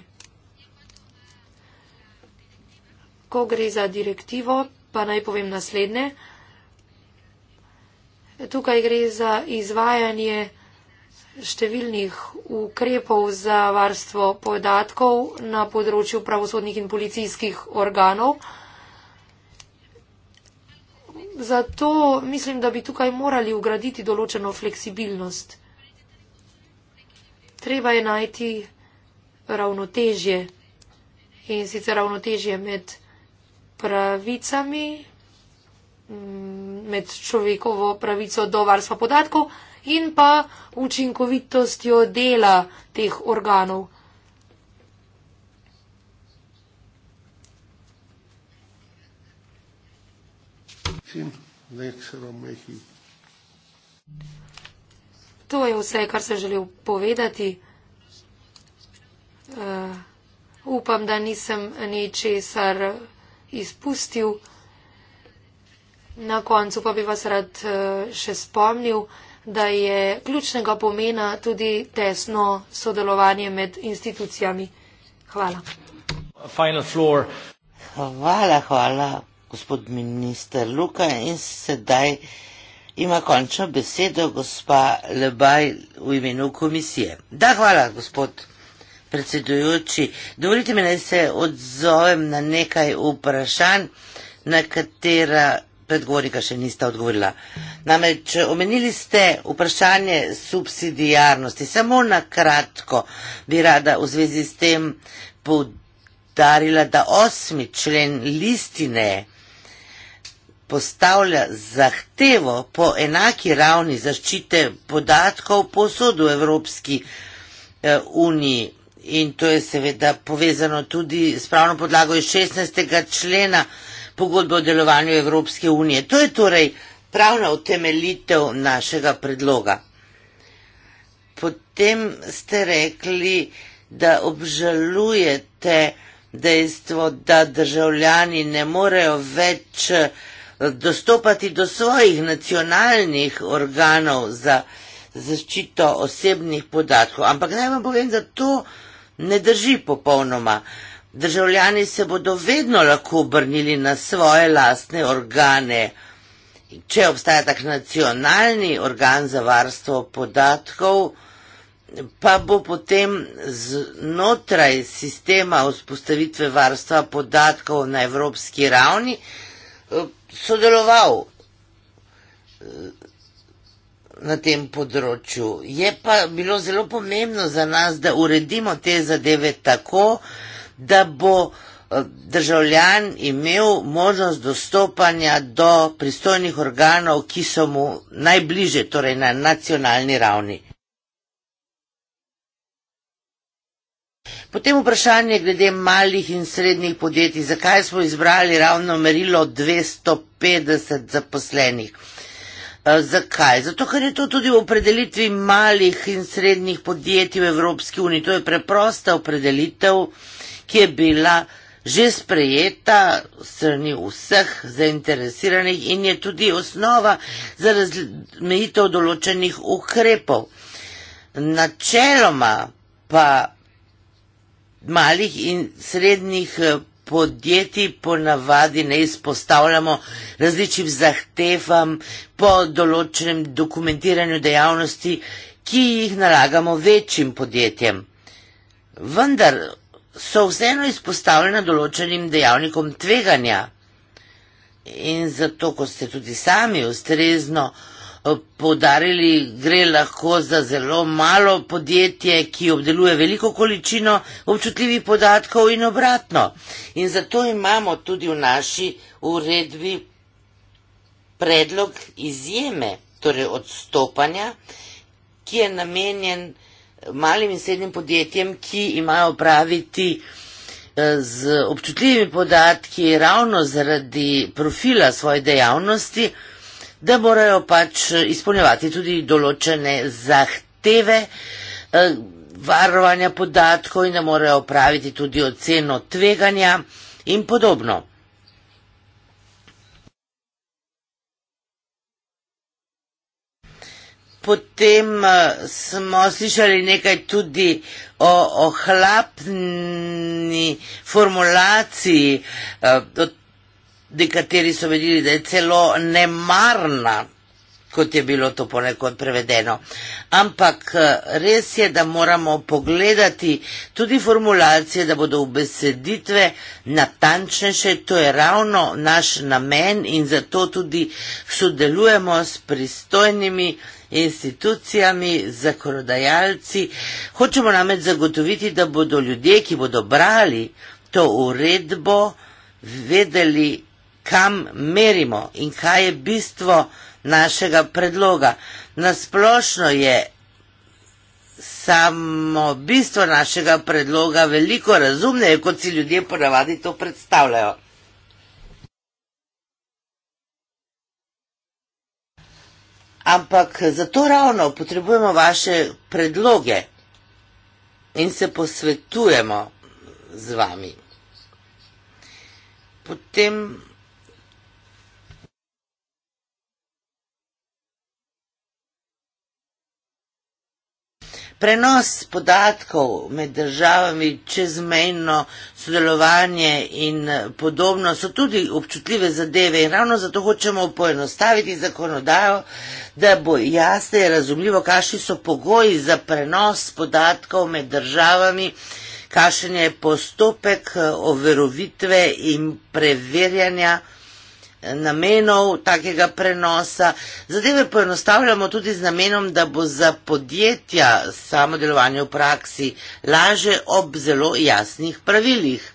Ko gre za direktivo, pa naj povem naslednje. Tukaj gre za izvajanje številnih ukrepov za varstvo podatkov na področju pravosodnih in policijskih organov. Zato mislim, da bi tukaj morali ugraditi določeno fleksibilnost. Treba je najti ravnotežje in sicer ravnotežje med pravicami, mm, med človekovo pravico do varstva podatkov, in pa učinkovitostjo dela teh organov. To je vse, kar sem želel povedati. Uh, upam, da nisem nečesar izpustil. Na koncu pa bi vas rad uh, še spomnil, da je ključnega pomena tudi tesno sodelovanje med institucijami. Hvala. Hvala, hvala, gospod minister Luka. In sedaj ima končno besedo gospa Lebaj v imenu komisije. Da, hvala, gospod predsedujoči. Dovolite mi, da se odzovem na nekaj vprašanj, na katera predgovornika še nista odgovorila. Namreč, omenili ste vprašanje subsidijarnosti. Samo na kratko bi rada v zvezi s tem poudarila, da osmi člen listine postavlja zahtevo po enaki ravni zaščite podatkov posod v Evropski eh, uniji. In to je seveda povezano tudi s pravno podlago iz 16. člena pogodbe o delovanju Evropske unije. To je torej pravna utemeljitev našega predloga. Potem ste rekli, da obžalujete dejstvo, da državljani ne morejo več eh, dostopati do svojih nacionalnih organov za zaščito osebnih podatkov. Ampak naj vam povem, da to ne drži popolnoma. Državljani se bodo vedno lahko obrnili na svoje lastne organe, če obstaja tak nacionalni organ za varstvo podatkov, pa bo potem znotraj sistema vzpostavitve varstva podatkov na evropski ravni eh, sodeloval eh, na tem področju. Je pa bilo zelo pomembno za nas, da uredimo te zadeve tako, da da bo eh, državljan imel možnost dostopanja do pristojnih organov, ki so mu najbliže, torej na nacionalni ravni. Potem vprašanje glede malih in srednjih podjetij. Zakaj smo izbrali ravno merilo 250 zaposlenih? Eh, zakaj? Zato, ker je to tudi v opredelitvi malih in srednjih podjetij v Evropski uniji. To je preprosta opredelitev ki je bila že sprejeta strani vseh zainteresiranih in je tudi osnova za razmejitev določenih ukrepov. Načeloma pa malih in srednjih eh, podjetij ponavadi ne izpostavljamo različnim zahtevam po določenem dokumentiranju dejavnosti, ki jih nalagamo večjim podjetjem. Vendar so vseeno izpostavljena določenim dejavnikom tveganja. In zato, kot ste tudi sami ustrezno eh, povdarili, gre lahko za zelo malo podjetje, ki obdeluje veliko količino občutljivih podatkov in obratno. In zato imamo tudi v naši uredbi predlog izjeme, torej odstopanja, ki je namenjen malim in srednjim podjetjem, ki imajo praviti eh, z občutljivimi podatki ravno zaradi profila svoje dejavnosti, da morajo pač izpolnjevati tudi določene zahteve eh, varovanja podatkov in da morajo praviti tudi oceno tveganja in podobno. potem eh, smo slišali nekaj tudi o ohlapni formulaciji, eh, nekateri so vedeli, da je celo nemarna kot je bilo to ponekod prevedeno. Ampak eh, res je, da moramo pogledati tudi formulacije, da bodo ubeseditve natančnejše. To je ravno naš namen in zato tudi sodelujemo s pristojnimi institucijami, zakonodajalci. Hočemo namreč zagotoviti, da bodo ljudje, ki bodo brali to uredbo, vedeli, kam merimo in kaj je bistvo našega predloga. Nasplošno je samo bistvo našega predloga veliko razumneje, kot si ljudje ponavadi to predstavljajo. Ampak zato ravno potrebujemo vaše predloge in se posvetujemo z vami. Potem Prenos podatkov med državami, čezmejno sodelovanje in eh, podobno so tudi občutljive zadeve in ravno zato hočemo poenostaviti zakonodajo, da bo jasno in razumljivo, kakšni so pogoji za prenos podatkov med državami, kakšen je postopek eh, overovitve in preverjanja podatkov namenov takega prenosa. Zadeve poenostavljamo tudi z namenom, da bo za podjetja samo delovanje v praksi laže ob zelo jasnih pravilih.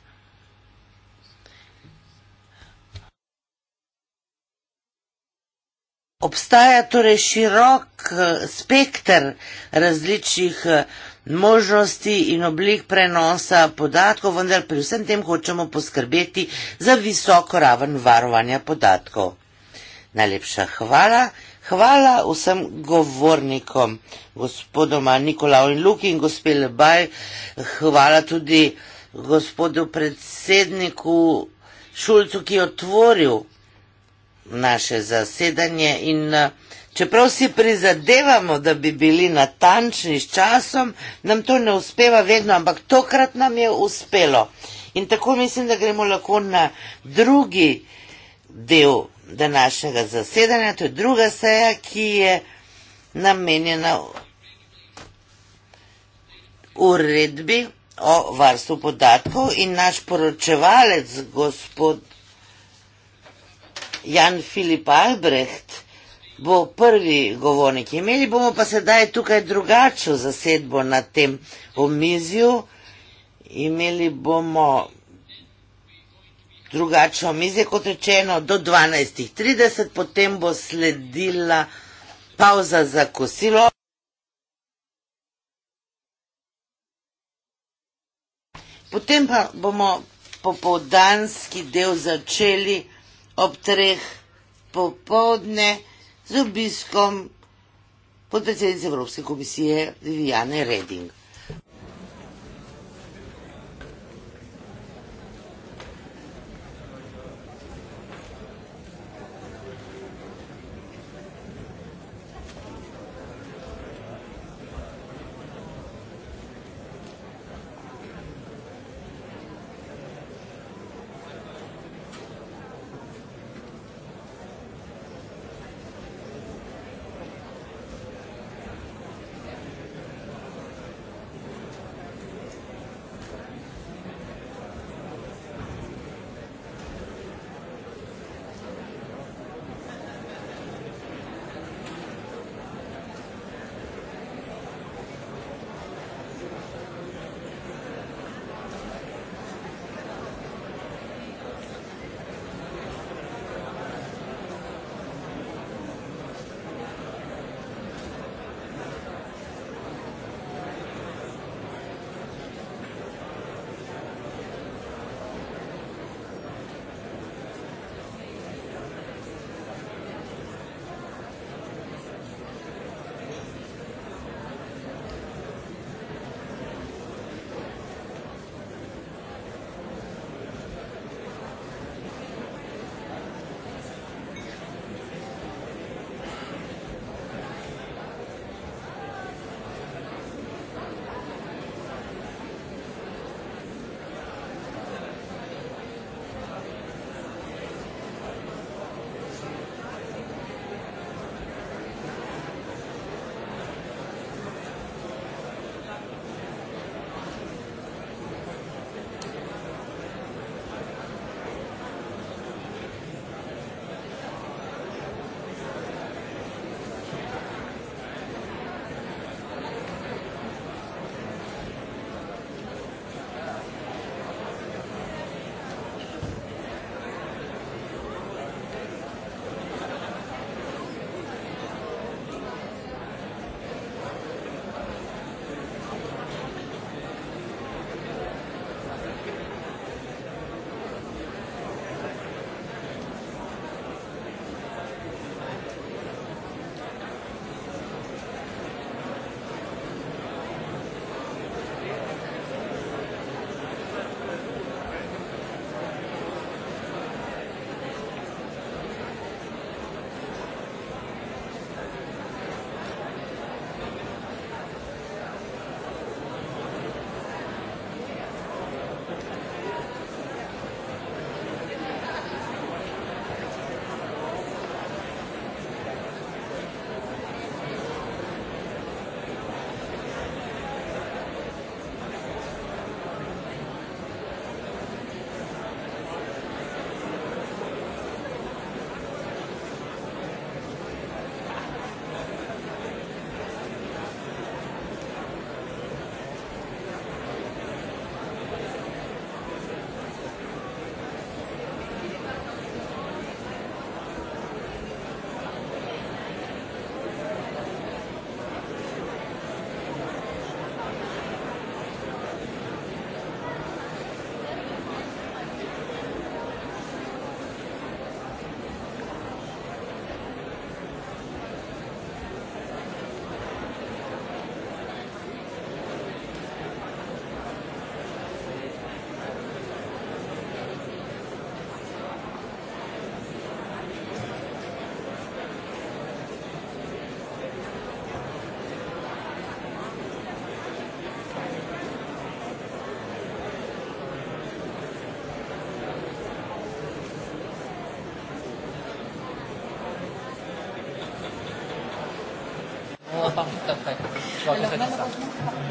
Obstaja torej širok eh, spekter različnih eh, možnosti in oblik prenosa podatkov, vendar pri vsem tem hočemo poskrbeti za visoko raven varovanja podatkov. Najlepša hvala. Hvala vsem govornikom, gospodoma Nikolaju in Luki in gospe Lebaj. Hvala tudi gospodu predsedniku Šulcu, ki je otvoril naše zasedanje in uh, Čeprav si prizadevamo, da bi bili natančni s časom, nam to ne uspeva vedno, ampak tokrat nam je uspelo. In tako mislim, da gremo lahko na drugi del današnjega zasedanja, to je druga seja, ki je namenjena uredbi o varstvu podatkov in naš poročevalec, gospod Jan Filip Albrecht, bo prvi govornik. Imeli bomo pa sedaj tukaj drugačno zasedbo na tem omizju. Imeli bomo drugačno omizje, kot rečeno, do 12.30, potem bo sledila pauza za kosilo. Potem pa bomo popovdanski del začeli ob treh popovdne z obiskom podpredsednice Evropske komisije Viviane Reding.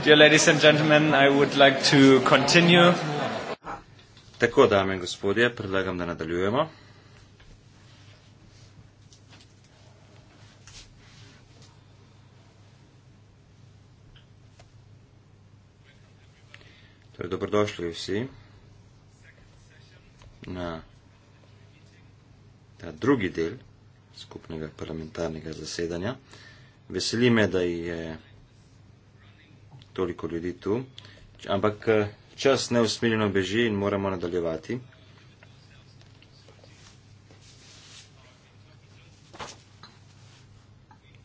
Dear ladies and gentlemen, I would like to continue. Tako, dame in gospodje, predlagam, da nadaljujemo. Torej, dobrodošli vsi na ta drugi del skupnega parlamentarnega zasedanja. Veseli me, da je toliko ljudi tu, ampak eh, čas neusmiljeno beži in moramo nadaljevati.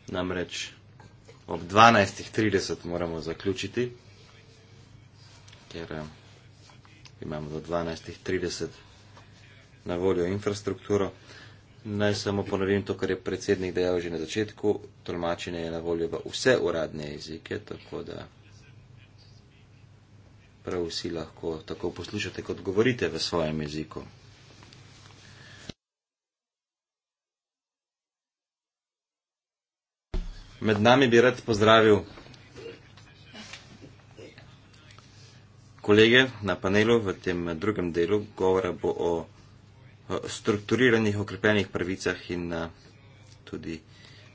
Namreč ob 12.30 moramo zaključiti, ker eh, imamo do 12.30 na voljo infrastrukturo. Naj samo ponovim to, kar je predsednik dejal že na začetku. Tolmačenje je na voljo v vse uradne jezike, tako da prav vsi lahko tako poslušate, kot govorite v svojem jeziku. Med nami bi rad pozdravil kolege na panelu v tem drugem delu. Govora bo o strukturiranih, okrepenih pravicah in eh, tudi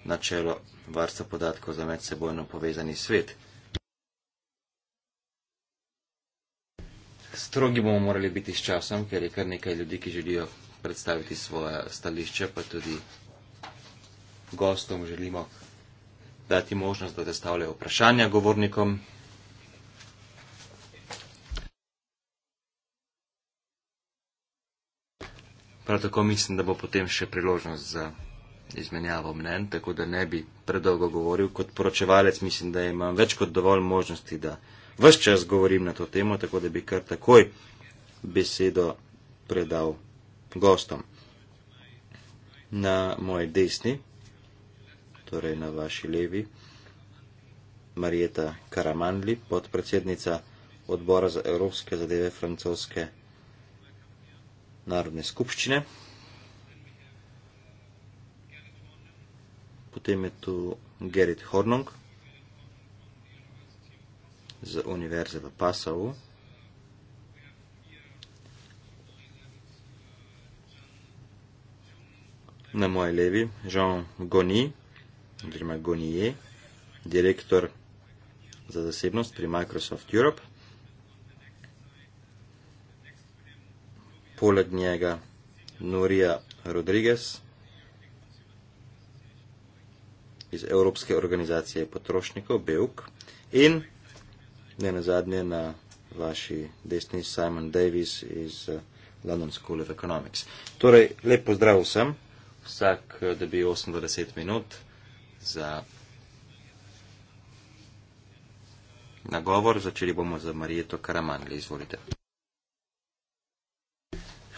načelo varstva podatkov za medsebojno povezani svet. Strogi bomo morali biti s časom, ker je kar nekaj ljudi, ki želijo predstaviti svoje stališče, pa tudi gostom želimo dati možnost, da zastavljajo vprašanja govornikom. Prav tako mislim, da bo potem še priložnost za izmenjavo mnen, tako da ne bi predolgo govoril. Kot poročevalec mislim, da imam več kot dovolj možnosti, da vse čas govorim na to temo, tako da bi kar takoj besedo predal gostom. Na moji desni, torej na vaši levi, Marijeta Karamanli, podpredsednica odbora za evropske zadeve francoske. Narodne skupščine. Potem je tu Gerrit Hornung z Univerze v Passau. Na moje levi Jean Goni, oziroma Gonije, direktor za zasebnost pri Microsoft Europe. poleg njega Norija Rodriguez iz Evropske organizacije potrošnikov Belk in ne nazadnje na vaši desni Simon Davis iz eh, London School of Economics. Torej, lep pozdrav vsem, vsak eh, dobi 80 minut za nagovor, začeli bomo z Marijeto Karamangli, izvolite.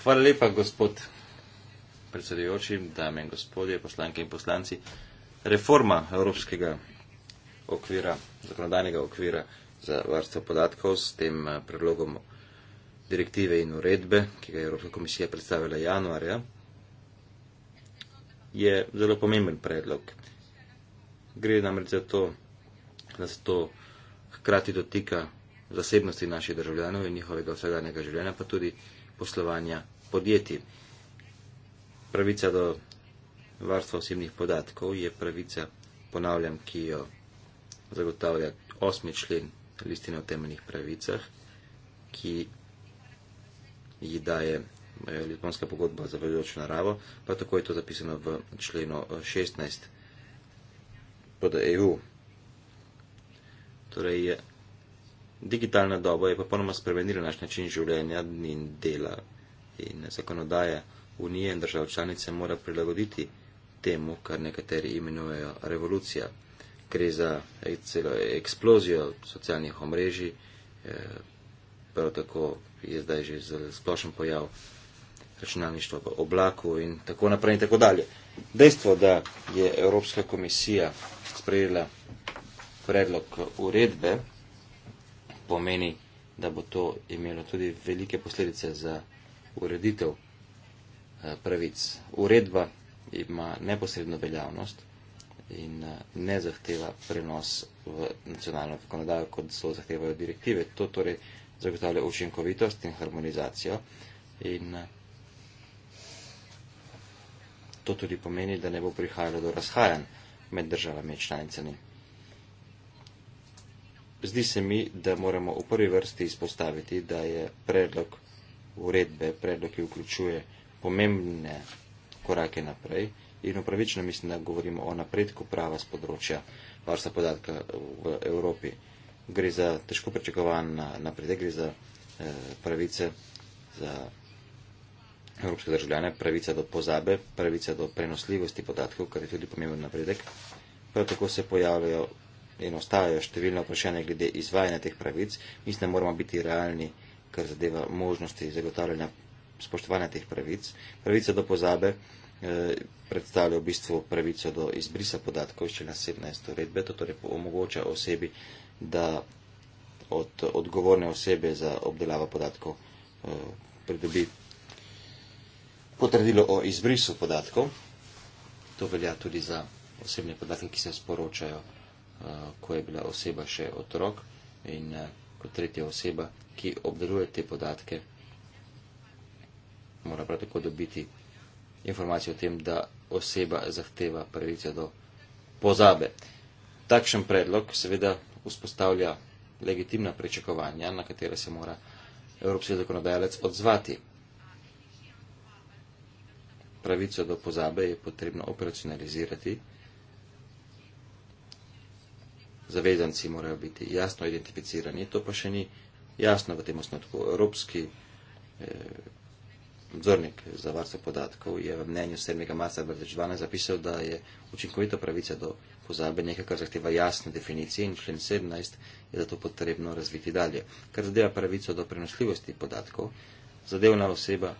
Hvala lepa, gospod predsedujoči, dame in gospodje, poslanke in poslanci. Reforma Evropskega okvira, zakonodajnega okvira za varstvo podatkov s tem eh, predlogom direktive in uredbe, ki ga je Evropska komisija predstavila januarja, je zelo pomemben predlog. Gre namreč za to, da se to hkrati dotika zasebnosti naših državljanov in njihovega vsakdanjega življenja, pa tudi poslovanja podjetij. Pravica do varstva osebnih podatkov je pravica, ponavljam, ki jo zagotavlja osmi člen listine o temeljnih pravicah, ki ji daje eh, Litvonska pogodba za vedočo naravo, pa tako je to zapisano v členu 16 pod EU. Torej, digitalna doba je popolnoma spremenila naš način življenja in dela in zakonodaje Unije in držav članice mora prilagoditi temu, kar nekateri imenujejo revolucija. Gre za celo eksplozijo socialnih omrežij, eh, prav tako je zdaj že splošen pojav računalništva v oblaku in tako naprej in tako dalje. Dejstvo, da je Evropska komisija sprejela predlog uredbe, pomeni, da bo to imelo tudi velike posledice za ureditev eh, pravic. Uredba ima neposredno veljavnost in eh, ne zahteva prenos v nacionalno zakonodajo, kot so zahtevajo direktive. To torej zagotavlja učinkovitost in harmonizacijo in eh, to tudi pomeni, da ne bo prihajalo do razhajanj med državami in članicami. Zdi se mi, da moramo v prvi vrsti izpostaviti, da je predlog uredbe, predlog, ki vključuje pomembne korake naprej in upravično mislim, da govorimo o napredku prava z področja varstva podatka v Evropi. Gre za težko pričakovan napredek, gre za eh, pravice za evropske državljane, pravice do pozabe, pravice do prenosljivosti podatkov, kar je tudi pomemben napredek. Prav tako se pojavljajo in ostajajo številne vprašanja glede izvajanja teh pravic. Mislim, da moramo biti realni kar zadeva možnosti zagotavljanja spoštovanja teh pravic. Pravica do pozabe eh, predstavlja v bistvu pravico do izbrisa podatkov iz člena 17. uredbe, to torej omogoča osebi, da od odgovorne osebe za obdelavo podatkov eh, pridobi potrdilo o izbrisu podatkov. To velja tudi za osebne podatke, ki se sporočajo, eh, ko je bila oseba še otrok in kot tretja oseba, ki obdeluje te podatke, mora prav tako dobiti informacijo o tem, da oseba zahteva pravice do pozabe. Takšen predlog seveda vzpostavlja legitimna pričakovanja, na katere se mora evropski zakonodajalec odzvati. Pravico do pozabe je potrebno operacionalizirati zavezanci morajo biti jasno identificirani. To pa še ni jasno v tem osnotku. Evropski vzornik eh, za varstvo podatkov je v mnenju 7. marca 2012 zapisal, da je učinkovita pravica do pozabe nekaj, kar zahteva jasne definicije in člen 17 je zato potrebno razviti dalje. Kar zadeva pravico do prenosljivosti podatkov, zadevna oseba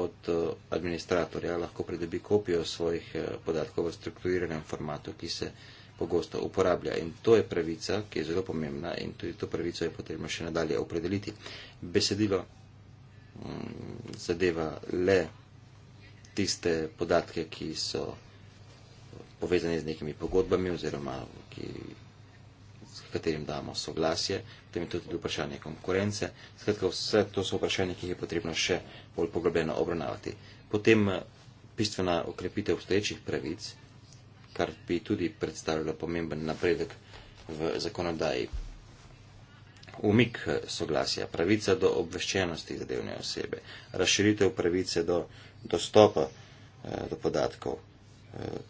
od eh, administratorja lahko pridobi kopijo svojih eh, podatkov v strukturiranem formatu, ki se pogosto uporablja. In to je pravica, ki je zelo pomembna in tudi to pravico je potrebno še nadalje opredeliti. Besedilo mm, zadeva le tiste podatke, ki so povezani z nekimi pogodbami oziroma ki, s katerim damo soglasje, potem je tudi vprašanje konkurence. Skratka, vse to so vprašanja, ki jih je potrebno še bolj poglobljeno obravnavati. Potem eh, bistvena okrepitev obstoječih pravic, kar bi tudi predstavljalo pomemben napredek v zakonodaji. Umik eh, soglasja, pravica do obveščenosti zadevne osebe, razširitev pravice do dostopa eh, do podatkov, eh,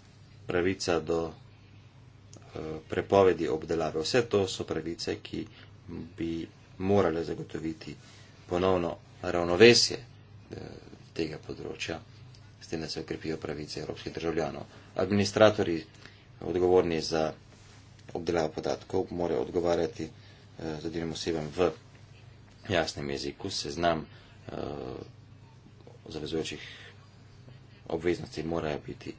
pravica do prepovedi obdelave, vse to so pravice, ki bi morale zagotoviti ponovno ravnovesje tega področja s tem, da se okrepijo pravice evropskih državljanov. Administratori, odgovorni za obdelavo podatkov, morajo odgovarjati eh, zadnjim osebam v jasnem jeziku, seznam eh, zavezujočih obveznosti morajo biti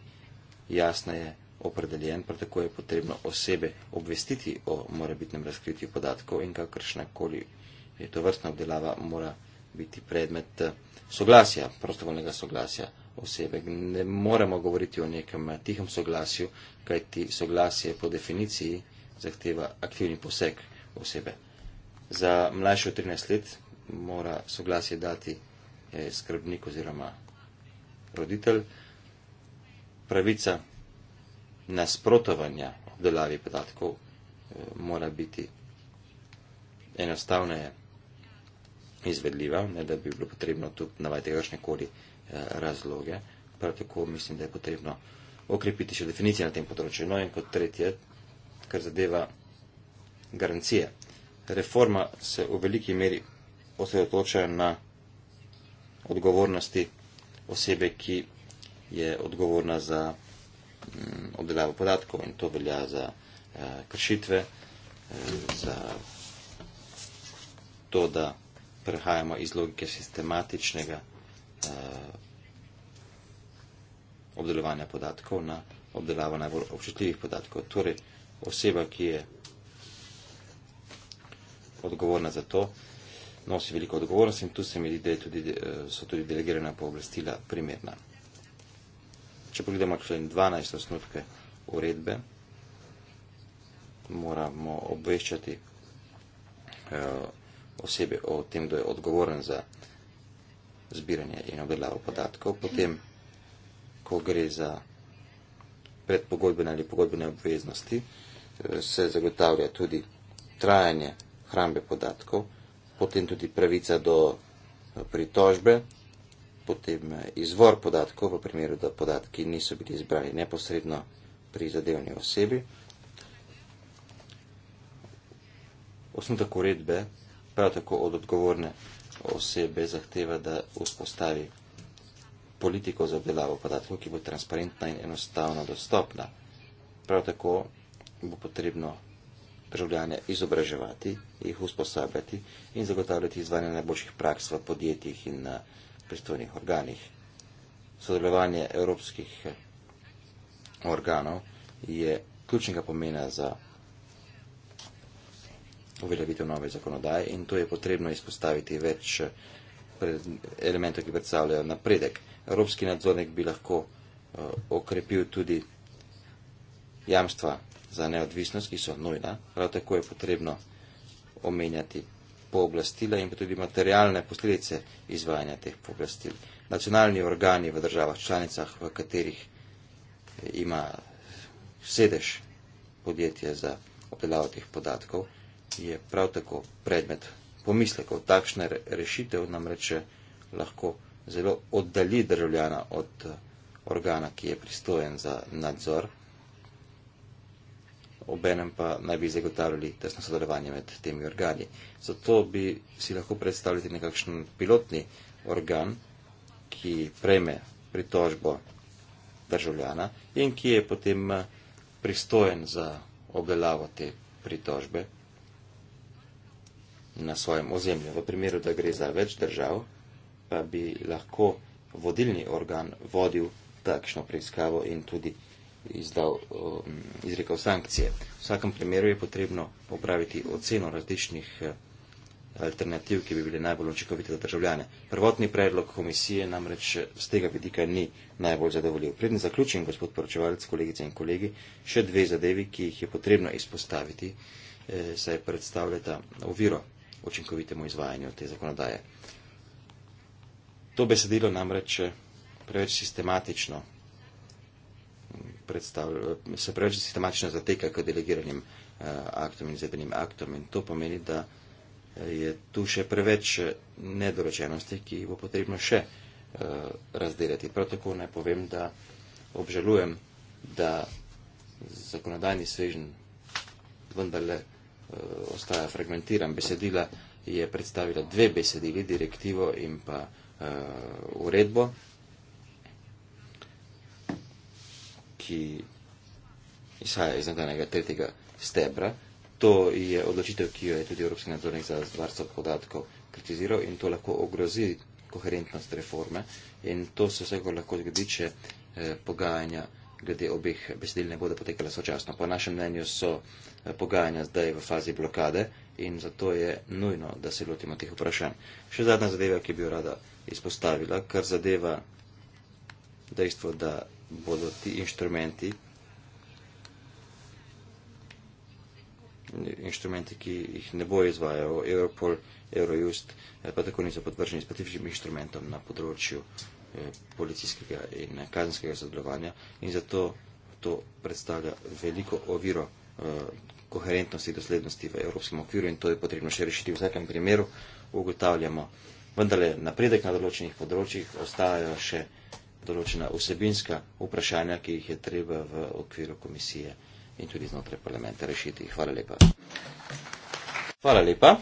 jasneje opredeljen, prav tako je potrebno osebe obvestiti o morebitnem razkritju podatkov in kakršna koli je to vrstna obdelava, mora biti predmet eh, soglasja, prostovoljnega soglasja osebe. Ne moremo govoriti o nekem tihem soglasju, kajti soglasje po definiciji zahteva aktivni poseg osebe. Za mlajše od 13 let mora soglasje dati eh, skrbnik oziroma roditelj. Pravica nasprotovanja obdelavi podatkov eh, mora biti enostavneje izvedljiva, ne da bi bilo potrebno tu navajati kakršne koli razloge. Prav tako mislim, da je potrebno okrepiti še definicije na tem področju. No in kot tretje, kar zadeva garancije. Reforma se v veliki meri osredotoča na odgovornosti osebe, ki je odgovorna za mm, obdelavo podatkov in to velja za eh, kršitve, eh, za to, da prehajamo iz logike sistematičnega. Eh, obdelovanja podatkov na obdelavo najbolj občutljivih podatkov. Torej, oseba, ki je odgovorna za to, nosi veliko odgovornost in tu se mi zdi, da tudi, eh, so tudi delegirana pooblastila primerna. Če pogledamo člen 12 osnutke uredbe, moramo obveščati eh, osebe o tem, da je odgovoren za zbiranje in obdelavo podatkov, potem, ko gre za predpogodbene ali pogodbene obveznosti, eh, se zagotavlja tudi trajanje hrambe podatkov, potem tudi pravica do eh, pritožbe, potem eh, izvor podatkov v primeru, da podatki niso bili izbrani neposredno pri zadevni osebi. Osnutek uredbe prav tako od odgovorne osebe zahteva, da vzpostavi politiko za obdelavo podatkov, ki bo transparentna in enostavno dostopna. Prav tako bo potrebno državljane izobraževati, jih usposabljati in zagotavljati izvanje najboljših praks v podjetjih in na eh, pristojnih organih. Sodelovanje evropskih eh, organov je ključnega pomena za uveljavitev nove zakonodaje in to je potrebno izpostaviti več eh, elementov, ki predstavljajo napredek. Evropski nadzornik bi lahko uh, okrepil tudi jamstva za neodvisnost, ki so nujna. Prav tako je potrebno omenjati pooblastila in pa tudi materialne posledice izvajanja teh pooblastil. Nacionalni organi v državah članicah, v katerih eh, ima sedež podjetje za obdelavo teh podatkov, je prav tako predmet pomislekov. Takšna rešitev namreč eh, lahko zelo oddalji državljana od eh, organa, ki je pristojen za nadzor, obenem pa naj bi zagotavljali tesno sodelovanje med temi organi. Zato bi si lahko predstavljali nekakšen pilotni organ, ki prejme pritožbo državljana in ki je potem eh, pristojen za obdelavo te pritožbe na svojem ozemlju. V primeru, da gre za več držav, pa bi lahko vodilni organ vodil takšno preiskavo in tudi izdal, um, izrekel sankcije. V vsakem primeru je potrebno popraviti oceno različnih eh, alternativ, ki bi bile najbolj učinkovite za državljane. Prvotni predlog komisije namreč z tega vidika ni najbolj zadovoljiv. Predn zaključim, gospod poročevalec, kolegice in kolegi, še dve zadevi, ki jih je potrebno izpostaviti, eh, saj predstavljata oviro učinkovitemu izvajanju te zakonodaje. To besedilo namreč preveč sistematično mm, se preveč sistematično zateka k delegiranim eh, aktom in izvedenim aktom in to pomeni, da eh, je tu še preveč eh, nedorečenosti, ki bo potrebno še razdeljati. Prav tako naj povem, da obžalujem, da zakonodajni svežen vendarle Eh, ostaja fragmentiran. Besedila je predstavila dve besedili, direktivo in pa uh, uredbo, ki izhaja iz nadaljnega tretjega stebra. To je odločitev, ki jo je tudi Evropski nadzornik za varstvo podatkov kritiziral in to lahko ogrozi koherentnost reforme. In to se vsekakor lahko zgodi, če eh, pogajanja glede obeh besedil ne bodo potekala sočasno. Po našem mnenju so eh, pogajanja zdaj v fazi blokade in zato je nujno, da se lotimo teh vprašanj. Še zadnja zadeva, ki bi jo rada izpostavila, kar zadeva dejstvo, da bodo ti inštrumenti, inštrumenti, ki jih ne bo izvajal Europol, Eurojust, eh, pa tako niso podvrženi specifičnim inštrumentom na področju Eh, policijskega in kazenskega sodelovanja in zato to predstavlja veliko oviro eh, koherentnosti, doslednosti v evropskem okviru in to je potrebno še rešiti. V vsakem primeru ugotavljamo, vendar je napredek na določenih področjih, ostajajo še določena vsebinska vprašanja, ki jih je treba v okviru komisije in tudi znotraj parlamenta rešiti. Hvala lepa. Hvala lepa.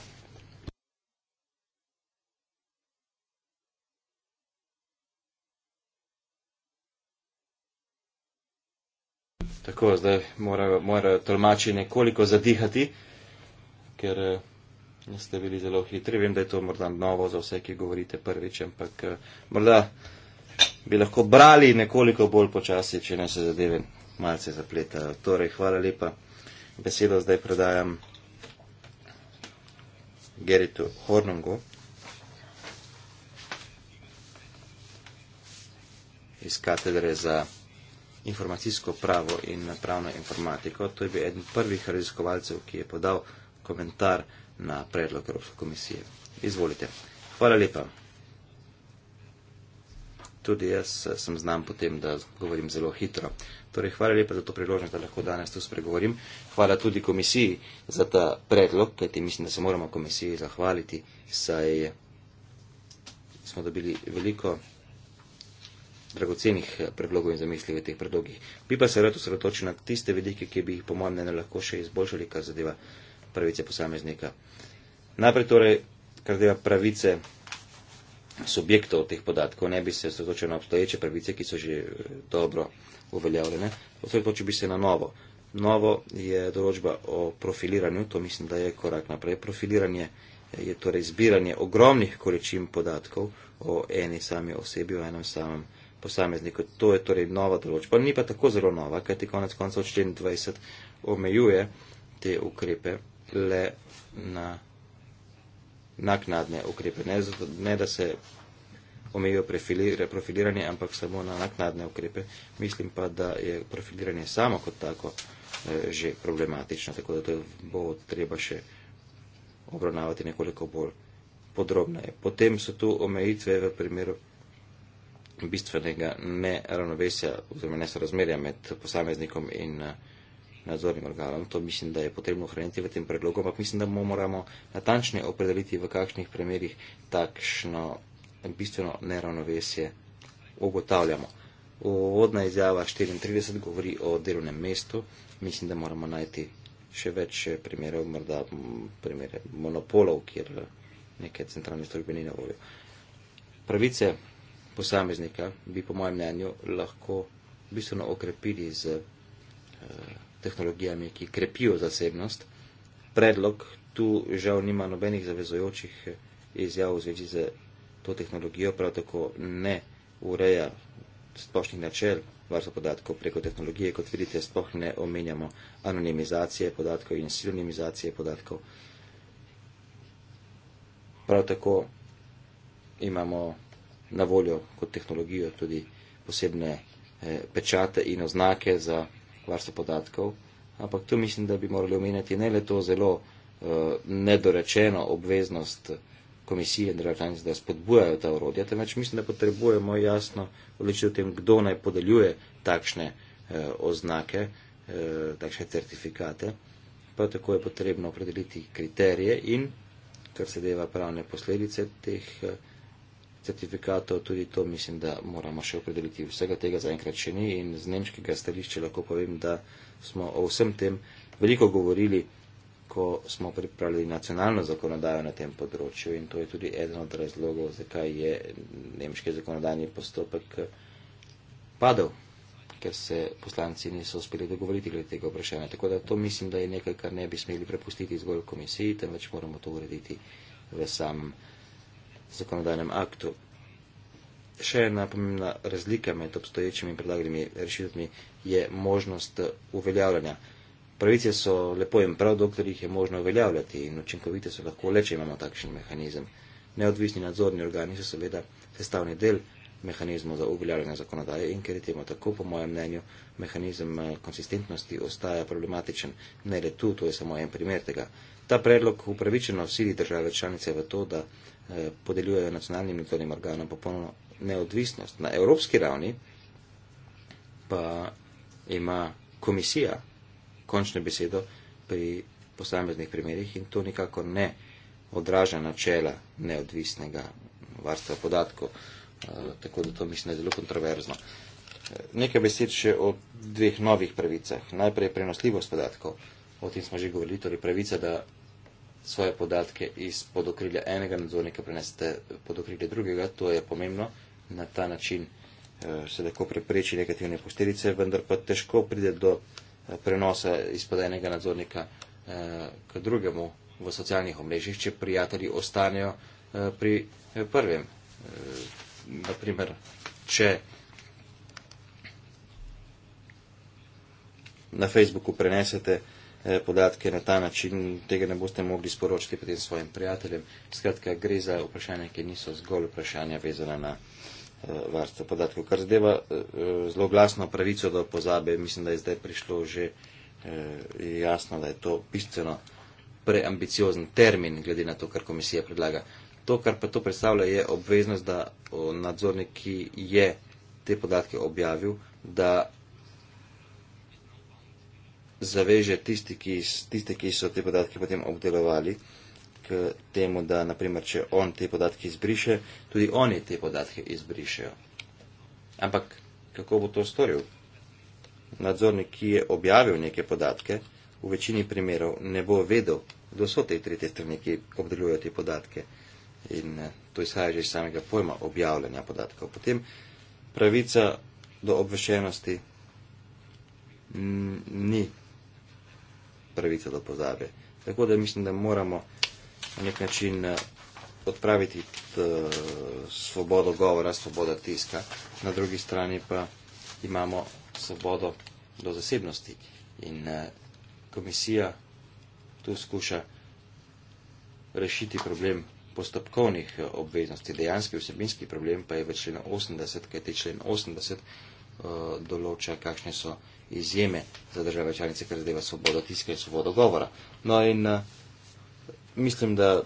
Tako, zdaj morajo, morajo tolmači nekoliko zadihati, ker eh, ste bili zelo hitri. Vem, da je to morda novo za vse, ki govorite prvič, ampak eh, morda bi lahko brali nekoliko bolj počasi, če ne se zadeve malce zapletajo. Torej, hvala lepa. Besedo zdaj predajam Geritu Hornungu iz katedre za informacijsko pravo in pravno informatiko. To je bil eden prvih raziskovalcev, ki je podal komentar na predlog Evropske komisije. Izvolite. Hvala lepa. Tudi jaz eh, sem znam potem, da govorim zelo hitro. Torej, hvala lepa za to priložnost, da lahko danes tu spregovorim. Hvala tudi komisiji za ta predlog, kajti mislim, da se moramo komisiji zahvaliti, saj smo dobili veliko dragocenih eh, predlogov in zamisli v teh predlogih. Bi pa se rad osredotočil na tiste vidike, ki bi jih po mojem mnenju lahko še izboljšali, kar zadeva pravice posameznika. Najprej torej, kar zadeva pravice subjektov teh podatkov, ne bi se osredotočil na obstoječe pravice, ki so že eh, dobro uveljavljene, osredotočil bi se na novo. Novo je določba o profiliranju, to mislim, da je korak naprej. Profiliranje eh, je torej zbiranje ogromnih količin podatkov o eni sami osebi, o enem samem posameznikov. To je torej nova določba, ni pa tako zelo nova, kajti konec koncev 24 omejuje te ukrepe le na naknadne ukrepe. Ne, zato, ne da se omejijo profiliranje, ampak samo na naknadne ukrepe. Mislim pa, da je profiliranje samo kot tako eh, že problematično, tako da to bo treba še obravnavati nekoliko bolj podrobneje. Potem so tu omejitve v primeru bistvenega neravnovesja oziroma nesorazmerja med posameznikom in eh, nadzornim organom. To mislim, da je potrebno ohraniti v tem predlogu, ampak mislim, da moramo natančne opredeliti, v kakšnih primerjih takšno bistveno neravnovesje ugotavljamo. Uvodna izjava 34 govori o delovnem mestu. Mislim, da moramo najti še več eh, primerov, morda primere monopolov, kjer eh, neke centralne službe ni na voljo. Pravice posameznika bi po mojem mnenju lahko bistveno okrepili z eh, tehnologijami, ki krepijo zasebnost. Predlog tu žal nima nobenih zavezojočih eh, izjav v zvezi z to tehnologijo, prav tako ne ureja splošnih načel varstva podatkov preko tehnologije, kot vidite, sploh ne omenjamo anonimizacije podatkov in silonimizacije podatkov. Prav tako imamo na voljo kot tehnologijo tudi posebne eh, pečate in oznake za varstvo podatkov. Ampak tu mislim, da bi morali omeniti ne le to zelo eh, nedorečeno obveznost komisije in državljanice, da spodbujajo ta urodja, temveč mislim, da potrebujemo jasno odločitev o tem, kdo naj podeljuje takšne eh, oznake, takšne certifikate. Pa tako je potrebno opredeliti kriterije in, kar se deva pravne posledice teh certifikatov, tudi to mislim, da moramo še opredeliti. Vsega tega zaenkrat še ni in z nemškega stališča lahko povem, da smo o vsem tem veliko govorili, ko smo pripravili nacionalno zakonodajo na tem področju in to je tudi eden od razlogov, zakaj je nemški zakonodajni postopek padel, ker se poslanci niso uspeli dogovoriti glede tega vprašanja. Tako da to mislim, da je nekaj, kar ne bi smeli prepustiti zgolj komisiji, temveč moramo to urediti v samem zakonodajnem aktu. Še ena pomembna razlika med obstoječimi predlagnimi rešitvami je možnost eh, uveljavljanja. Pravice so lepo in prav, dokler jih je možno uveljavljati in učinkovite so lahko le, če imamo takšen mehanizem. Neodvisni nadzorni organi so seveda sestavni del mehanizmov za uveljavljanje zakonodaje in ker je temu tako, po mojem mnenju, mehanizem eh, konsistentnosti ostaja problematičen. Ne le tu, to je samo en primer tega. Ta predlog upravičeno sili države članice v to, da eh, podeljujejo nacionalnim nadzornim organom popolno neodvisnost. Na evropski ravni pa ima komisija končno besedo pri posameznih primerjih in to nikako ne odraža načela neodvisnega varstva podatkov. Eh, tako da to mislim, da je zelo kontroverzno. Eh, nekaj besed še o dveh novih pravicah. Najprej prenosljivost podatkov. O tem smo že govorili, torej pravica, da svoje podatke iz podokrilja enega nadzornika prenesete podokrilje drugega, to je pomembno, na ta način uh, se lahko prepreči negativne posledice, vendar pa težko pride do uh, prenosa izpod enega nadzornika uh, k drugemu v socialnih omrežjih, če prijatelji ostanejo uh, pri uh, prvem. Uh, naprimer, če na Facebooku prenesete uh, Eh, podatke na ta način, tega ne boste mogli sporočiti potem svojim prijateljem. Skratka, gre za vprašanja, ki niso zgolj vprašanja vezana na eh, varstvo podatkov. Kar zadeva eh, zelo glasno pravico do pozabe, mislim, da je zdaj prišlo že jasno, da je to bistveno preambiciozen termin, glede na to, kar komisija predlaga. To, kar pa to predstavlja, je obveznost, da nadzornik, ki je te podatke objavil, da zaveže tisti, ki, tiste, ki so te podatke potem obdelovali, k temu, da naprimer, če on te podatke izbriše, tudi oni te podatke izbrišejo. Ampak kako bo to storil? Nadzornik, ki je objavil neke podatke, v večini primerov ne bo vedel, kdo so te tretje strani, ki obdelujejo te podatke. In eh, to izhaja že iz samega pojma objavljanja podatkov. Potem pravica do obveščenosti ni pravica do pozabe. Tako da mislim, da moramo na nek način eh, odpraviti t, eh, svobodo govora, svobodo tiska, na drugi strani pa imamo svobodo do zasebnosti. In eh, komisija tu skuša rešiti problem postopkovnih obveznosti, dejanski vsebinski problem pa je v členu 80, kajti člen 80 določa, kakšne so izjeme za države članice, kar zadeva svobodo tiska in svobodo govora. No in eh, mislim, da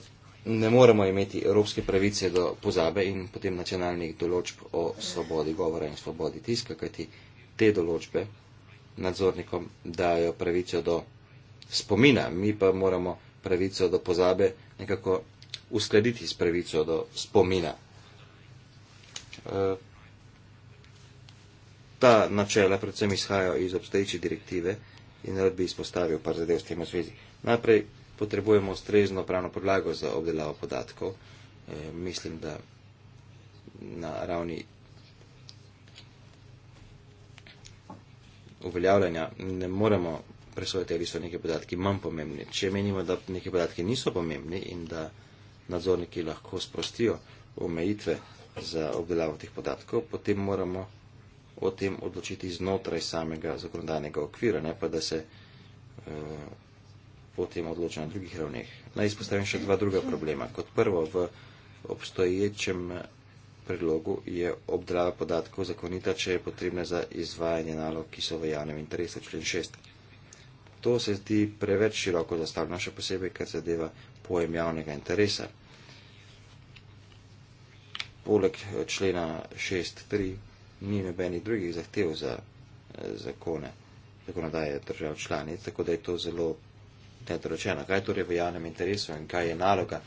ne moremo imeti evropske pravice do pozabe in potem nacionalnih določb o svobodi govora in svobodi tiska, kajti te določbe nadzornikom dajo pravico do spomina, mi pa moramo pravico do pozabe nekako uskladiti s pravico do spomina. Uh, ta načela predvsem izhajajo iz obstoječe direktive in rad bi izpostavil par zadev s tem v zvezi. Najprej potrebujemo ustrezno pravno podlago za obdelavo podatkov. E, mislim, da na ravni uveljavljanja ne moremo presojati, ali so neke podatki manj pomembni. Če menimo, da neke podatke niso pomembni in da nadzorniki lahko sprostijo omejitve za obdelavo teh podatkov, potem moramo o tem odločiti znotraj samega zakonodajnega okvira, ne pa da se eh, o tem odloča na drugih ravneh. Naj izpostavim še dva druga problema. Kot prvo, v obstoječem predlogu je obdrava podatkov zakonita, če je potrebna za izvajanje nalog, ki so v javnem interesu, člen 6. To se zdi preveč široko zastavljeno, še posebej, kar zadeva pojem javnega interesa. Poleg eh, člena ni nobenih drugih zahtev za eh, zakone, zakonodaje držav članic, tako da je to zelo nedoročeno. Kaj je torej v javnem interesu in kaj je naloga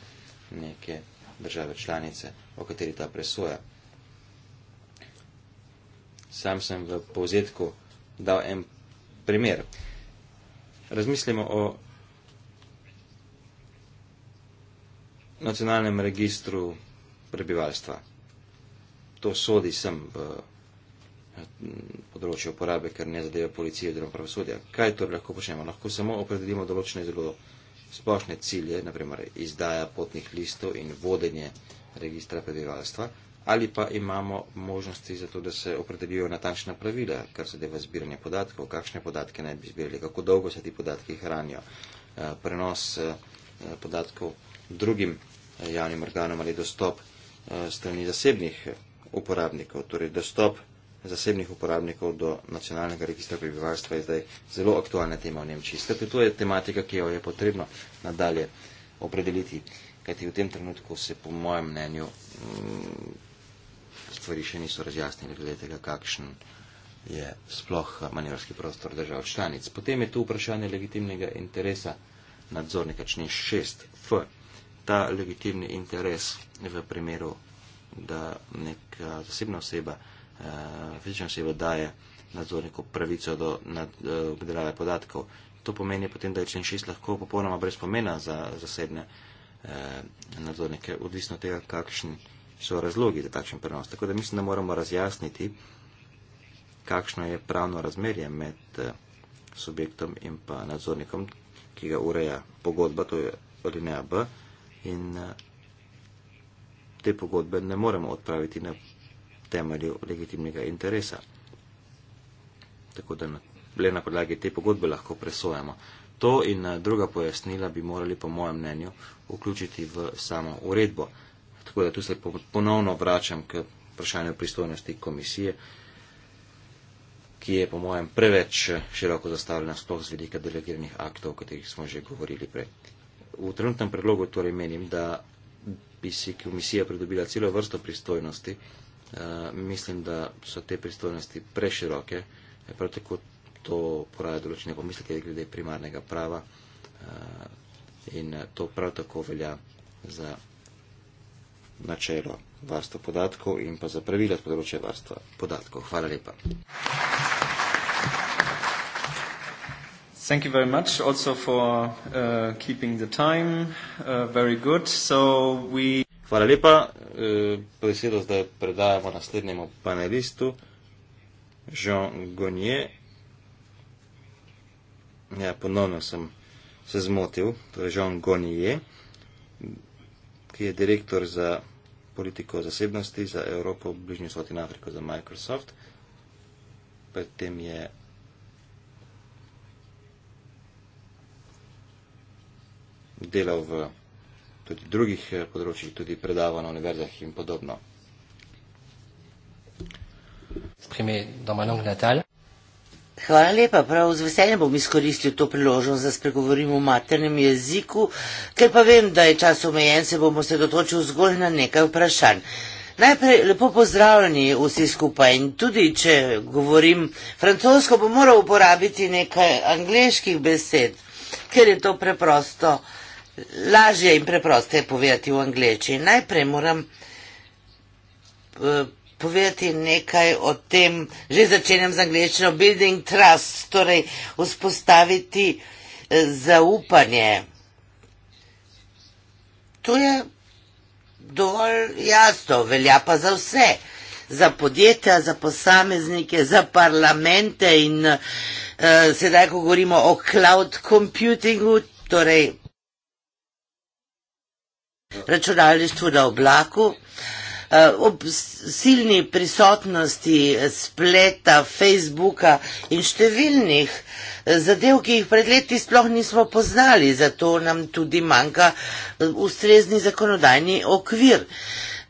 neke države članice, o kateri ta presoja? Sam sem v povzetku dal en primer. Razmislimo o nacionalnem registru prebivalstva. To sodi sem v področje uporabe, ker ne zadeva policije oziroma pravosodja. Kaj torej lahko počnemo? Lahko samo opredelimo določene zelo splošne cilje, naprimer izdaja potnih listov in vodenje registra prebivalstva, ali pa imamo možnosti za to, da se opredelijo natančna pravila, kar zadeva zbiranje podatkov, kakšne podatke naj bi zbirali, kako dolgo se ti podatki hranijo, eh, prenos eh, podatkov drugim eh, javnim organom ali dostop strani zasebnih uporabnikov, torej dostop zasebnih uporabnikov do nacionalnega registra prebivalstva je zdaj zelo aktualna tema v Nemčiji. Skratka, to je tematika, ki jo je potrebno nadalje opredeliti, kajti v tem trenutku se po mojem mnenju mm, stvari še niso razjasnili glede tega, kakšen je sploh manevrski prostor držav članic. Potem je tu vprašanje legitimnega interesa nadzornika člen 6f. Ta legitimni interes v primeru, da neka zasebna oseba Eh, fizična oseba daje nadzorniku pravico do nad, uh, obdelave podatkov. To pomeni potem, da je člen 6 lahko popolnoma brez pomena za zasebne eh, nadzornike, odvisno od tega, kakšni so razlogi za takšen prenos. Tako da mislim, da moramo razjasniti, kakšno je pravno razmerje med eh, subjektom in pa nadzornikom, ki ga ureja pogodba, to je odineja B, in eh, te pogodbe ne moremo odpraviti na temelju legitimnega interesa. Tako da le na podlagi te pogodbe lahko presojamo. To in eh, druga pojasnila bi morali, po mojem mnenju, vključiti v samo uredbo. Tako da tu se ponovno vračam k vprašanju pristojnosti komisije, ki je, po mojem, preveč eh, široko zastavljena, sploh z vidika delegiranih aktov, o katerih smo že govorili prej. V trenutnem predlogu torej menim, da bi si komisija pridobila celo vrsto pristojnosti, Eh, mislim, da so te pristojnosti preširoke, eh, prav tako to poraja določene pomisleke glede primarnega prava eh, in to prav tako velja za načelo varstva podatkov in pa za pravila z področja varstva podatkov. Hvala lepa. Thank you very much also for uh, keeping the time. Uh, very good. So we Hvala lepa. E, besedo zdaj predajamo naslednjemu panelistu, Jean Gonier. Ja, ponovno sem se zmotil, to torej je Jean Gonier, ki je direktor za politiko zasebnosti za Evropo, Bližnjo vzhod in Afriko za Microsoft. Predtem je delal v tudi drugih eh, področjih, tudi predava na univerzah in podobno. Hvala lepa, prav z veseljem bom izkoristil to priložnost, da spregovorim v maternem jeziku, ker pa vem, da je čas omejen, se bom osredotočil zgolj na nekaj vprašanj. Najprej lepo pozdravljeni vsi skupaj in tudi, če govorim francosko, bom moral uporabiti nekaj angliških besed, ker je to preprosto. Uh, lažje in preproste je povedati v angliščini. Najprej moram eh, povedati nekaj o tem, že začenjam z angliščino, building trust, torej vzpostaviti eh, zaupanje. To je dovolj jasno, velja pa za vse, za podjetja, za posameznike, za parlamente in uh, sedaj, ko govorimo o cloud computingu, torej računalništvu na oblaku, eh, ob silni prisotnosti spleta, Facebooka in številnih eh, zadev, ki jih pred leti sploh nismo poznali, zato nam tudi manjka eh, ustrezni zakonodajni okvir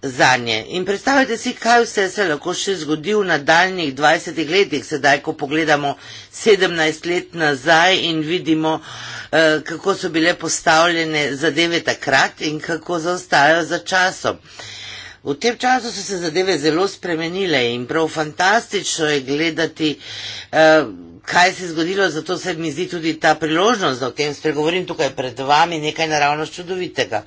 za nje. In predstavljajte si, kaj vse se lahko še zgodi v nadaljnih 20 letih, sedaj, ko pogledamo 17 let nazaj in vidimo, eh, kako so bile postavljene zadeve takrat in kako zaostajajo za časom. V tem času so se zadeve zelo spremenile in prav fantastično je gledati, eh, kaj se je zgodilo, zato se mi zdi tudi ta priložnost, o tem spregovorim tukaj pred vami, nekaj naravno čudovitega.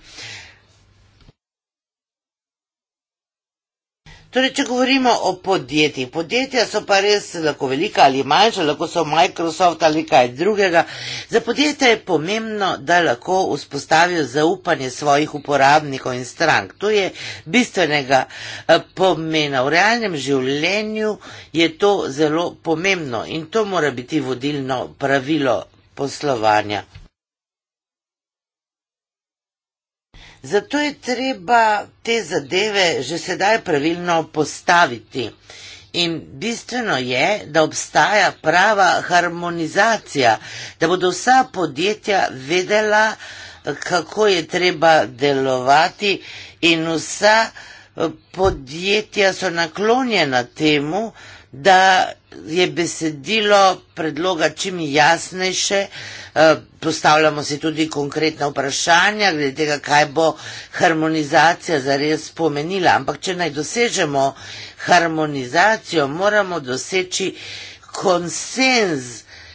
Torej, če govorimo o podjetjih, podjetja so pa res lahko velika ali manjša, lahko so Microsoft ali kaj drugega. Za podjetje je pomembno, da lahko vzpostavijo zaupanje svojih uporabnikov in strank. To je bistvenega eh, pomena. V realnem življenju je to zelo pomembno in to mora biti vodilno pravilo poslovanja. Zato je treba te zadeve že sedaj pravilno postaviti. In bistveno je, da obstaja prava harmonizacija, da bodo vsa podjetja vedela, kako je treba delovati in vsa podjetja so naklonjena temu, da je besedilo predloga čim jasnejše, eh, postavljamo si tudi konkretna vprašanja glede tega, kaj bo harmonizacija zares pomenila. Ampak, če naj dosežemo harmonizacijo, moramo doseči konsenz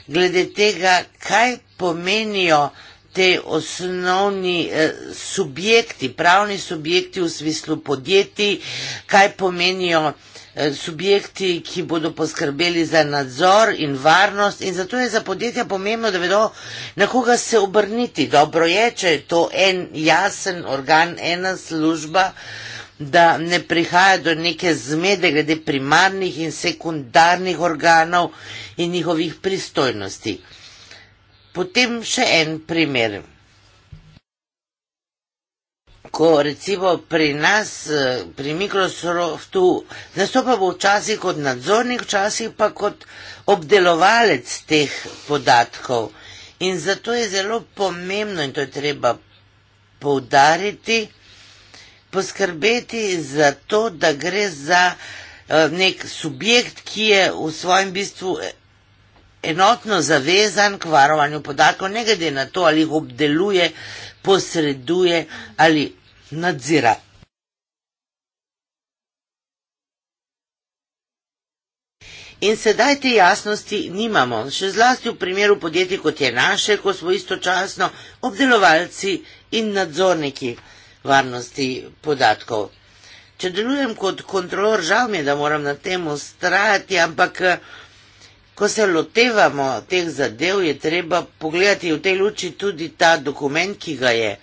glede tega, kaj pomenijo te osnovni eh, subjekti, pravni subjekti v smislu podjetij, kaj pomenijo Eh, subjekti, ki bodo poskrbeli za nadzor in varnost in zato je za podjetja pomembno, da vedo, na koga se obrniti. Dobro je, če je to en jasen organ, ena služba, da ne prihaja do neke zmede glede primarnih in sekundarnih organov in njihovih pristojnosti. Potem še en primer ko recimo pri nas, eh, pri Microsoftu, nastopa včasih kot nadzornik, včasih pa kot obdelovalec teh podatkov. In zato je zelo pomembno, in to je treba poudariti, poskrbeti za to, da gre za eh, nek subjekt, ki je v svojem bistvu enotno zavezan k varovanju podatkov, ne glede na to, ali jih obdeluje, posreduje ali nadzira. In sedaj te jasnosti nimamo, še zlasti v primeru podjetij kot je naše, ko smo istočasno obdelovalci in nadzorniki varnosti podatkov. Če delujem kot kontrolor, žal mi je, da moram na tem ustrajati, ampak eh, ko se lotevamo teh zadev, je treba pogledati v tej luči tudi ta dokument, ki ga je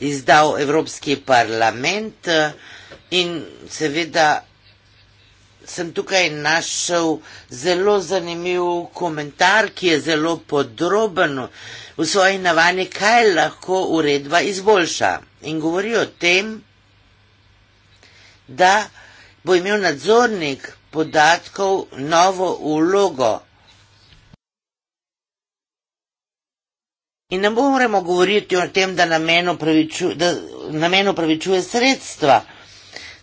izdal Evropski parlament eh, in seveda sem tukaj našel zelo zanimiv komentar, ki je zelo podroben v svoji navani, kaj lahko uredba izboljša. In govori o tem, da bo imel nadzornik podatkov novo ulogo, In ne moremo govoriti o tem, da namen, upraviču, da namen upravičuje sredstva.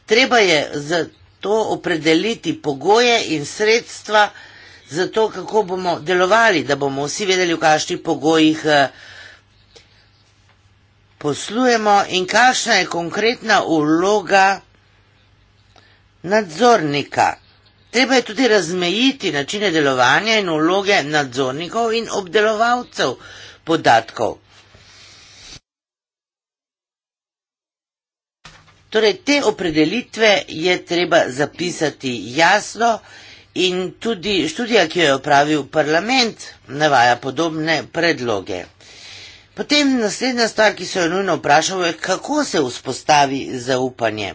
Treba je za to opredeliti pogoje in sredstva, za to, kako bomo delovali, da bomo vsi vedeli, v kakšnih pogojih eh, poslujemo in kakšna je konkretna uloga nadzornika. Treba je tudi razmejiti načine delovanja in uloge nadzornikov in obdelovalcev podatkov. Torej, te opredelitve je treba zapisati jasno in tudi študija, ki jo je opravil parlament, navaja podobne predloge. Potem naslednja stvar, ki se jo nujno vprašamo, je, kako se vzpostavi zaupanje.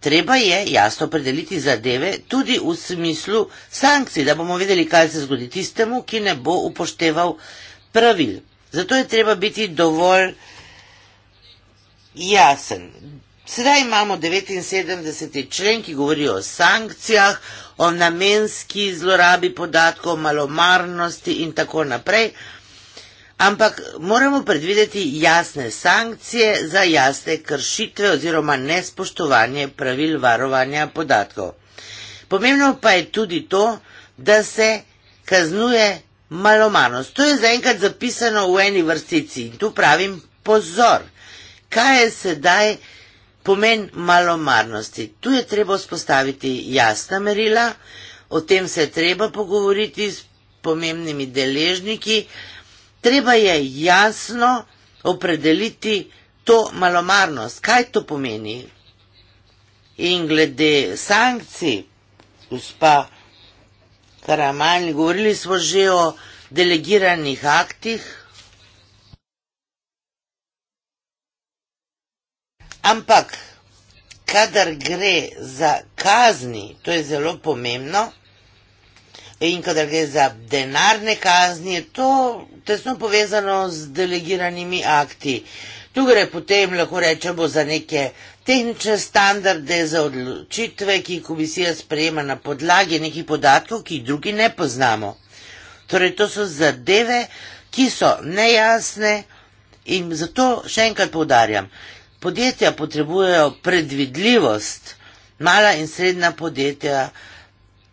Treba je jasno predeliti zadeve tudi v smislu sankcij, da bomo videli, kaj se zgodi tistemu, ki ne bo upošteval pravil. Zato je treba biti dovolj jasen. Sedaj imamo 79. člen, ki govori o sankcijah, o namenski zlorabi podatkov, malomarnosti in tako naprej ampak moramo predvideti jasne sankcije za jasne kršitve oziroma nespoštovanje pravil varovanja podatkov. Pomembno pa je tudi to, da se kaznuje malomarnost. To je zaenkrat zapisano v eni vrstici in tu pravim pozor. Kaj je sedaj pomen malomarnosti? Tu je treba spostaviti jasna merila, o tem se je treba pogovoriti s pomembnimi deležniki, treba je jasno opredeliti to malomarnost. Kaj to pomeni? In glede sankcij, gospa Karamani, govorili smo že o delegiranih aktih, ampak kadar gre za kazni, to je zelo pomembno, In kadar gre za denarne kazni, je to tesno povezano z delegiranimi akti. Tu gre potem, lahko rečemo, za neke tehnične standarde, za odločitve, ki jih komisija sprejema na podlagi nekih podatkov, ki jih drugi ne poznamo. Torej, to so zadeve, ki so nejasne in zato še enkrat povdarjam, podjetja potrebujejo predvidljivost, mala in srednja podjetja.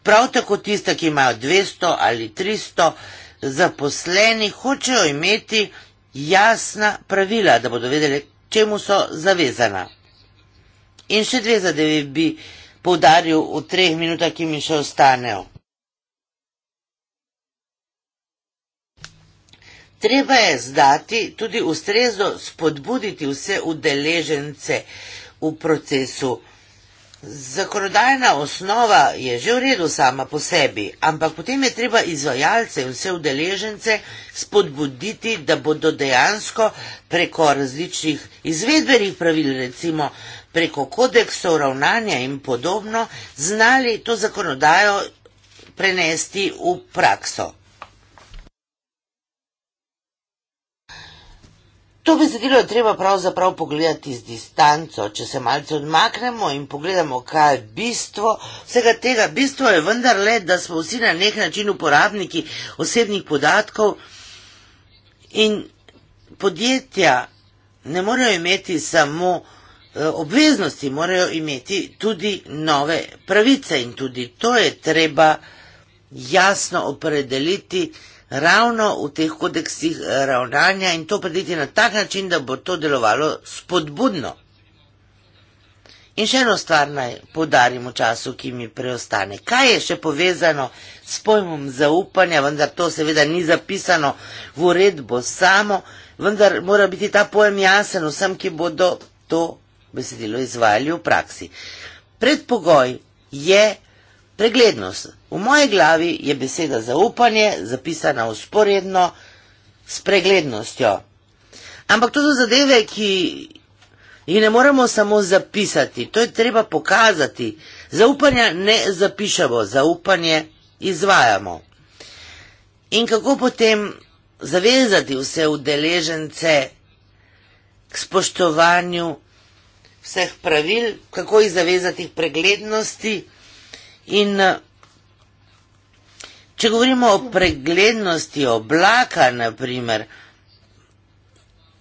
Prav tako tiste, ki imajo 200 ali 300 zaposlenih, hočejo imeti jasna pravila, da bodo vedeli, čemu so zavezana. In še dve zadeve bi povdaril v treh minutah, ki mi še ostanejo. Treba je zdati, tudi ustrezno spodbuditi vse udeležence v procesu. Zakonodajna osnova je že v redu sama po sebi, ampak potem je treba izvajalce in vse udeležence spodbuditi, da bodo dejansko preko različnih izvedbenih pravil, recimo preko kodeksov ravnanja in podobno, znali to zakonodajo prenesti v prakso. To besedilo je treba pravzaprav pogledati z distanco, če se malce odmaknemo in pogledamo, kaj je bistvo vsega tega. Bistvo je vendar le, da smo vsi na nek način uporabniki osebnih podatkov in podjetja ne morejo imeti samo eh, obveznosti, morajo imeti tudi nove pravice in tudi to je treba jasno opredeliti ravno v teh kodeksih eh, ravnanja in to prediti na tak način, da bo to delovalo spodbudno. In še eno stvar naj podarim v času, ki mi preostane. Kaj je še povezano s pojmom zaupanja, vendar to seveda ni zapisano v uredbo samo, vendar mora biti ta pojem jasen vsem, ki bodo to besedilo izvajali v praksi. Predpogoj je Preglednost. V moji glavi je beseda zaupanje zapisana usporedno s preglednostjo. Ampak to so zadeve, ki jih ne moremo samo zapisati, to je treba pokazati. Zaupanja ne zapišemo, zaupanje izvajamo. In kako potem zavezati vse udeležence k spoštovanju vseh pravil, kako jih zavezati k preglednosti? In eh, če govorimo o preglednosti oblaka, naprimer,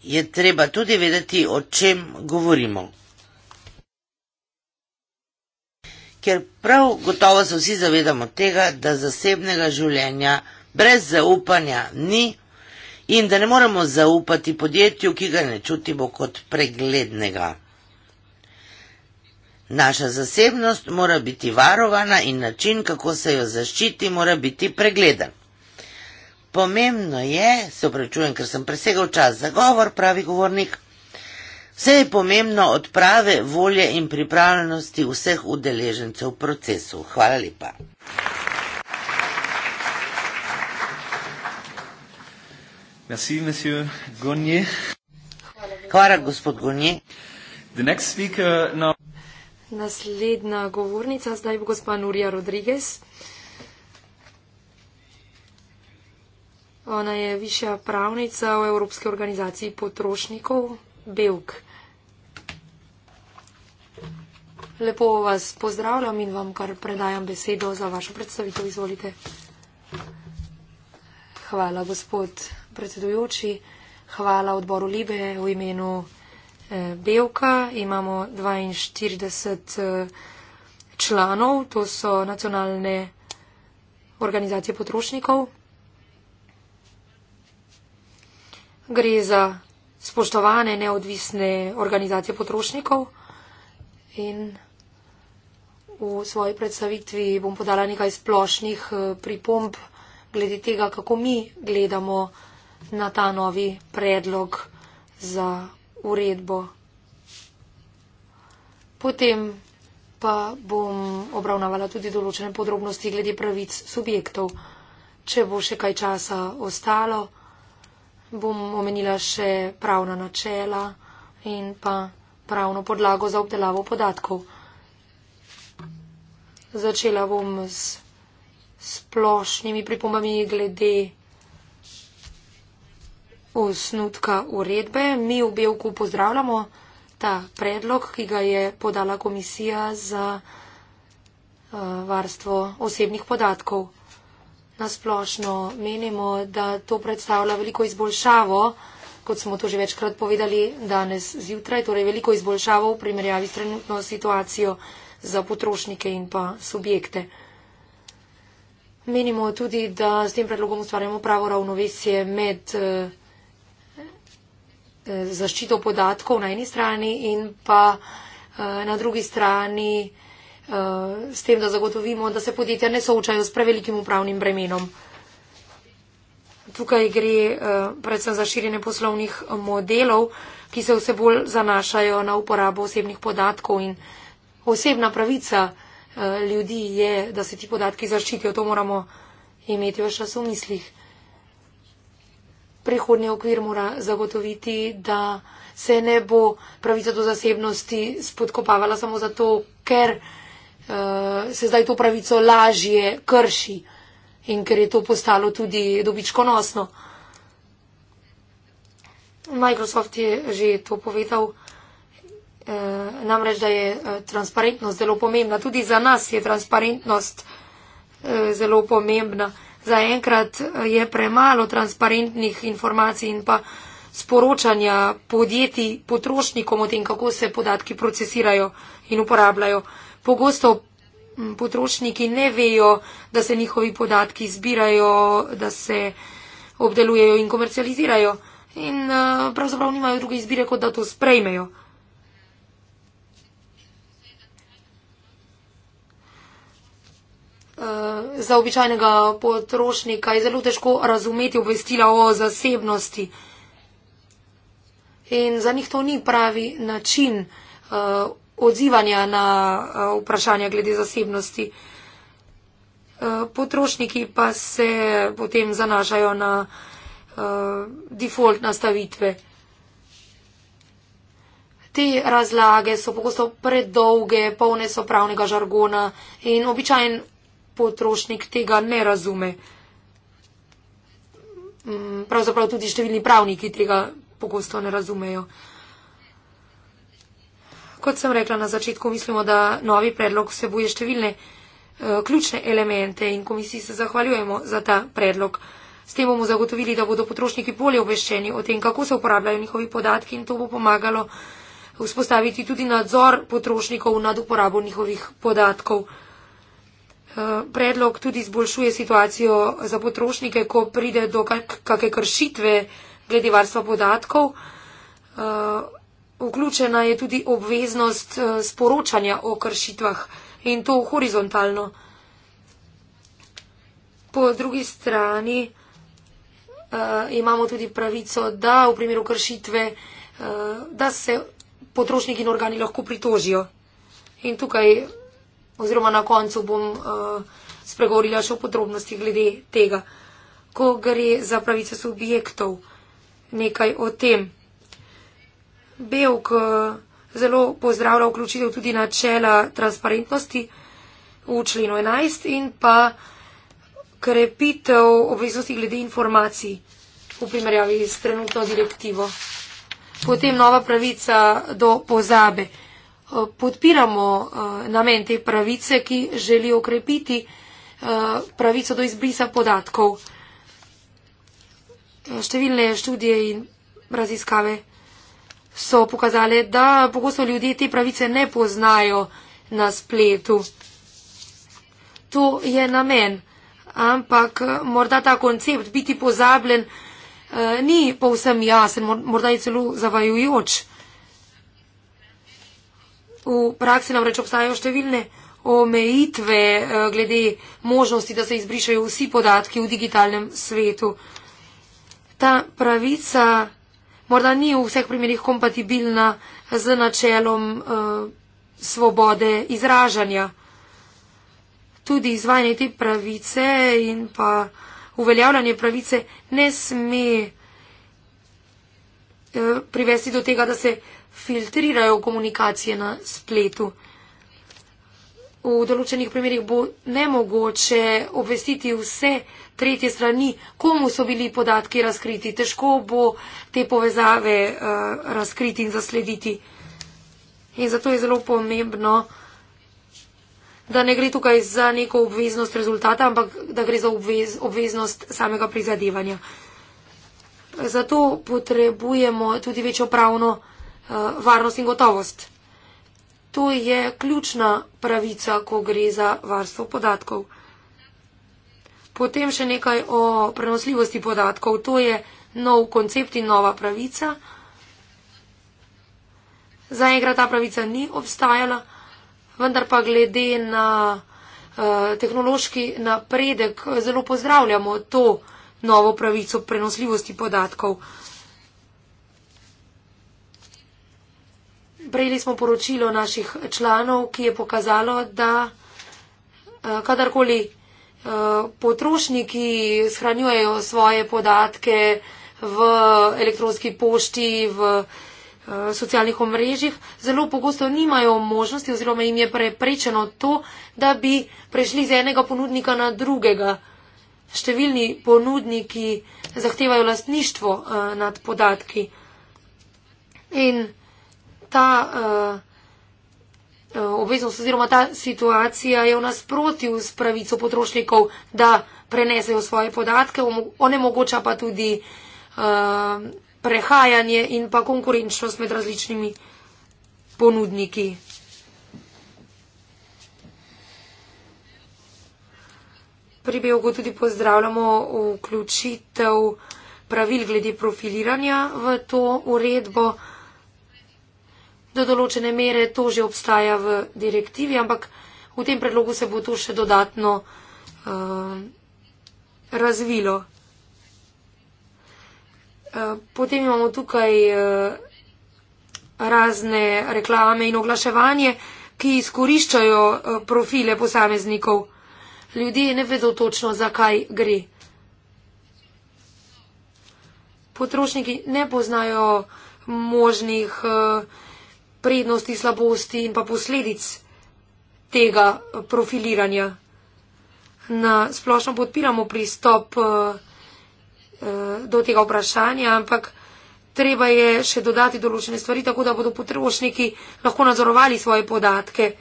je treba tudi vedeti, o čem govorimo. Ker prav gotovo se vsi zavedamo tega, da zasebnega življenja brez zaupanja ni in da ne moremo zaupati podjetju, ki ga ne čutimo kot preglednega. Naša zasebnost mora biti varovana in način, kako se jo zaščiti, mora biti pregledan. Pomembno je, se oprečujem, ker sem presegal čas za govor, pravi govornik, vse je pomembno od prave volje in pripravljenosti vseh udeležencev v procesu. Hvala lepa. Merci, monsieur Gonier. Hvala, gospod Gonier. The next speaker now... Naslednja govornica zdaj bo gospa Nurja Rodriguez. Ona je višja pravnica v Evropski organizaciji potrošnikov Belk. Lepo vas pozdravljam in vam kar predajam besedo za vašo predstavitev. Izvolite. Hvala, gospod predsedujoči. Hvala odboru Libe v imenu. Eh, Belka, imamo 42 eh, članov, to so nacionalne organizacije potrošnikov. Gre za spoštovane neodvisne organizacije potrošnikov in v svoji predstavitvi bom podala nekaj splošnih eh, pripomb glede tega, kako mi gledamo na ta novi predlog za uredbo. Potem pa bom obravnavala tudi določene podrobnosti glede pravic subjektov. Če bo še kaj časa ostalo, bom omenila še pravna načela in pa pravno podlago za obdelavo podatkov. Začela bom s splošnimi pripombami glede osnutka uredbe. Mi v Belku pozdravljamo ta predlog, ki ga je podala Komisija za eh, varstvo osebnih podatkov. Nasplošno menimo, da to predstavlja veliko izboljšavo, kot smo to že večkrat povedali danes zjutraj, torej veliko izboljšavo v primerjavi s trenutno situacijo za potrošnike in pa subjekte. Menimo tudi, da s tem predlogom ustvarjamo pravo ravnovesje med eh, Eh, zaščito podatkov na eni strani in pa eh, na drugi strani eh, s tem, da zagotovimo, da se podjetja ne soočajo s prevelikim upravnim bremenom. Tukaj gre predvsem za širjenje poslovnih modelov, ki se vse bolj zanašajo na uporabo osebnih podatkov in osebna pravica ljudi je, da se ti podatki zaščitijo. To moramo imeti v času mislih prihodnji okvir mora zagotoviti, da se ne bo pravica do zasebnosti spodkopavala samo zato, ker uh, se zdaj to pravico lažje krši in ker je to postalo tudi dobičkonosno. Microsoft je že to povedal, e, namreč, da je eh, transparentnost zelo pomembna. Tudi za nas je transparentnost e, zelo pomembna zaenkrat eh, je premalo transparentnih informacij in pa sporočanja podjetij potrošnikom o tem, kako se podatki procesirajo in uporabljajo. Pogosto mm, potrošniki ne vejo, da se njihovi podatki zbirajo, da se obdelujejo in komercializirajo in eh, pravzaprav nimajo druge izbire, kot da to sprejmejo. Eh, za običajnega potrošnika je zelo težko razumeti obvestila o zasebnosti. In za njih to ni pravi način uh, odzivanja na uh, vprašanja glede zasebnosti. Uh, potrošniki pa se potem zanašajo na uh, default nastavitve. Te razlage so pogosto predolge, polne so pravnega žargona in običajen potrošnik tega ne razume. Mm, pravzaprav tudi številni pravniki tega pogosto ne razumejo. Kot sem rekla na začetku, mislimo, da novi predlog vsebuje številne uh, ključne elemente in komisiji se zahvaljujemo za ta predlog. S tem bomo zagotovili, da bodo potrošniki bolje obveščeni o tem, kako se uporabljajo njihovi podatki in to bo pomagalo vzpostaviti tudi nadzor potrošnikov nad uporabo njihovih podatkov predlog tudi izboljšuje situacijo za potrošnike, ko pride do kakšne kršitve glede varstva podatkov. Eh, vključena je tudi obveznost eh, sporočanja o kršitvah in to horizontalno. Po drugi strani eh, imamo tudi pravico, da v primeru kršitve, da se potrošniki in organi lahko pritožijo. In tukaj oziroma na koncu bom uh, spregovorila še o podrobnostih glede tega, ko gre za pravice subjektov, nekaj o tem. Belk uh, eh, zelo pozdravlja vključitev tudi načela transparentnosti v členu 11 in pa krepitev obveznosti glede informacij v primerjavi s trenutno direktivo. Potem nova pravica do pozabe podpiramo eh, namen te pravice, ki želi okrepiti eh, pravico do izbrisa podatkov. Eh, številne študije in raziskave so pokazale, da pogosto ljudje te pravice ne poznajo na spletu. To je namen, ampak morda ta koncept biti pozabljen ni povsem jasen, morda je celo zavajujoč. V praksi namreč obstajajo številne omejitve eh, glede možnosti, da se izbrišajo vsi podatki v digitalnem svetu. Ta pravica morda ni v vseh primerjih kompatibilna z načelom uh, svobode izražanja. Tudi izvajanje te pravice in pa uveljavljanje pravice ne sme uh, privesti do tega, da se uh, filtrirajo komunikacije na spletu. V določenih primerjih bo nemogoče obvestiti vse tretje strani, komu so bili podatki razkriti. Težko bo te povezave uh, razkriti in zaslediti. In zato je zelo pomembno, da ne gre tukaj za neko obveznost rezultata, ampak da gre za obvez, obveznost samega prizadevanja. Zato potrebujemo tudi večjo pravno. Eh, varnost in gotovost. To je ključna pravica, ko gre za varstvo podatkov. Potem še nekaj o prenosljivosti podatkov. To je nov koncept in nova pravica. Zaenkrat ta pravica ni obstajala, vendar pa glede na uh, tehnološki napredek zelo pozdravljamo to novo pravico prenosljivosti podatkov. Uh, Prejeli smo poročilo naših članov, ki je pokazalo, da eh, kadarkoli eh, potrošniki shranjujejo svoje podatke v elektronski pošti, v eh, socialnih omrežjih, zelo pogosto nimajo možnosti oziroma jim je preprečeno to, da bi prešli z enega ponudnika na drugega. Številni ponudniki zahtevajo lastništvo nad podatki. In ta uh, obveznost oziroma ta situacija je v nasprotju s pravico potrošnikov, da prenesejo svoje podatke, onemogoča pa tudi uh, prehajanje in pa konkurenčnost med različnimi ponudniki. Pri Belgu tudi pozdravljamo vključitev pravil glede profiliranja v to uredbo do določene mere to že obstaja v direktivi, ampak v tem predlogu se bo to še dodatno uh, razvilo. Uh, potem imamo tukaj uh, razne reklame in oglaševanje, ki izkoriščajo uh, profile posameznikov. Ljudje ne vedo točno, zakaj gre. Potrošniki ne poznajo možnih uh, prednosti, slabosti in pa posledic tega eh, profiliranja. Na splošno podpiramo pristop eh, eh, do tega vprašanja, ampak treba je še dodati določene stvari, tako da bodo potrošniki lahko nadzorovali svoje podatke.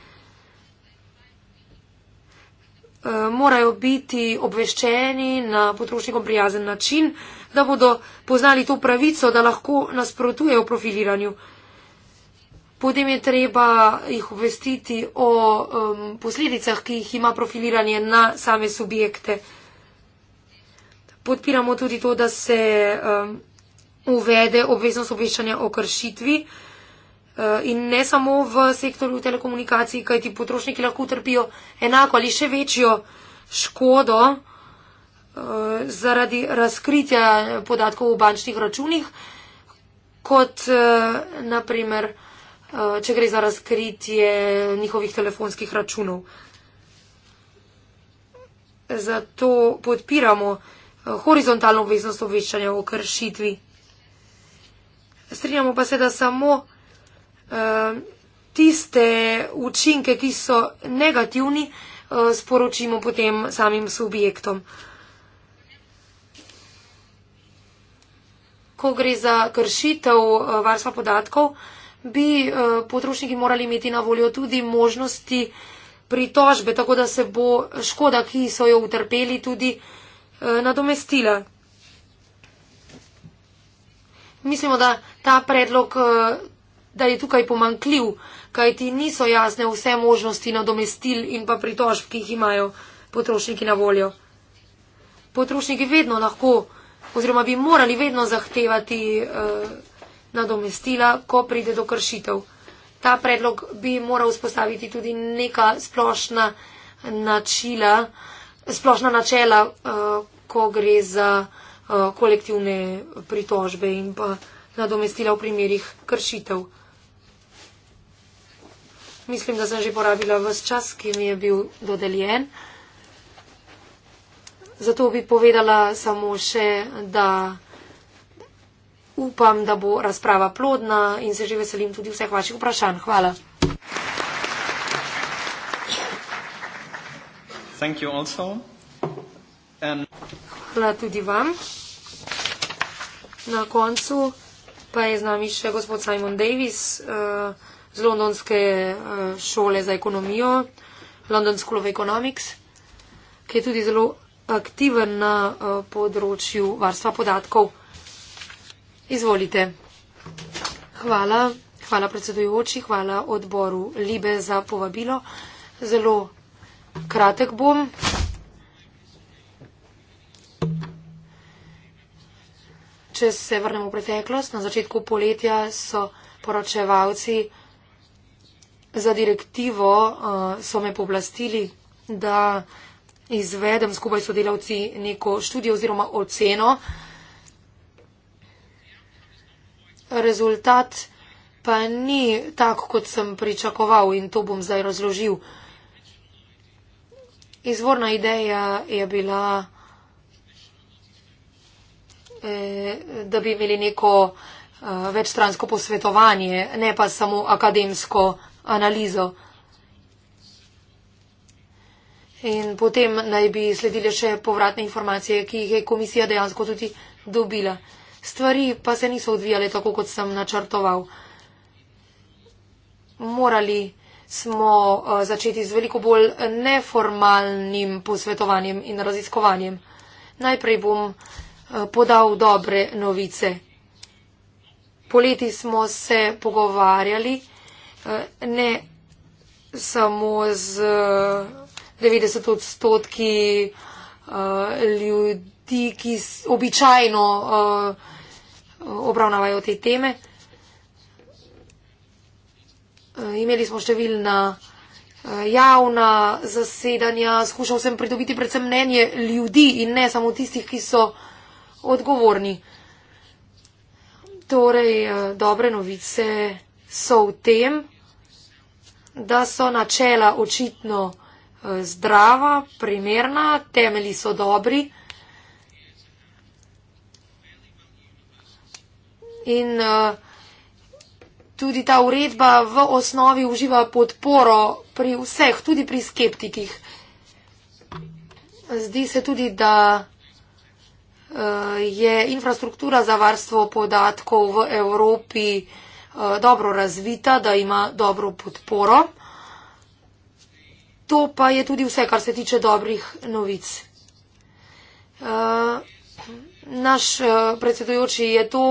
Morajo biti obveščeni na potrošnikom prijazen način, da bodo poznali to pravico, da lahko nasprotujejo profiliranju potem je treba jih obvestiti o um, posledicah, ki jih ima profiliranje na same subjekte. Podpiramo tudi to, da se um, uvede obveznost obveščanja o kršitvi uh, in ne samo v sektorju telekomunikacij, kajti potrošniki lahko trpijo enako ali še večjo škodo uh, zaradi razkritja podatkov v bančnih računih, kot uh, naprimer. Eh, če gre za razkritje njihovih telefonskih računov. Zato podpiramo eh, horizontalno obveznost obveščanja o kršitvi. Strinjamo pa se, da samo eh, tiste učinke, ki so negativni, sporočimo potem samim subjektom. Ko gre za kršitev varstva podatkov, bi eh, potrošniki morali imeti na voljo tudi možnosti pritožbe, tako da se bo škoda, ki so jo utrpeli, tudi eh, nadomestila. Mislimo, da ta predlog, eh, da je tukaj pomankljiv, kaj ti niso jasne vse možnosti nadomestil in pa pritožb, ki jih imajo potrošniki na voljo. Potrošniki vedno lahko oziroma bi morali vedno zahtevati uh, nadomestila, ko pride do kršitev. Ta predlog bi moral vzpostaviti tudi neka splošna načela, splošna načela eh, ko gre za eh, kolektivne pritožbe in pa nadomestila v primerih kršitev. Mislim, da sem že porabila vse čas, ki mi je bil dodeljen. Zato bi povedala samo še, da upam, da bo razprava plodna in se že veselim tudi vseh vaših vprašanj. Hvala. Hvala tudi vam. Na koncu pa je z nami še gospod Simon Davis eh, z Londonske eh, šole za ekonomijo, London School of Economics, ki je tudi zelo aktiven na eh, področju varstva podatkov. Izvolite. Hvala, hvala predsedujoči, hvala odboru Libe za povabilo. Zelo kratek bom. Če se vrnemo v preteklost, na začetku poletja so poročevalci za direktivo, uh, so me povlastili, da izvedem skupaj s sodelavci neko študijo oziroma oceno. rezultat pa ni tak, kot sem pričakoval in to bom zdaj razložil. Izvorna ideja je bila, eh, da bi imeli neko eh, večstransko posvetovanje, ne pa samo akademsko analizo. In potem naj bi sledile še povratne informacije, ki jih je komisija dejansko tudi dobila stvari pa se niso odvijale tako, kot sem načrtoval. Morali smo eh, začeti z veliko bolj neformalnim posvetovanjem in raziskovanjem. Najprej bom eh, podal dobre novice. Poleti smo se pogovarjali eh, ne samo z 90 odstotki ljudi, ki običajno obravnavajo te teme. Eh, imeli smo številna eh, javna zasedanja, skušal sem pridobiti predvsem mnenje ljudi in ne samo tistih, ki so odgovorni. Torej, eh, dobre novice so v tem, da so načela očitno zdrava, primerna, temeli so dobri. In uh, tudi ta uredba v osnovi uživa podporo pri vseh, tudi pri skeptikih. Zdi se tudi, da uh, je infrastruktura za varstvo podatkov v Evropi uh, dobro razvita, da ima dobro podporo. To pa je tudi vse, kar se tiče dobrih novic. Naš predsedujoči je to,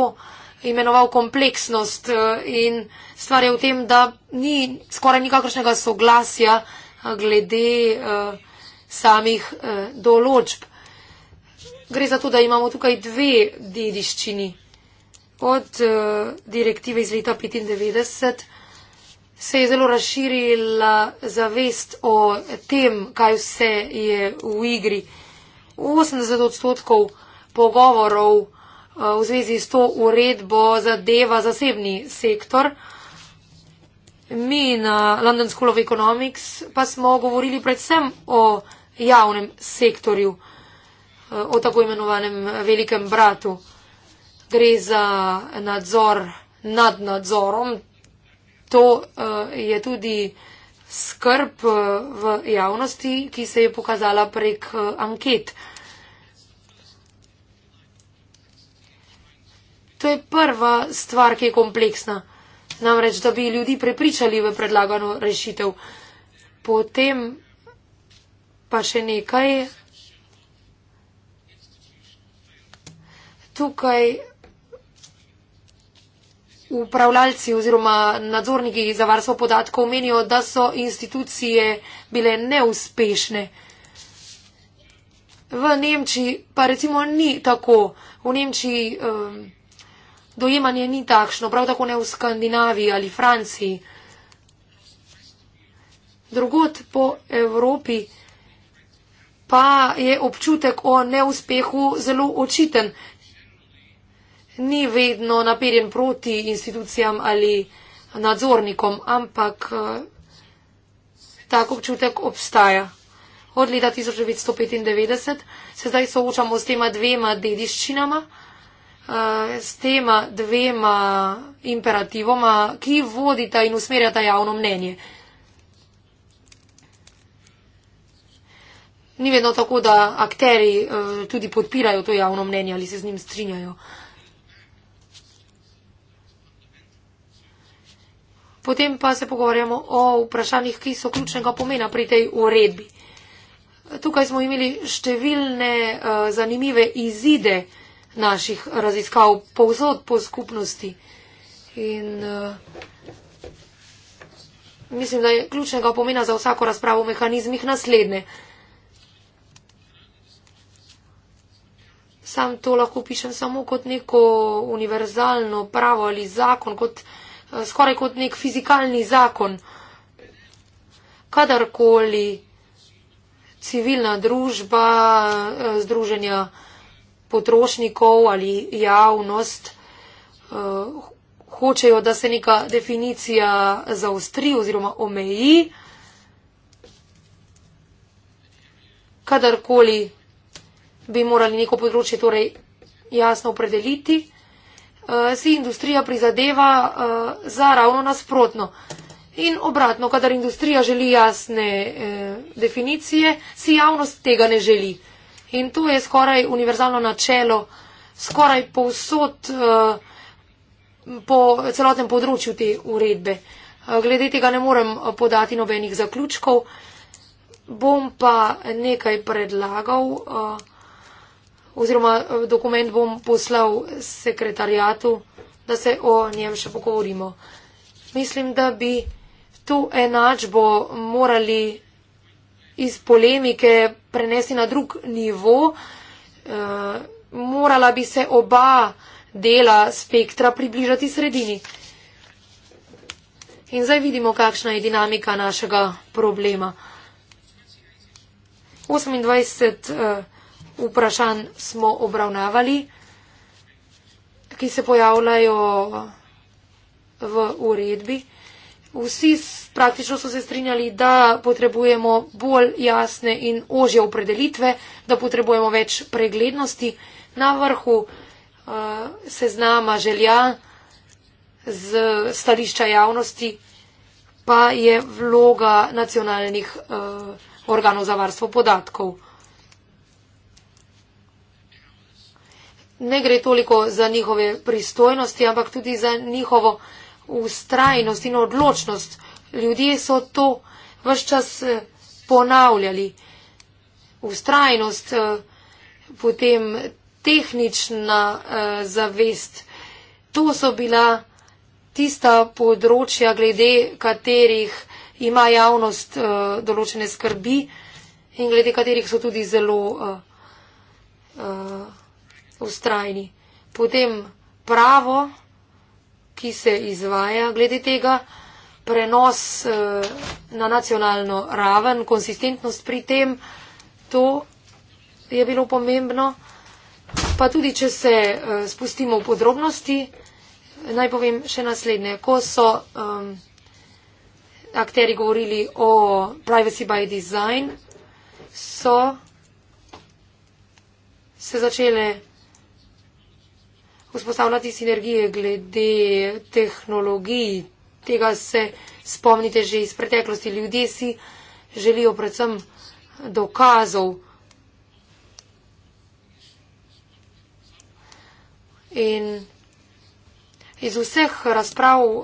imenoval kompleksnost eh, in stvar je v tem, da ni skoraj nikakršnega soglasja eh, glede eh, samih določb. Gre za to, da imamo tukaj dve dediščini. Od direktive iz leta 1995 se je zelo razširila zavest o tem, kaj vse je v igri. 80 odstotkov pogovorov Eh, v zvezi s to uredbo zadeva zasebni sektor. Mi na London School of Economics pa smo govorili predvsem o javnem sektorju, eh, o tako imenovanem velikem bratu. Gre za nadzor nad nadzorom. To eh, je tudi skrb v javnosti, ki se je pokazala prek anket. To je prva stvar, ki je kompleksna. Namreč, da bi ljudi prepričali v predlagano rešitev. Potem pa še nekaj. Tukaj upravljalci oziroma nadzorniki za varstvo podatkov menijo, da so institucije bile neuspešne. V Nemčiji pa recimo ni tako. V Nemčiji. Um, dojemanje ni takšno, prav tako ne v Skandinaviji ali Franciji. Drugod po Evropi pa je občutek o neuspehu zelo očiten. Ni vedno naperjen proti institucijam ali nadzornikom, ampak eh, tak občutek obstaja. Od leta 1995 se zdaj soočamo s tema dvema dediščinama. Eh, s tema dvema imperativoma, ki vodita in usmerjata javno mnenje. Ni vedno tako, da akteri eh, tudi podpirajo to javno mnenje ali se z njim strinjajo. Potem pa se pogovarjamo o vprašanjih, ki so ključnega pomena pri tej uredbi. Tukaj smo imeli številne uh, zanimive izide uh, naših raziskav povsod po skupnosti. In uh, mislim, da je ključnega pomena za vsako razpravo v mehanizmih naslednje. Sam to lahko pišem samo kot neko univerzalno pravo ali zakon, kot, eh, skoraj kot nek fizikalni zakon. Kadarkoli civilna družba, eh, združenja potrošnikov ali javnost uh, hočejo, da se neka definicija zaostri oziroma omeji, kadarkoli bi morali neko področje torej jasno opredeliti, uh, si industrija prizadeva uh, za ravno nasprotno. In obratno, kadar industrija želi jasne eh, definicije, si javnost tega ne želi. In to je skoraj univerzalno načelo, skoraj povsod uh, po celotnem področju te uredbe. Uh, glede tega ne morem eh, podati nobenih zaključkov, bom pa nekaj predlagal uh, oziroma dokument bom poslal sekretarjatu, da se o njem še pogovorimo. Mislim, da bi tu enačbo morali iz polemike prenesti na drug nivo. E, morala bi se oba dela spektra približati sredini. In zdaj vidimo, kakšna je dinamika našega problema. 28 uh, eh, vprašanj smo obravnavali, ki se pojavljajo v uredbi. Vsi Praktično so se strinjali, da potrebujemo bolj jasne in ožje opredelitve, da potrebujemo več preglednosti. Na vrhu uh, se znama želja z stališča javnosti, pa je vloga nacionalnih uh, organov za varstvo podatkov. Ne gre toliko za njihove pristojnosti, ampak tudi za njihovo ustrajnost in odločnost ljudje so to vse čas eh, ponavljali. Ustrajnost, eh, potem tehnična eh, zavest, to so bila tista področja, glede katerih ima javnost določene skrbi in glede katerih so tudi zelo ustrajni. Potem pravo, ki se izvaja glede tega, prenos eh, na nacionalno raven, konsistentnost pri tem, to je bilo pomembno. Pa tudi, če se eh, spustimo v podrobnosti, naj povem še naslednje. Ko so um, akteri govorili o privacy by design, so se začele vzpostavljati sinergije glede tehnologij, tega se spomnite že iz preteklosti. Ljudje si želijo predvsem dokazov. In iz vseh razprav uh,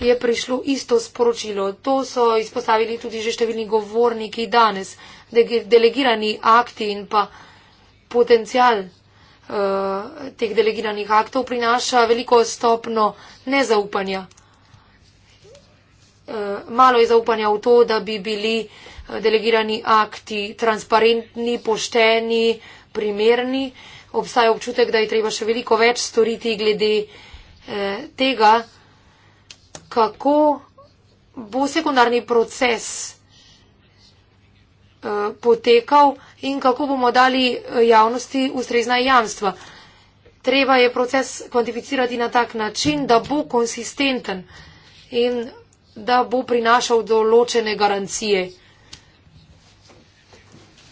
je prišlo isto sporočilo. To so izpostavili tudi že številni govorniki danes. Delegirani akti in pa potencial uh, teh delegiranih aktov prinaša veliko stopno nezaupanja. Eh, malo je zaupanja v to, da bi bili eh, delegirani akti transparentni, pošteni, primerni. Obstaja občutek, da je treba še veliko več storiti glede eh, tega, kako bo sekundarni proces potekal in kako bomo dali javnosti ustrezna jamstva. Treba je proces kvantificirati na tak način, da bo konsistenten in da bo prinašal določene garancije.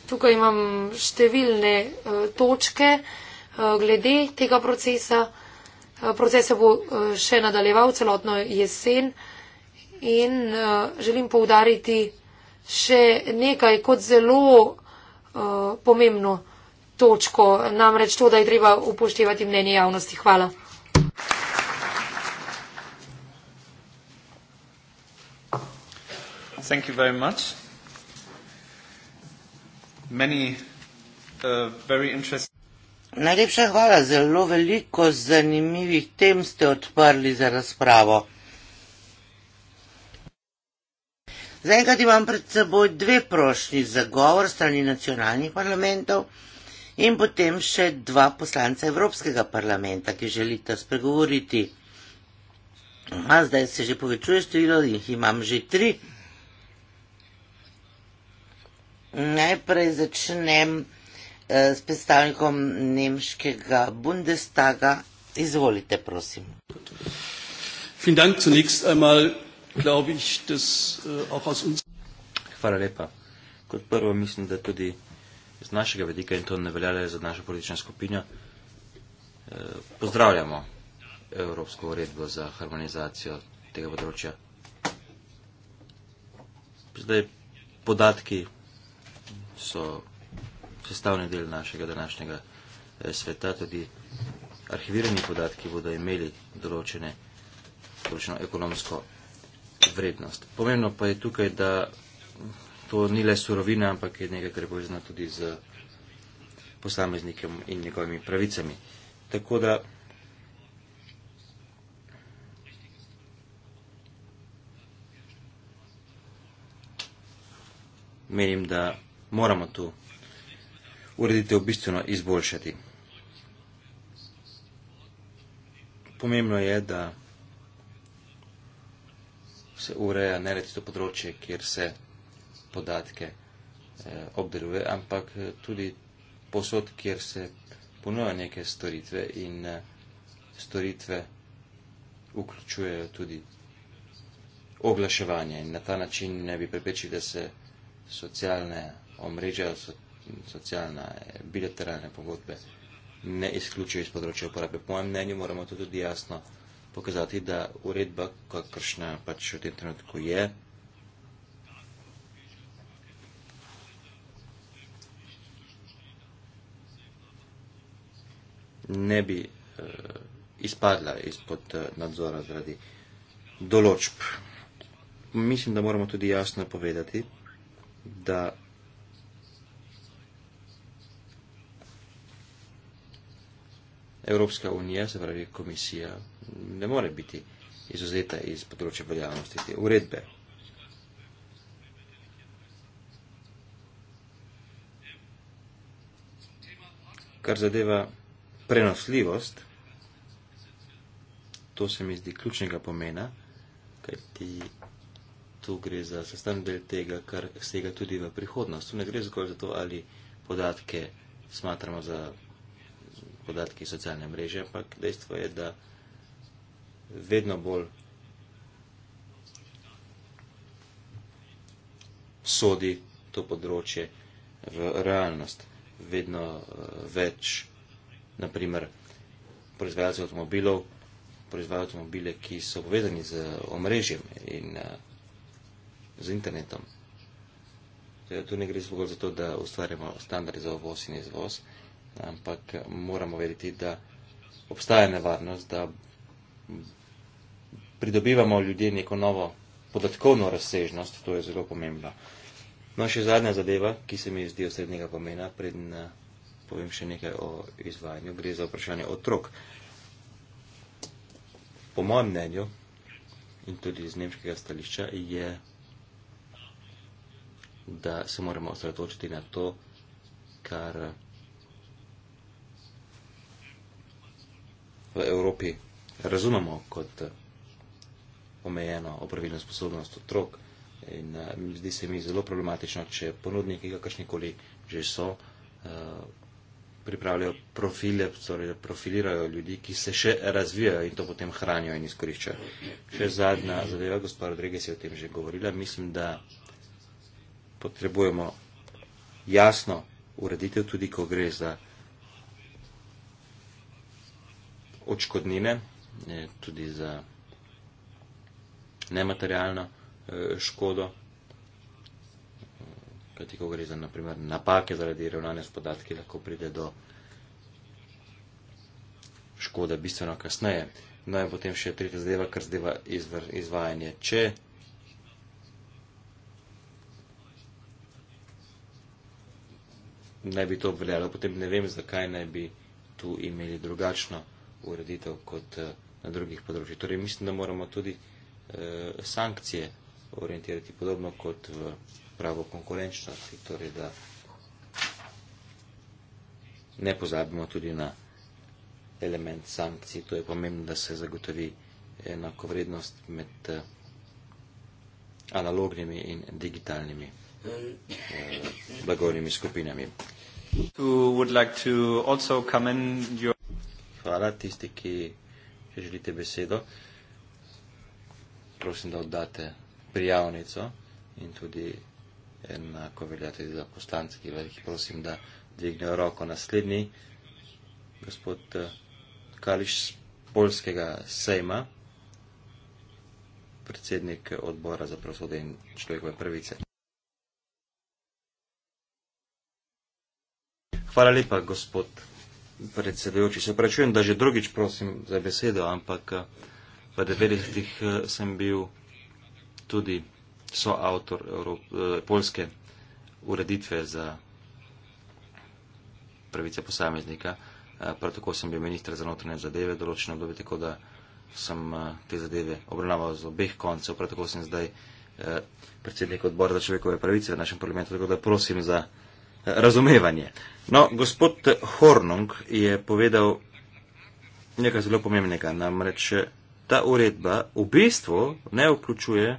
Tukaj imam številne eh, točke eh, glede tega procesa. Eh, Proces se bo še nadaljeval celotno jesen in želim poudariti še nekaj kot zelo pomembno točko, namreč to, da je treba upoštevati mnenje javnosti. Hvala. thank you very much. Many uh, very interesting. Najlepša hvala, zelo veliko zanimivih tem ste odprli za razpravo. Zaenkrat imam pred seboj dve prošnji za govor strani nacionalnih parlamentov in potem še dva poslanca Evropskega parlamenta, ki želita spregovoriti. A zdaj se že povečuje število in jih imam že tri. Najprej začnem eh, s predstavnikom nemškega Bundestaga. Izvolite, prosim. Äh, Hvala lepa. Kot prvo mislim, da tudi z našega vedika in to ne velja le za našo politično skupino, eh, pozdravljamo Evropsko uredbo za harmonizacijo tega področja. Zdaj, podatki so sestavni del našega današnjega eh, sveta, tudi arhivirani podatki bodo imeli določene, določeno ekonomsko vrednost. Pomembno pa je tukaj, da to ni le surovina, ampak je nekaj, kar je povezano tudi z posameznikom in njegovimi pravicami. Tako da menim, da moramo tu ureditev bistveno izboljšati. Pomembno je, da se ureja ne reči to področje, kjer se podatke eh, obdeluje, ampak eh, tudi posod, kjer se ponuja neke storitve in eh, storitve vključujejo tudi oglaševanje in na ta način ne bi prepečili, da se socialne omrežja, so, socialna, bilateralne pogodbe ne izključijo iz področja uporabe. Po mojem mnenju moramo to tudi jasno pokazati, da uredba, kakršna pač v tem trenutku je, ne bi uh, izpadla izpod uh, nadzora zaradi določb. Mislim, da moramo tudi jasno povedati, da Evropska unija, se pravi komisija, ne more biti izuzeta iz področja veljavnosti te uredbe. Kar zadeva prenosljivost, to se mi zdi ključnega pomena, kajti tu gre za sestavni del tega, kar sega tudi v prihodnost. Tu ne gre zgolj za to, ali podatke smatramo za podatki socialne mreže, ampak dejstvo je, da vedno bolj sodi to področje v realnost. Vedno eh, več, naprimer, proizvajalcev avtomobilov proizvajajo avtomobile, ki so povezani z omrežjem in eh, z internetom. Ja, tu ne gre zgolj za to, da ustvarjamo standard za ovoz in izvoz, ampak moramo vedeti, da obstaja nevarnost, da pridobivamo ljudje neko novo podatkovno razsežnost, to je zelo pomembno. No, še zadnja zadeva, ki se mi zdi osrednjega pomena, predn eh, povem še nekaj o izvajanju, gre za vprašanje otrok. Po mojem mnenju in tudi iz nemškega stališča je, da se moramo osredotočiti na to, kar Evropi razumemo kot eh, omejeno opravilno sposobnost otrok in uh, zdi se mi zelo problematično, če ponudniki, kakršnikoli že so, uh, pripravljajo profile, torej profilirajo ljudi, ki se še razvijajo in to potem hranijo in izkoriščajo. Še zadnja zadeva, gospod Rodriguez je o tem že govorila, mislim, da potrebujemo jasno ureditev, tudi ko gre za očkodnine, tudi za nematerialno eh, škodo, kajti ko gre za naprimer, napake zaradi ravnanja s podatki, lahko pride do škode bistveno kasneje. No in potem še tretja zadeva, kar zadeva izvr, izvajanje. Če naj bi to obveljalo, potem ne vem, zakaj naj bi tu imeli drugačno ureditev kot eh, na drugih področjih. Torej, mislim, da moramo tudi eh, sankcije orientirati podobno kot v pravo konkurenčnosti, torej, da ne pozabimo tudi na element sankcij. To je pomembno, da se zagotovi enakovrednost med eh, analognimi in digitalnimi eh, blagovnimi skupinami. To would like to also commend your Hvala tisti, ki želite besedo. Prosim, da oddate prijavnico in tudi enako veljate za poslance, ki jih prosim, da dvignejo roko. Naslednji, gospod Kališ z Polskega sejma, predsednik odbora za pravosodje in človekove pravice. Hvala lepa, gospod predsedujoči. Se prečujem, da že drugič prosim za besedo, ampak eh, v 90-ih eh, sem bil tudi soavtor Evrop eh, polske ureditve za pravice posameznika. Prav tako sem bil ministr za notranje zadeve določeno obdobje, tako da sem te zadeve obravnaval z obeh koncev. Prav tako sem zdaj predsednik odbora za človekove pravice v našem parlamentu, tako da prosim za razumevanje. No, gospod Hornung je povedal nekaj zelo pomembnega, namreč ta uredba v bistvu ne vključuje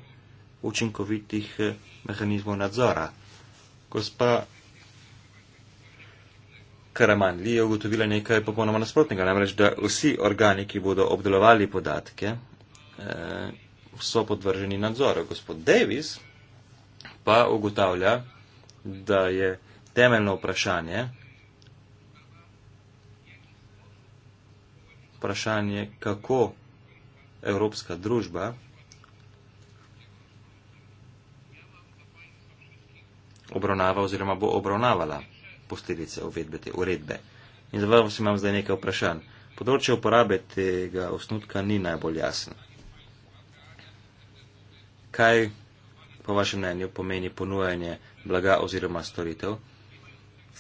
učinkovitih eh, mehanizmov nadzora. Gospa Karamanli je ugotovila nekaj popolnoma nasprotnega, namreč da vsi organi, ki bodo obdelovali podatke, eh, so podvrženi nadzoru. Gospod Davis pa ugotavlja, da je temeljno vprašanje. Vprašanje, kako evropska družba obravnava oziroma bo obravnavala posledice uvedbe te uredbe. In za vas imam zdaj nekaj vprašanj. Področje uporabe tega osnutka ni najbolj jasno. Kaj po vašem mnenju pomeni ponujanje blaga oziroma storitev?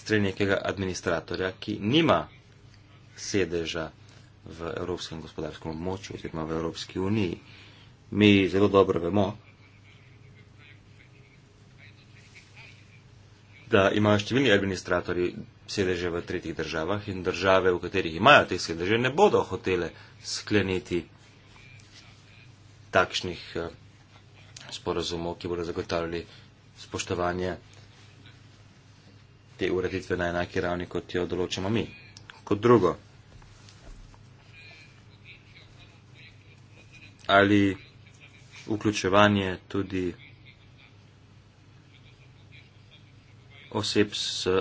strani nekega administratorja, ki nima sedeža v Evropskem gospodarskem območju oziroma v Evropski uniji. Mi zelo dobro vemo, da imajo številni administratori sedeže v tretjih državah in države, v katerih imajo te sedeže, ne bodo hotele skleniti takšnih eh, sporazumov, ki bodo zagotavljali spoštovanje te ureditve na enaki ravni, kot jo določamo mi. Kot drugo, ali vključevanje tudi oseb s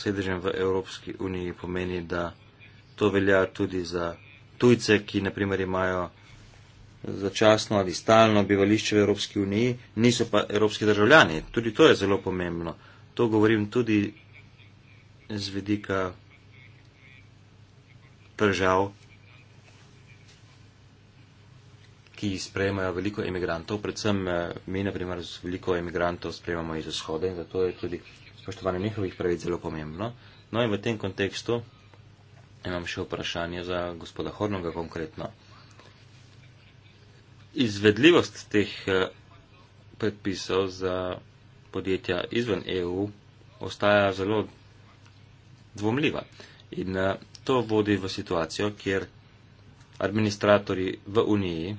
sedežem v Evropski uniji pomeni, da to velja tudi za tujce, ki naprimer imajo začasno ali stalno bivališče v Evropski uniji, niso pa evropski državljani. Tudi to je zelo pomembno. To govorim tudi z vidika držav, ki sprejemajo veliko emigrantov, predvsem eh, mi, na primer, veliko emigrantov sprejemamo iz vzhoda in zato je tudi spoštovanje njihovih pravic zelo pomembno. No in v tem kontekstu imam še vprašanje za gospoda Hornoga konkretno. Izvedljivost teh eh, predpisov za podjetja izven EU ostaja zelo dvomljiva. In eh, to vodi v situacijo, kjer administratori v Uniji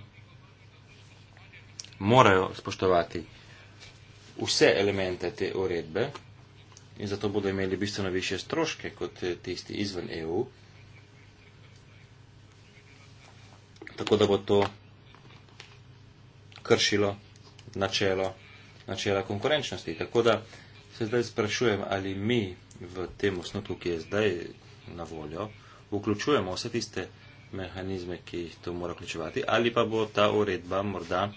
morajo spoštovati vse elemente te uredbe in zato bodo imeli bistveno više stroške kot eh, tisti izven EU. Tako da bo to kršilo načelo, načela konkurenčnosti. Tako da se zdaj sprašujem, ali mi v tem osnutku, ki je zdaj na voljo, vključujemo vse tiste mehanizme, ki jih to mora vključevati, ali pa bo ta uredba morda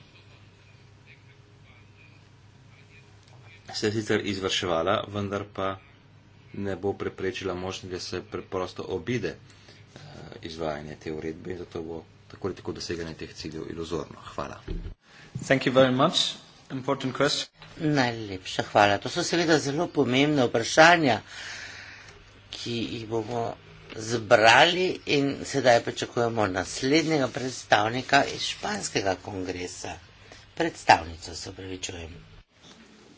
se sicer izvrševala, vendar pa ne bo preprečila možnosti, da se preprosto obide eh, izvajanje te uredbe in zato bo tako ali tako doseganje teh ciljev iluzorno. Hvala. Thank you very much. Najlepša hvala. To so seveda zelo pomembne vprašanja, ki jih bomo zbrali in sedaj pričakujemo naslednjega predstavnika iz Španskega kongresa. Predstavnico se upravičujem.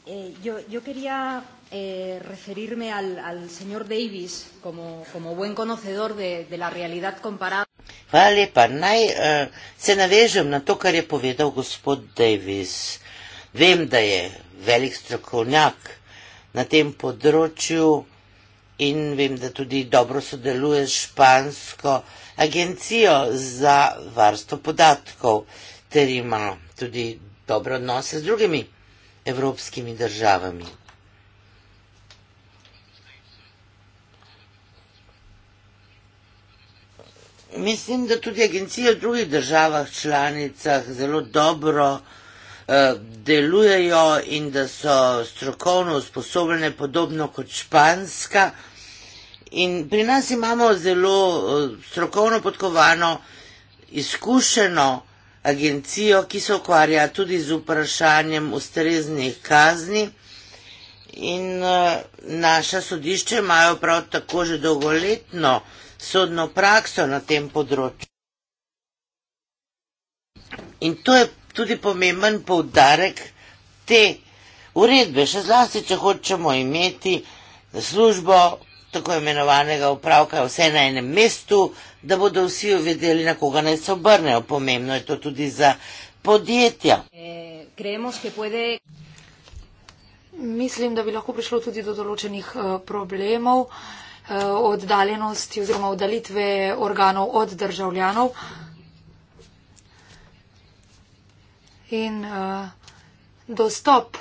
Eh, yo, yo quería eh, referirme al, al señor Davis como, como buen conocedor de, de la realidad comparada. Hvala lepa. Naj eh, se navežem na to, kar je povedal gospod Davis. Eh, vem, da je velik strokovnjak na tem področju in vem, da tudi dobro sodeluje s špansko agencijo za varstvo podatkov, ter ima tudi dobro odnose z drugimi evropskimi državami. Mislim, da tudi agencije v drugih državah članicah zelo dobro Eh, delujejo in da so strokovno usposobljene, podobno kot španska. In pri nas imamo zelo eh, strokovno podkovano, izkušeno agencijo, ki se ukvarja tudi z vprašanjem ustreznih kazni. In eh, naša sodišče imajo prav tako že dolgoletno sodno prakso na tem področju. In to je tudi pomemben poudarek te uredbe, še zlasti, če hočemo imeti službo tako imenovanega upravka vse na enem mestu, da bodo vsi uvedeli, na koga naj se obrnejo. Pomembno je to tudi za podjetja. Eh, Mislim, da bi lahko prišlo tudi do določenih eh, problemov eh, oddaljenosti oziroma oddalitve organov od državljanov. in uh, dostop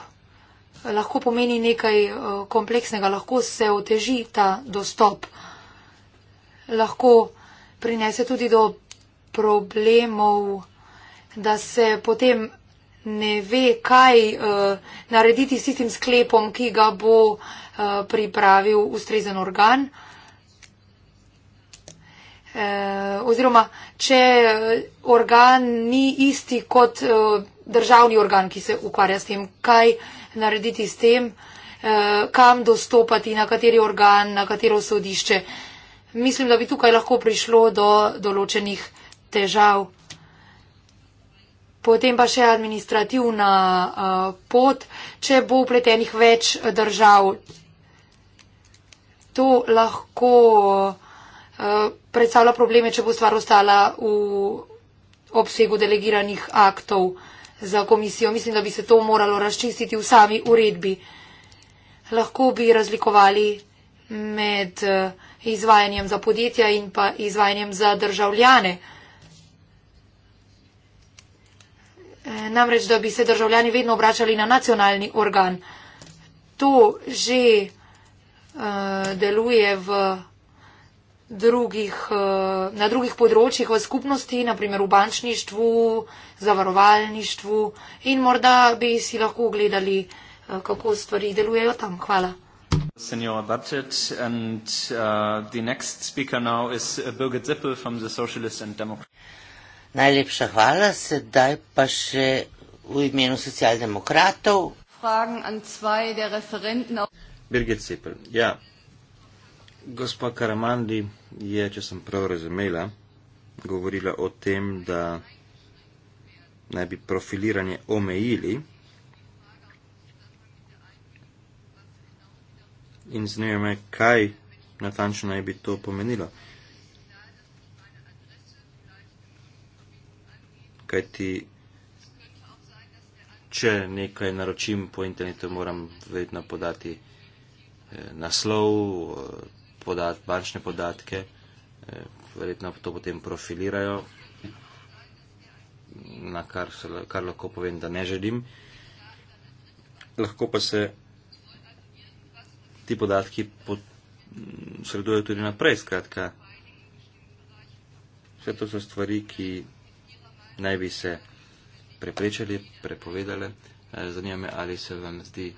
lahko pomeni nekaj uh, kompleksnega, lahko se oteži ta dostop, lahko prinese tudi do problemov, da se potem ne ve, kaj uh, narediti s tistim sklepom, ki ga bo uh, pripravil ustrezen organ. Uh, oziroma, če eh, organ ni isti kot eh, državni organ, ki se ukvarja s tem, kaj narediti s tem, eh, kam dostopati, na kateri organ, na katero sodišče. Mislim, da bi tukaj lahko prišlo do določenih težav. Potem pa še administrativna pot, če bo vpletenih več držav. To lahko Eh, predstavlja probleme, če bo stvar ostala v obsegu delegiranih aktov za komisijo. Mislim, da bi se to moralo razčistiti v sami uredbi. Lahko bi razlikovali med eh, izvajanjem za podjetja in pa izvajanjem za državljane. Eh, namreč, da bi se državljani vedno obračali na nacionalni organ. To že uh, deluje v drugih, eh, na drugih področjih v skupnosti, naprimer v bančništvu, zavarovalništvu in morda bi si lahko ogledali, eh, kako stvari delujejo tam. Hvala. Senor Budget and uh, the next speaker now is Birgit Zippel from the Socialist and Democrat. Najlepša hvala, sedaj pa še v imenu socialdemokratov. Birgit Zippel, ja. Yeah. Gospa Karamandi je, če sem prav razumela, govorila o tem, da naj bi profiliranje omejili. In zanima me, kaj natančno naj bi to pomenilo. Kaj ti, če nekaj naročim po internetu, moram vedno podati eh, naslov, eh, podat, bančne podatke, eh, verjetno to potem profilirajo, na kar, se, kar lahko povem, da ne želim. Lahko pa se ti podatki sredujejo tudi naprej. Skratka, vse to so stvari, ki naj bi se preprečili, prepovedali. Eh, zanima me, ali se vam zdi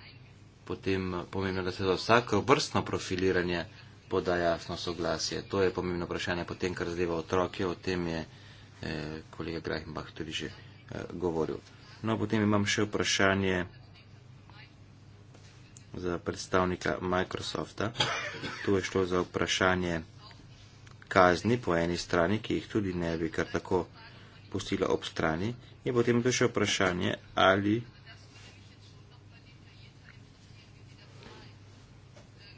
potem pomembno, da se za vsako vrstno profiliranje poda jasno soglasje. To je pomembno vprašanje potem, kar zadeva otroke, o tem je eh, kolega Grahimbach tudi že eh, govoril. No, potem imam še vprašanje za predstavnika Microsofta. Tu je šlo za vprašanje kazni po eni strani, ki jih tudi ne bi kar tako pustila ob strani. In potem je tu še vprašanje, ali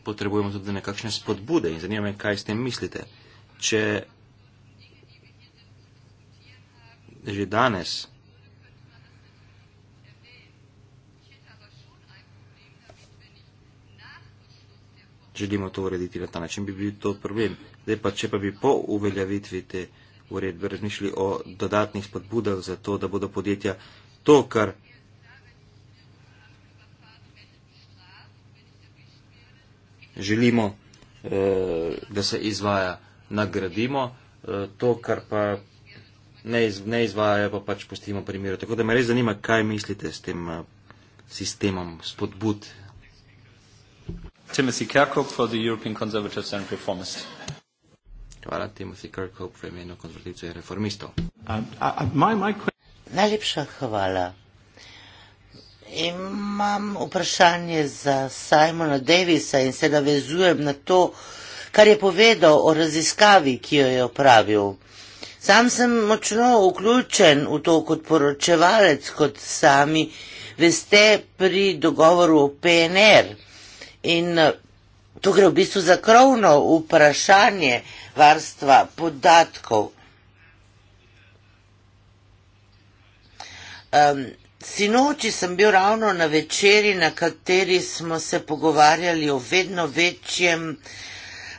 potrebujemo tudi nekakšne spodbude in zanima me, kaj s tem mislite. Če že danes želimo to urediti na ta način, bi bil to problem. Zdaj pa, če pa bi po uveljavitvi te uredbe razmišljali o dodatnih spodbudah za to, da bodo podjetja to, kar želimo, eh, da se izvaja, nagradimo, eh, to, kar pa ne, iz, ne izvaja, pa pač pustimo pri miru. Tako da me res zanima, kaj mislite s tem eh, sistemom spodbud. Timothy Kirkhope for the European Conservatives and Reformists. Hvala, Timothy Kirkhope v imenu konzervativcev in reformistov. Um, Najlepša hvala. Imam vprašanje za Simona Davisa in se navezujem na to, kar je povedal o raziskavi, ki jo je opravil. Sam sem močno vključen v to kot poročevalec, kot sami veste pri dogovoru o PNR. In eh, to gre v bistvu za krovno vprašanje varstva podatkov. Um, Sinoči sem bil ravno na večerji, na kateri smo se pogovarjali o vedno večjem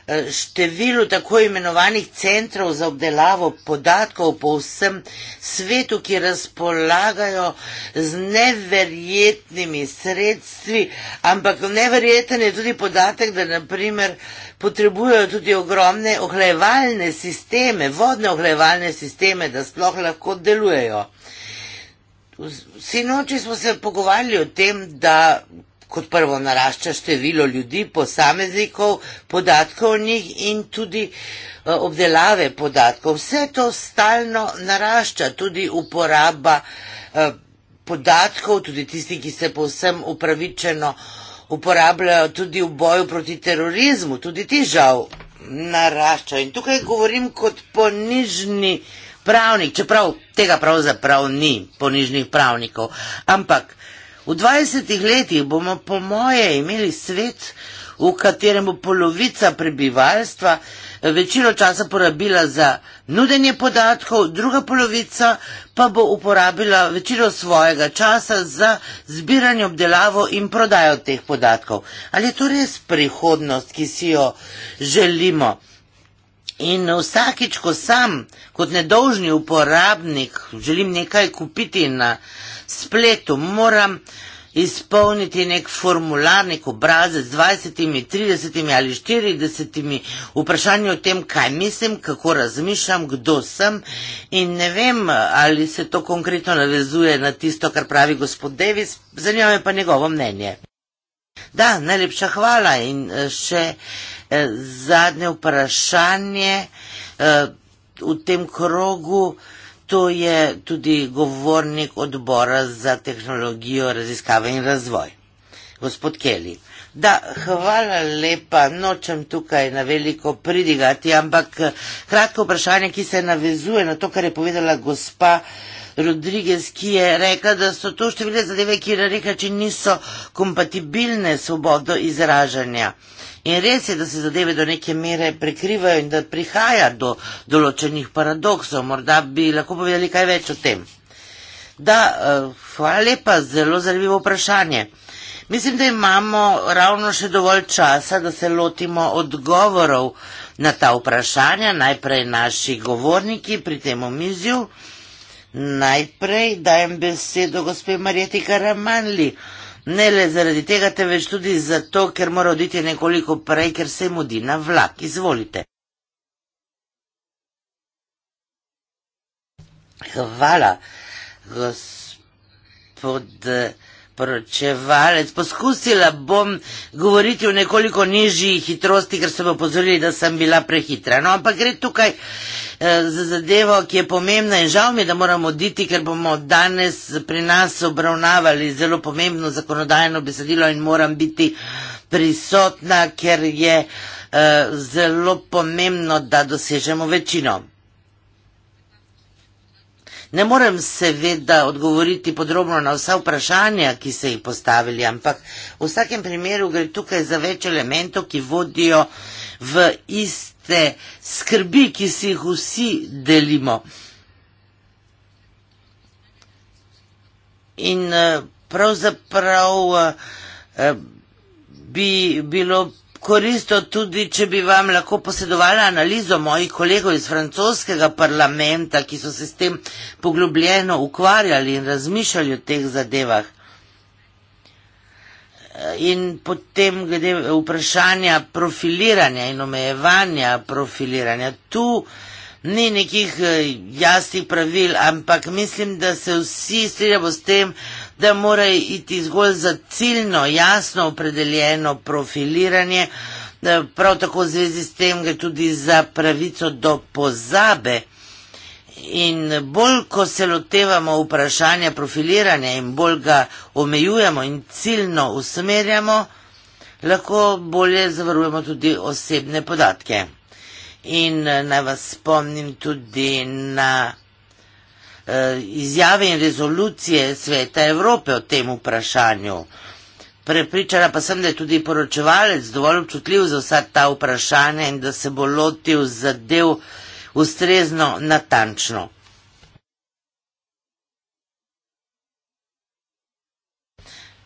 eh, številu tako imenovanih centrov za obdelavo podatkov po vsem svetu, ki razpolagajo z neverjetnimi sredstvi, ampak neverjeten je tudi podatek, da naprimer potrebujejo tudi ogromne ohlajevalne sisteme, vodne ohlajevalne sisteme, da sploh lahko delujejo. Vsi noči smo se pogovarjali o tem, da kot prvo narašča število ljudi, posameznikov, podatkov o njih in tudi eh, obdelave podatkov. Vse to stalno narašča, tudi uporaba eh, podatkov, tudi tisti, ki se povsem upravičeno uporabljajo tudi v boju proti terorizmu, tudi ti žal naraščajo. In tukaj govorim kot ponižni pravnik, čeprav tega pravzaprav ni ponižnih pravnikov. Ampak v 20 letih bomo po moje imeli svet, v katerem bo polovica prebivalstva eh, večino časa porabila za nudenje podatkov, druga polovica pa bo uporabila večino svojega časa za zbiranje, obdelavo in prodajo teh podatkov. Ali je to res prihodnost, ki si jo želimo? In vsakič, ko sam, kot nedolžni uporabnik, želim nekaj kupiti na spletu, moram izpolniti nek formular, nek obrazec z 20, 30 ali 40 vprašanji o tem, kaj mislim, kako razmišljam, kdo sem in ne vem, ali se to konkretno navezuje na tisto, kar pravi gospod Davis, zanima me pa njegovo mnenje. Da, najlepša hvala in eh, še zadnje vprašanje eh, v tem krogu, to je tudi govornik odbora za tehnologijo, raziskave in razvoj. Gospod Keli. Da, hvala lepa, nočem tukaj na veliko pridigati, ampak eh, kratko vprašanje, ki se navezuje na to, kar je povedala gospa Rodriguez, ki je rekla, da so to številne zadeve, ki na nek način niso kompatibilne s svobodo izražanja. Uh, In res je, da se zadeve do neke mere prekrivajo in da prihaja do določenih paradoksov. Morda bi lahko povedali kaj več o tem. Da, eh, hvala lepa, zelo zanimivo vprašanje. Mislim, da imamo ravno še dovolj časa, da se lotimo odgovorov na ta vprašanja. Najprej naši govorniki pri tem omizju. Najprej dajem besedo gospe Marjeti Karamanli. Ne le zaradi tega, temveč tudi zato, ker mora oditi nekoliko prej, ker se mudi na vlak. Izvolite. Hvala, gospod poročevalec. Poskusila bom govoriti v nekoliko nižji hitrosti, ker so me opozorili, da sem bila prehitra. No, ampak gre tukaj eh, za zadevo, ki je pomembna in žal mi, da moramo oditi, ker bomo danes pri nas obravnavali zelo pomembno zakonodajno besedilo in moram biti prisotna, ker je eh, zelo pomembno, da dosežemo večino. Ne morem seveda odgovoriti podrobno na vsa vprašanja, ki se jih postavili, ampak v vsakem primeru gre tukaj za več elementov, ki vodijo v iste skrbi, ki si jih vsi delimo. In eh, pravzaprav eh, bi bilo koristo tudi, če bi vam lahko posedovala analizo mojih kolegov iz francoskega parlamenta, ki so se s tem poglobljeno ukvarjali in razmišljali o teh zadevah. In potem glede vprašanja profiliranja in omejevanja profiliranja. Tu ni nekih eh, jasnih pravil, ampak mislim, da se vsi strinjamo s tem, da morajo iti zgolj za ciljno, jasno opredeljeno profiliranje, prav tako v zvezi s tem gre tudi za pravico do pozabe. In bolj, ko se lotevamo vprašanja profiliranja in bolj ga omejujemo in ciljno usmerjamo, lahko bolje zavarujemo tudi osebne podatke. In eh, naj vas spomnim tudi na Eh, izjave in rezolucije sveta Evrope o tem vprašanju. Prepričana pa sem, da je tudi poročevalec dovolj občutljiv za vsa ta vprašanja in da se bo lotil zadev ustrezno natančno.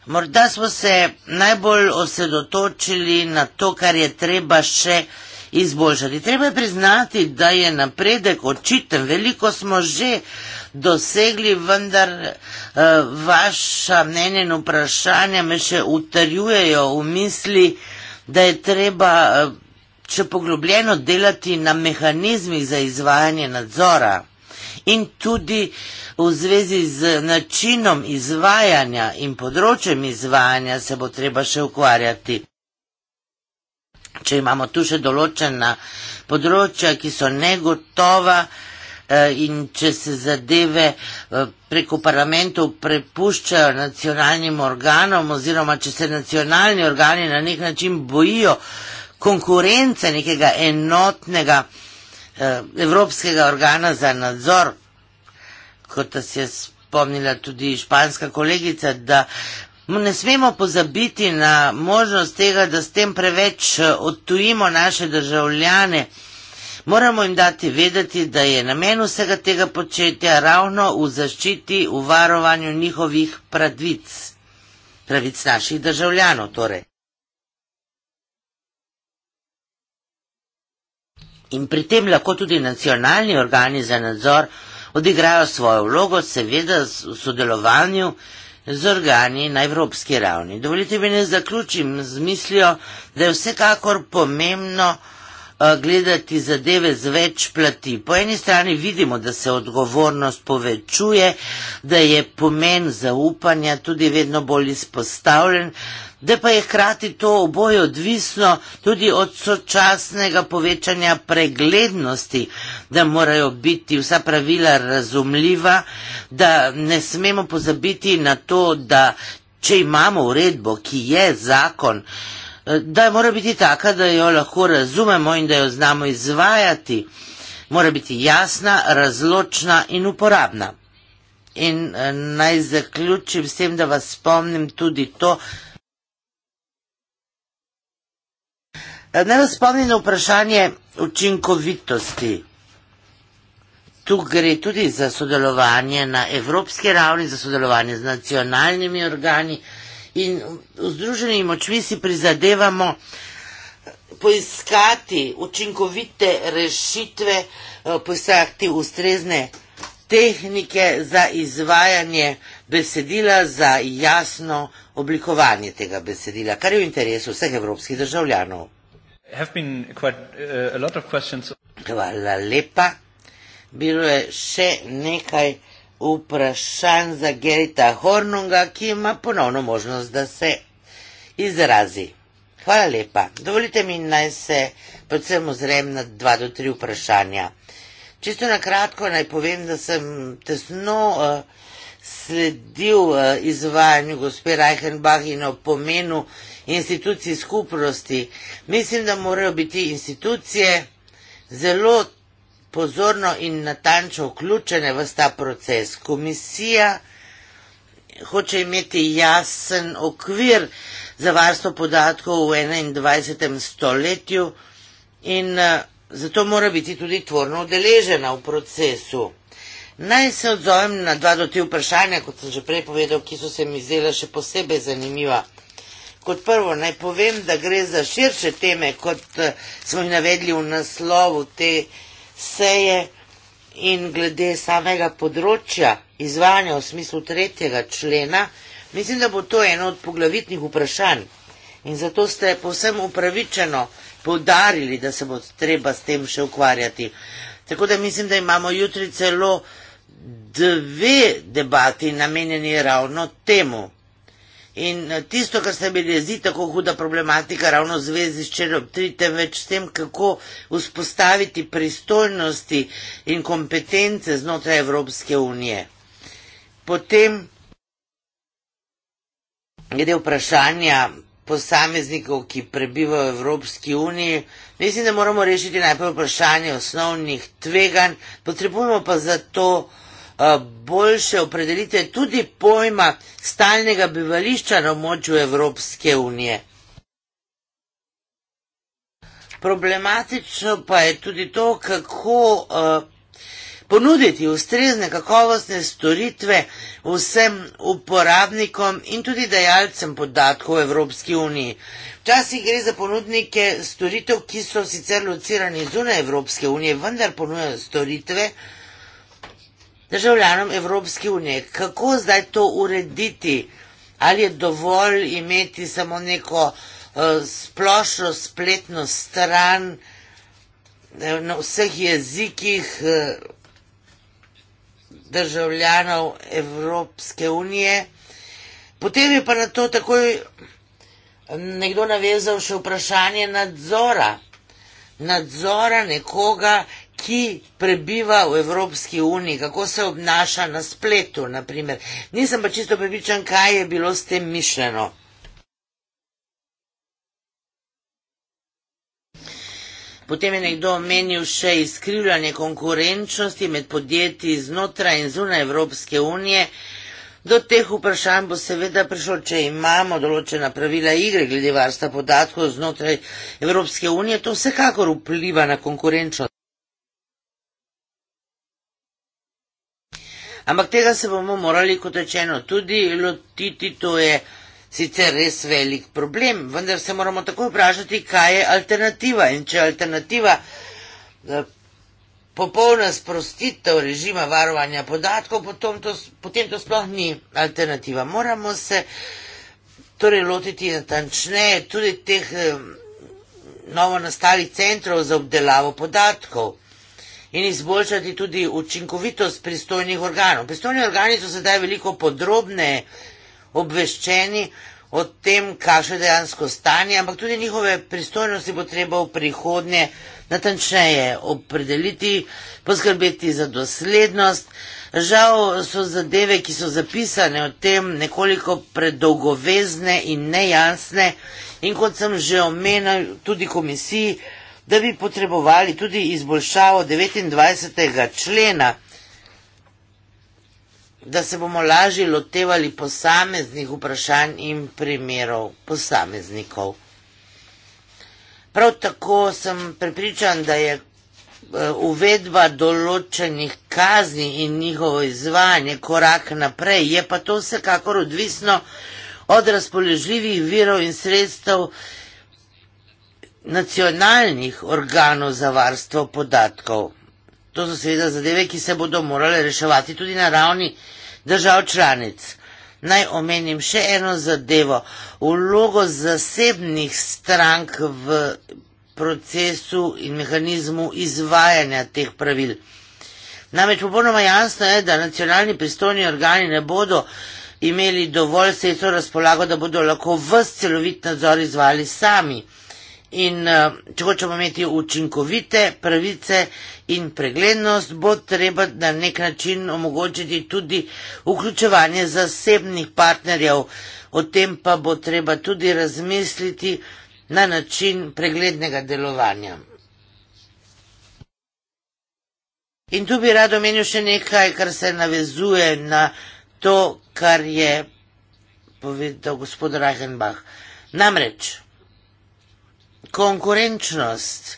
Morda smo se najbolj osredotočili na to, kar je treba še izboljšati. Treba je priznati, da je napredek očiten, veliko smo že dosegli, vendar eh, vaša mnenja in vprašanja me še utrjujejo v misli, da je treba eh, še poglobljeno delati na mehanizmih za izvajanje nadzora in tudi v zvezi z načinom izvajanja in področjem izvajanja se bo treba še ukvarjati. Če imamo tu še določena področja, ki so negotova eh, in če se zadeve eh, preko parlamentov prepuščajo nacionalnim organom oziroma če se nacionalni organi na nek način bojijo konkurence nekega enotnega eh, evropskega organa za nadzor, kot se je spomnila tudi španska kolegica, da Ne smemo pozabiti na možnost tega, da s tem preveč eh, odtujimo naše državljane. Moramo jim dati vedeti, da je namen vsega tega početja ravno v zaščiti, v varovanju njihovih pravic. Pravic naših državljanov torej. In pri tem lahko tudi nacionalni organi za nadzor odigrajo svojo vlogo, seveda v sodelovanju z organi na evropski ravni. Dovolite mi, da zaključim z mislijo, da je vsekakor pomembno, Eh, gledati zadeve z več plati. Po eni strani vidimo, da se odgovornost povečuje, da je pomen zaupanja tudi vedno bolj izpostavljen, da pa je hkrati to oboje odvisno tudi od sočasnega povečanja preglednosti, da morajo biti vsa pravila razumljiva, da ne smemo pozabiti na to, da če imamo uredbo, ki je zakon, da mora biti taka da jo lahko razumemo in da jo znamo izvajati. Mora biti jasna, razločna in uporabna. In eh, naj zaključim s tem, da vas spomnim tudi to. Eh, naj vas spomnim na vprašanje učinkovitosti. Tu gre tudi za sodelovanje na evropski ravni, za sodelovanje z nacionalnimi organi in v združeni močvi si prizadevamo poiskati učinkovite rešitve, eh, poiskati ustrezne tehnike za izvajanje besedila, za jasno oblikovanje tega besedila, kar je v interesu vseh evropskih državljanov. Eh, Hvala lepa. Bilo je še nekaj vprašanj za Gerita Hornunga, ki ima ponovno možnost, da se izrazi. Hvala lepa. Dovolite mi naj se predvsem ozrem na dva do tri vprašanja. Čisto na kratko naj povem, da sem tesno uh, sledil uh, izvajanju gospe Reichenbach in o pomenu institucij skupnosti. Mislim, da morajo biti institucije zelo pozorno in natančno vključene v ta proces. Komisija hoče imeti jasen okvir za varstvo podatkov v 21. stoletju in eh, zato mora biti tudi tvorno udeležena v procesu. Naj se odzovem na dva do tri vprašanja, kot sem že prej povedal, ki so se mi zdela še posebej zanimiva. Kot prvo, naj povem, da gre za širše teme, kot eh, smo jih navedli v naslovu te seje in glede samega področja izvajanja v smislu tretjega člena, mislim, da bo to eno od poglavitnih vprašanj. In zato ste povsem upravičeno povdarili, da se bo treba s tem še ukvarjati. Tako da mislim, da imamo jutri celo dve debati namenjeni ravno temu. In eh, tisto, kar se mi zdi tako huda problematika, ravno v zvezi s črnom tri, temveč s tem, kako vzpostaviti pristojnosti in kompetence znotraj Evropske unije. Potem gre vprašanja posameznikov, ki prebivajo v Evropski uniji. Mislim, da moramo rešiti najprej vprašanje osnovnih tveganj, potrebujemo pa za to, boljše opredelite tudi pojma stalnega bivališča na območju Evropske unije. Problematično pa je tudi to, kako ponuditi ustrezne kakovostne storitve vsem uporabnikom in tudi dajalcem podatkov v Evropski uniji. Včasih gre za ponudnike storitev, ki so sicer locirani zunaj Evropske unije, vendar ponujajo storitve, državljanom Evropske unije. Kako zdaj to urediti? Ali je dovolj imeti samo neko uh, splošno spletno stran eh, na vseh jezikih uh, državljanov Evropske unije? Potem je pa na to takoj nekdo navezal še vprašanje nadzora. Nadzora nekoga, ki prebiva v Evropski uniji, kako se obnaša na spletu, naprimer. Nisem pa čisto prepričan, kaj je bilo s tem mišljeno. Potem je nekdo omenil še izkrivljanje konkurenčnosti med podjetji znotraj in zunaj Evropske unije. Do teh vprašanj bo seveda prišlo, če imamo določena pravila igre glede varstva podatkov znotraj Evropske unije, to vsekakor vpliva na konkurenčnost. Ampak tega se bomo morali kot rečeno tudi lotiti, to je sicer res velik problem, vendar se moramo tako vprašati, kaj je alternativa in če je alternativa eh, popolna sprostitev režima varovanja podatkov, potem to, potem to sploh ni alternativa. Moramo se torej lotiti natančneje tudi teh eh, novo nastalih centrov za obdelavo podatkov in izboljšati tudi učinkovitost pristojnih organov. Pristojni organi so sedaj veliko podrobne obveščeni o tem, kakšno je dejansko stanje, ampak tudi njihove pristojnosti bo treba v prihodnje natančneje opredeliti, poskrbeti za doslednost. Žal so zadeve, ki so zapisane o tem, nekoliko predolgovezne in nejasne in kot sem že omenil, tudi komisiji da bi potrebovali tudi izboljšavo 29. člena, da se bomo lažje lotevali posameznih vprašanj in primerov posameznikov. Prav tako sem prepričan, da je eh, uvedba določenih kazni in njihovo izvajanje korak naprej, je pa to vsekakor odvisno od razpoležljivih virov in sredstev, nacionalnih organov za varstvo podatkov. To so seveda zadeve, ki se bodo morale reševati tudi na ravni držav članic. Naj omenim še eno zadevo. Vlogo zasebnih strank v procesu in mehanizmu izvajanja teh pravil. Namreč popolnoma jasno je, da nacionalni pristojni organi ne bodo imeli dovolj sredstva razpolago, da bodo lahko vse celovit nadzor izvali sami in eh, če hočemo imeti učinkovite pravice in preglednost, bo treba na nek način omogočiti tudi vključevanje zasebnih partnerjev. O tem pa bo treba tudi razmisliti na način preglednega delovanja. In tu bi rado omenil še nekaj, kar se navezuje na to, kar je povedal gospod Reichenbach. Namreč, konkurenčnost.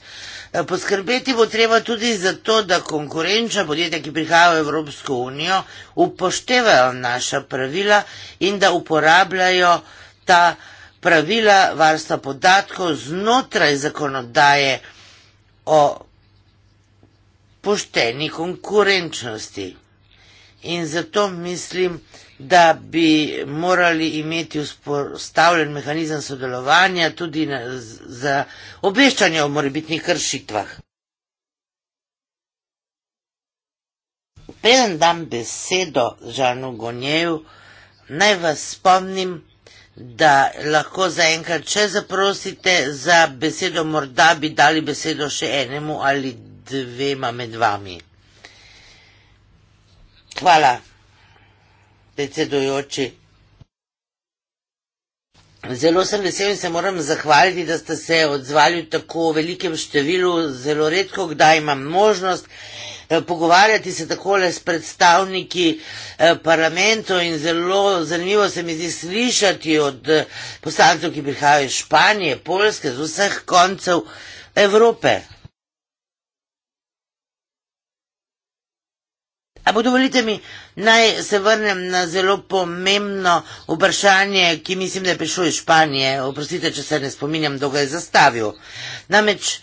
Eh, poskrbeti bo treba tudi za to, da konkurenčna podjetja, ki prihajajo v Evropsko unijo, upoštevajo naša pravila in da uporabljajo ta pravila varstva podatkov znotraj zakonodaje o pošteni konkurenčnosti. In zato mislim, da da bi morali imeti vzpostavljen mehanizem sodelovanja tudi na, za obveščanje o morebitnih kršitvah. Preden dam besedo Žanu Gonjeju, naj vas spomnim, da lahko zaenkrat, če zaprosite za besedo, morda bi dali besedo še enemu ali dvema med vami. Hvala predsedujoči. Zelo sem vesel in se moram zahvaliti, da ste se odzvali v tako velikem številu. Zelo redko, kdaj imam možnost eh, pogovarjati se takole s predstavniki eh, parlamentov in zelo zanimivo se mi zdi slišati od eh, poslancev, ki prihajajo iz Španije, Polske, z vseh koncev Evrope. Ampak dovolite mi, naj se vrnem na zelo pomembno vprašanje, ki mislim, da je prišlo iz Španije. Oprostite, če se ne spominjam, kdo ga je zastavil. Namreč,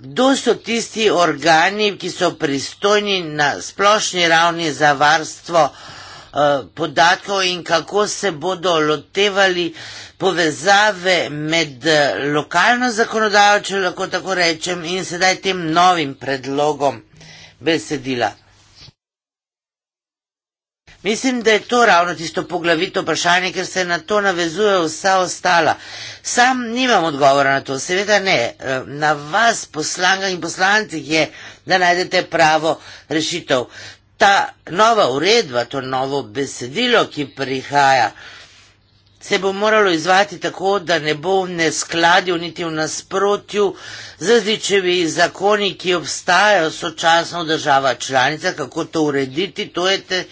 kdo so tisti organi, ki so pristojni na splošni ravni za varstvo uh, podatkov in kako se bodo lotevali povezave med eh, lokalno zakonodajo, če lahko tako rečem, in sedaj tem novim predlogom besedila. Mislim, da je to ravno tisto poglavito vprašanje, ker se na to navezuje vsa ostala. Sam nimam odgovora na to, seveda ne. E, na vas, poslankah in poslancih, je, da najdete pravo rešitev. Ta nova uredba, to novo besedilo, ki prihaja, se bo moralo izvati tako, da ne bo v neskladju niti v nasprotju z zličevi zakoni, ki obstajajo sočasno v država članica, kako to urediti, to je te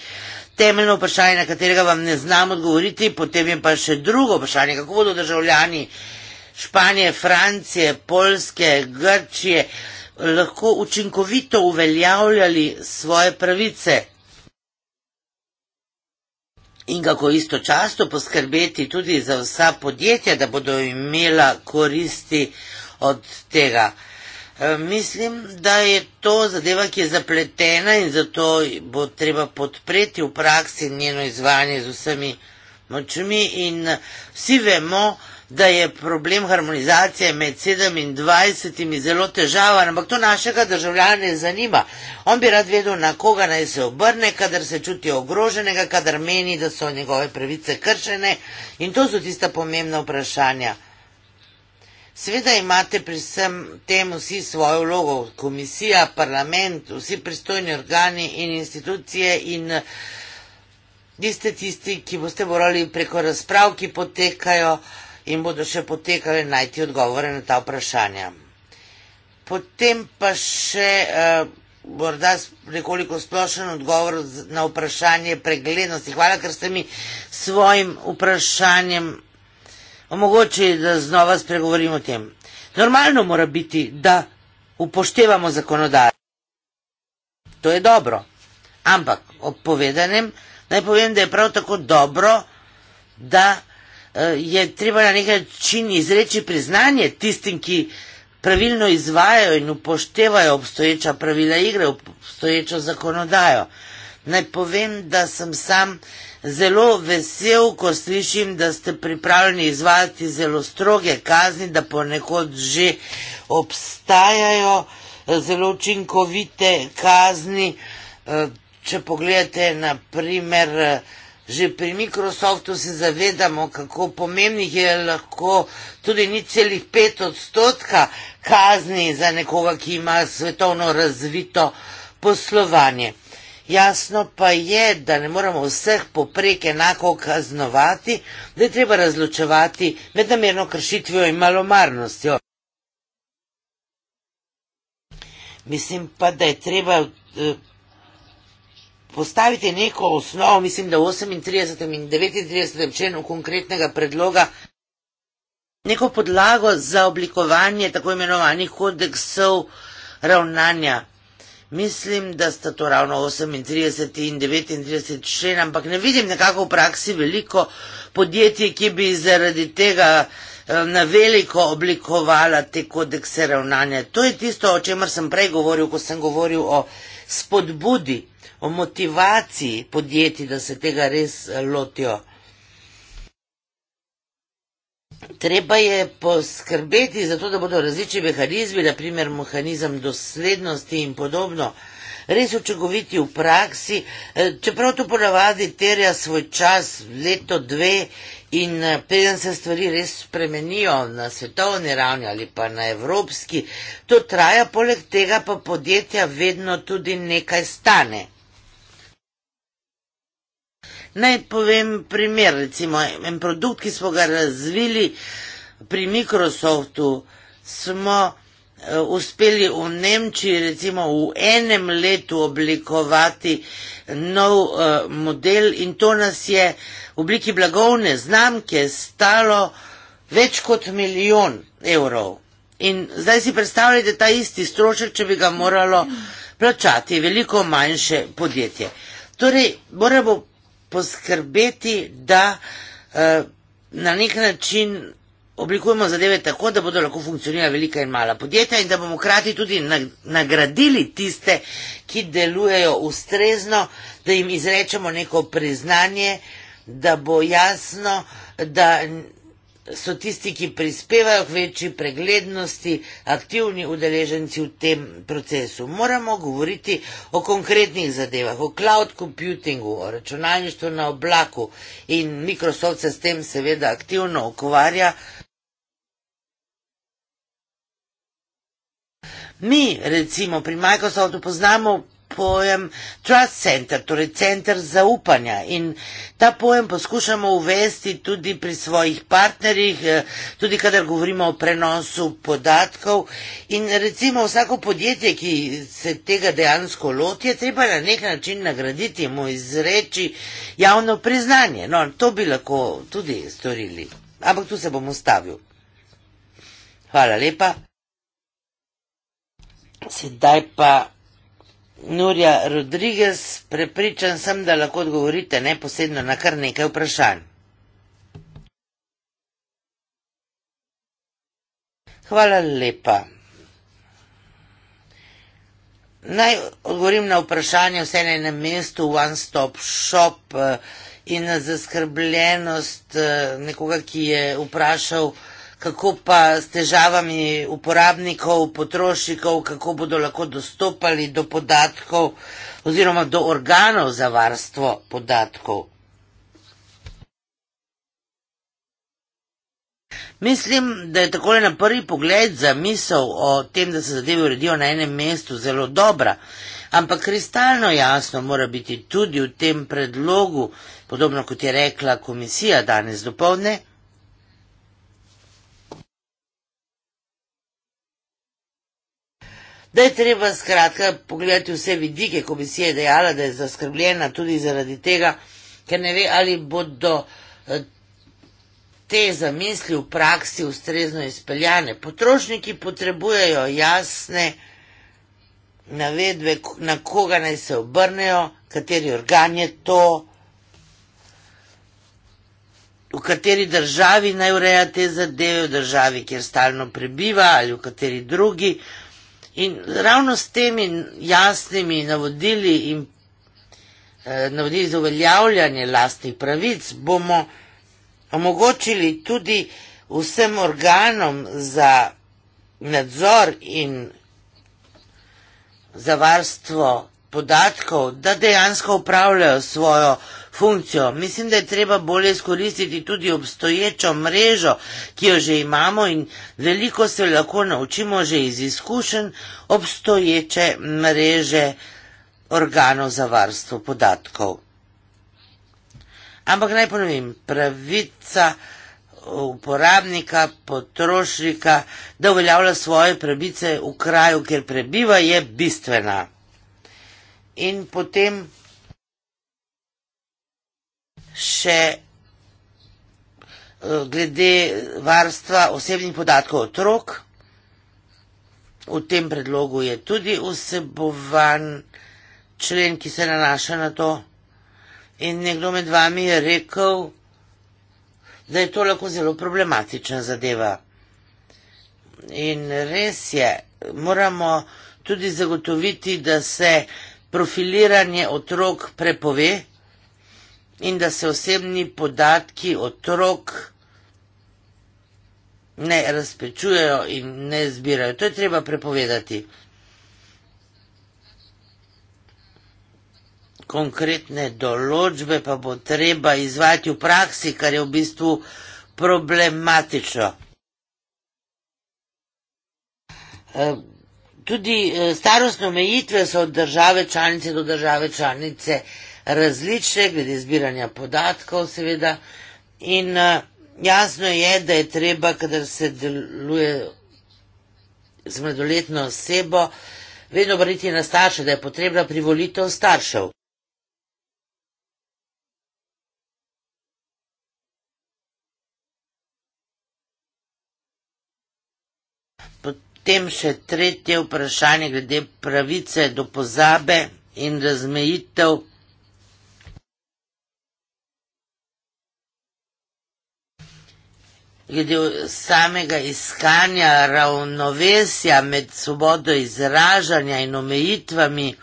temeljno vprašanje, na katerega vam ne znam odgovoriti, potem je pa še drugo vprašanje, kako bodo državljani Španije, Francije, Poljske, Grčije lahko učinkovito uveljavljali svoje pravice. In kako istočasno poskrbeti tudi za vsa podjetja, da bodo imela koristi od tega. Eh, mislim, da je to zadeva, ki je zapletena in zato bo treba podpreti v praksi njeno izvajanje z vsemi močmi. In eh, vsi vemo, da je problem harmonizacije med 27 in 20 zelo težava, ampak to našega državljana ne zanima. On bi rad vedel, na koga naj se obrne, kadar se čuti ogroženega, kadar meni, da so njegove pravice kršene. In to so tista pomembna vprašanja. Seveda imate pri vsem tem vsi svojo vlogo, komisija, parlament, vsi pristojni organi in institucije in vi eh, ste tisti, ki boste morali preko razprav, ki potekajo in bodo še potekale, najti odgovore na ta vprašanja. Potem pa še eh, morda nekoliko splošen odgovor na vprašanje preglednosti. Hvala, ker ste mi svojim vprašanjem omogoči, da znova spregovorimo o tem. Normalno mora biti, da upoštevamo zakonodajo. To je dobro. Ampak ob povedanem naj povem, da je prav tako dobro, da eh, je treba na nek način izreči priznanje tistim, ki pravilno izvajajo in upoštevajo obstoječa pravila igre, obstoječo zakonodajo. Naj povem, da sem sam uh, zelo vesel, ko slišim, da ste pripravljeni izvajati zelo stroge kazni, da ponekod že obstajajo eh, zelo učinkovite kazni. Eh, če pogledate, na primer, eh, že pri Microsoftu se zavedamo, kako pomembnih je lahko tudi ni celih pet odstotka kazni za nekoga, ki ima svetovno razvito poslovanje. Jasno pa je, da ne moramo vseh poprek enako kaznovati, da je treba razločevati med namerno kršitvijo in malomarnostjo. Mislim pa, da je treba eh, postaviti neko osnovo, mislim, da v 38. in 39. členu konkretnega predloga neko podlago za oblikovanje tako imenovanih kodeksov ravnanja Mislim, da sta to ravno 38 in 39 člen, ampak ne vidim nekako v praksi veliko podjetij, ki bi zaradi tega eh, na veliko oblikovala te kodekse ravnanja. To je tisto, o čemer sem prej govoril, ko sem govoril o spodbudi, o motivaciji podjetij, da se tega res eh, lotijo. Treba je poskrbeti za to, da bodo različni mehanizmi, naprimer mehanizem doslednosti in podobno, res učinkoviti v praksi, e, čeprav to ponavadi terja svoj čas, leto, dve in e, preden se stvari res spremenijo na svetovni ravni ali pa na evropski, to traja, poleg tega pa podjetja vedno tudi nekaj stane. Naj povem primer, recimo en produkt, ki smo ga razvili pri Microsoftu, smo eh, uspeli v Nemčiji recimo v enem letu oblikovati nov uh, model in to nas je v obliki blagovne znamke stalo več kot milijon evrov. In zdaj si predstavljate ta isti strošek, če bi ga moralo plačati veliko manjše podjetje. Torej, moramo poskrbeti, da eh, na nek način oblikujemo zadeve tako, da bodo lahko funkcionirala velika in mala podjetja in da bomo krati tudi nagradili tiste, ki delujejo ustrezno, da jim izrečemo neko priznanje, da bo jasno, da so tisti, ki prispevajo k večji preglednosti, aktivni udeleženci v tem procesu. Moramo govoriti o konkretnih zadevah, o cloud computingu, o računalništvu na oblaku in Microsoft se s tem seveda aktivno ukvarja. Mi recimo pri Microsoftu poznamo pojem trust center, torej center zaupanja in ta pojem poskušamo uvesti tudi pri svojih partnerjih, eh, tudi kadar govorimo o prenosu podatkov in recimo vsako podjetje, ki se tega dejansko loti, je treba na nek način nagraditi mu izreči javno priznanje. No, to bi lahko tudi storili, ampak tu se bom ustavil. Hvala lepa. Sedaj pa Nurja Rodriguez, prepričan sem, da lahko odgovorite neposredno na kar nekaj vprašanj. Hvala lepa. Naj odgovorim na vprašanje vse na enem mestu, one stop shop eh, in na zaskrbljenost eh, nekoga, ki je vprašal, kako pa s težavami uporabnikov, potrošnikov, kako bodo lahko dostopali do podatkov oziroma do organov za varstvo podatkov. Mislim, da je takole na prvi pogled za misel o tem, da se zadeve uredijo na enem mestu, zelo dobra, ampak kristalno jasno mora biti tudi v tem predlogu, podobno kot je rekla komisija danes dopolne, da je treba skratka pogledati vse vidike. Komisija je dejala, da je zaskrbljena tudi zaradi tega, ker ne ve, ali bodo eh, te zamisli v praksi ustrezno izpeljane. Potrošniki potrebujejo jasne navedbe, na koga naj se obrnejo, kateri organ je to, v kateri državi naj ureja te zadeve, v državi, kjer stalno prebiva ali v kateri drugi. In ravno s temi jasnimi navodili in eh, navodili za uveljavljanje lastnih pravic bomo omogočili tudi vsem organom za nadzor in za varstvo podatkov, da dejansko upravljajo svojo funkcijo. Mislim, da je treba bolje skoristiti tudi obstoječo mrežo, ki jo že imamo in veliko se lahko naučimo že iz izkušenj obstoječe mreže organov za varstvo podatkov. Ampak naj ponovim, pravica uporabnika, potrošnika, da uveljavlja svoje pravice v kraju, kjer prebiva, je bistvena. In potem še eh, glede varstva osebnih podatkov otrok. V tem predlogu je tudi vsebovan člen, ki se nanaša na to. In nekdo med vami je rekel, da je to lahko zelo problematična zadeva. In res je, moramo tudi zagotoviti, da se profiliranje otrok prepove in da se osebni podatki otrok ne razpečujejo in ne zbirajo. To je treba prepovedati. Konkretne določbe pa bo treba izvajati v praksi, kar je v bistvu problematično. E, tudi e, starostne omejitve so od države članice do države članice različne, glede zbiranja podatkov, seveda. In eh, jasno je, da je treba, kadar se deluje z mladoletno osebo, vedno briti na starše, da je potrebna privolitev staršev. Potem še tretje vprašanje glede pravice do pozabe in razmejitev glede samega iskanja ravnovesja med svobodo izražanja in omejitvami.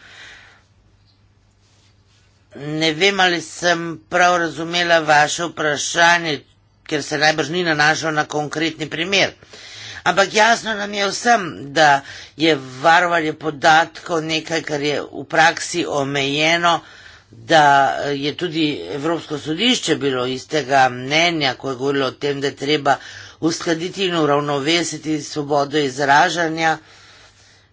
Ne vem, ali sem prav razumela vaše vprašanje, ker se najbrž ni nanašal na konkretni primer. Ampak jasno nam je vsem, da je varovanje podatkov nekaj, kar je v praksi omejeno, da je tudi Evropsko sodišče bilo iz tega mnenja, ko je govorilo o tem, da je treba uskladiti in uravnovesiti svobodo izražanja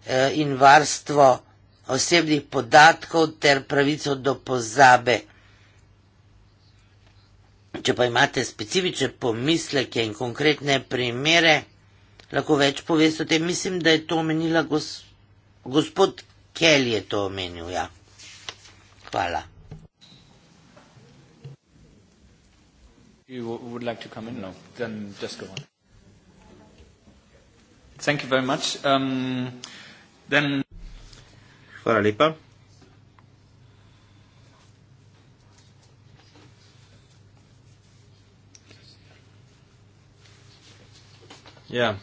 eh, in varstvo osebnih podatkov ter pravico do pozabe. Če pa imate specifične pomisleke in konkretne primere, lahko več poveste o tem. Mislim, da je to omenila gos gospod Kelly, je to omenil, ja. Hvala. you would like to come in? No. Then just go on. Thank you very much. Um, then... Hvala lepa. Ja,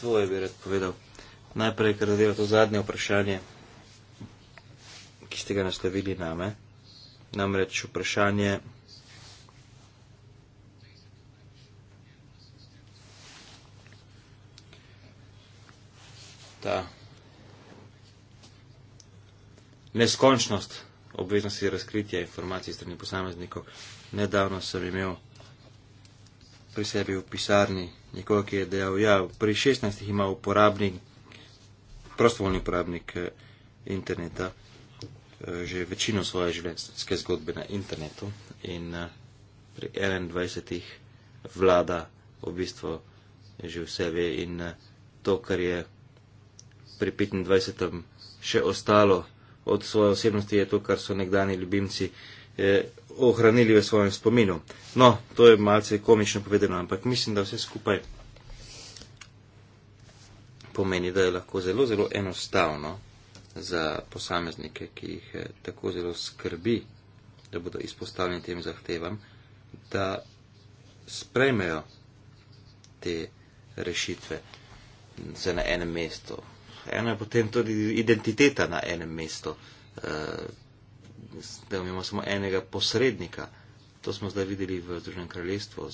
to je bi rad povedal. Najprej, ker zadeva to zadnje vprašanje, ki ste ga naslovili name, namreč vprašanje ta neskončnost obveznosti razkritja informacij strani posameznikov. Nedavno sem imel pri sebi v pisarni nekoga, ki je dejal, ja, pri 16 ima uporabnik, prostovoljni uporabnik eh, interneta, eh, že večino svoje življenjske zgodbe na internetu in eh, pri 21 vlada v bistvu že vse ve in to, kar je pri 25. še ostalo od svoje osebnosti, je to, kar so nekdani ljubimci eh, ohranili v svojem spominu. No, to je malce komično povedano, ampak mislim, da vse skupaj pomeni, da je lahko zelo, zelo enostavno za posameznike, ki jih eh, tako zelo skrbi, da bodo izpostavljeni tem zahtevam, da sprejmejo te rešitve za na enem mestu, eno je potem tudi identiteta na enem mestu, eh, da imamo samo enega posrednika. To smo zdaj videli v Združenem kraljestvu,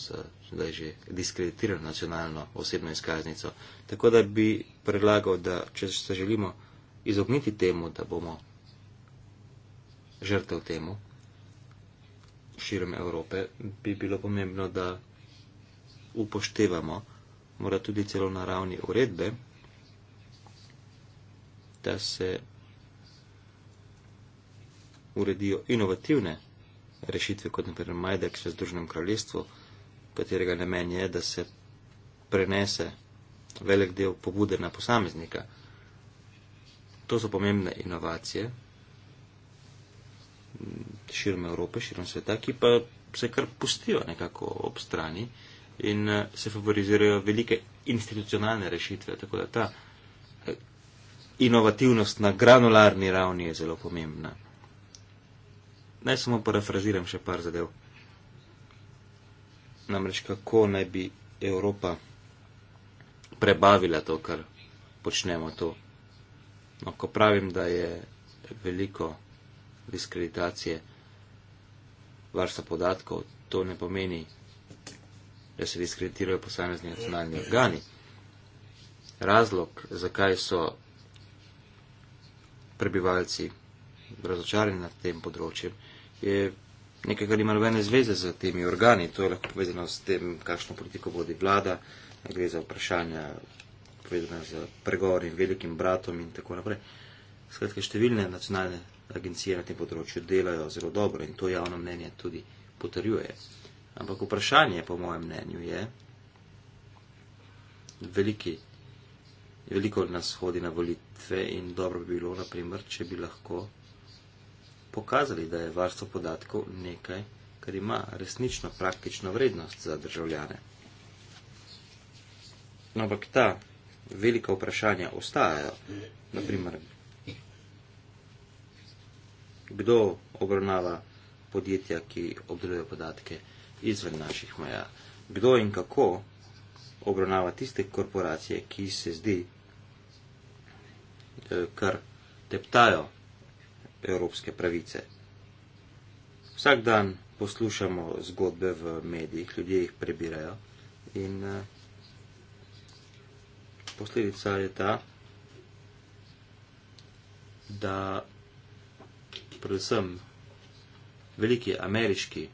zdaj že diskreditirano nacionalno osebno izkaznico. Tako da bi predlagal, da če se želimo izogniti temu, da bomo žrtev temu širom Evrope, bi bilo pomembno, da upoštevamo, mora tudi celo na ravni uredbe, da se uredijo inovativne rešitve, kot naprimer Majdek v Združenem kraljestvu, katerega namen je, da se prenese velik del pobude na posameznika. To so pomembne inovacije širom Evrope, širom sveta, ki pa se kar pustijo nekako ob strani in eh, se favorizirajo velike institucionalne rešitve. Tako da ta inovativnost na granularni ravni je zelo pomembna. Naj samo parafraziram še par zadev. Namreč kako naj bi Evropa prebavila to, kar počnemo to. No, ko pravim, da je veliko diskreditacije varstva podatkov, to ne pomeni, da se diskreditirajo posamezni nacionalni organi. Razlog, zakaj so prebivalci razočarani nad tem področjem, je nekaj, kar nima nobene zveze z temi organi. To je lahko povezano s tem, kakšno politiko vodi vlada, gre za vprašanja povezana z pregovorim velikim bratom in tako naprej. Skratka, številne nacionalne agencije na tem področju delajo zelo dobro in to javno mnenje tudi potrjuje. Ampak vprašanje, po mojem mnenju, je veliki Veliko nas hodi na volitve in dobro bi bilo, naprimer, če bi lahko pokazali, da je varstvo podatkov nekaj, kar ima resnično praktično vrednost za državljane. No, ampak ta velika vprašanja ostajajo. Naprimer, kdo obravnava podjetja, ki obdelujejo podatke izven naših meja? Kdo in kako obravnava tiste korporacije, ki se zdi, Eh, kar teptajo evropske pravice. Vsak dan poslušamo zgodbe v medijih, ljudje jih prebirajo in eh, posledica je ta, da predvsem veliki ameriški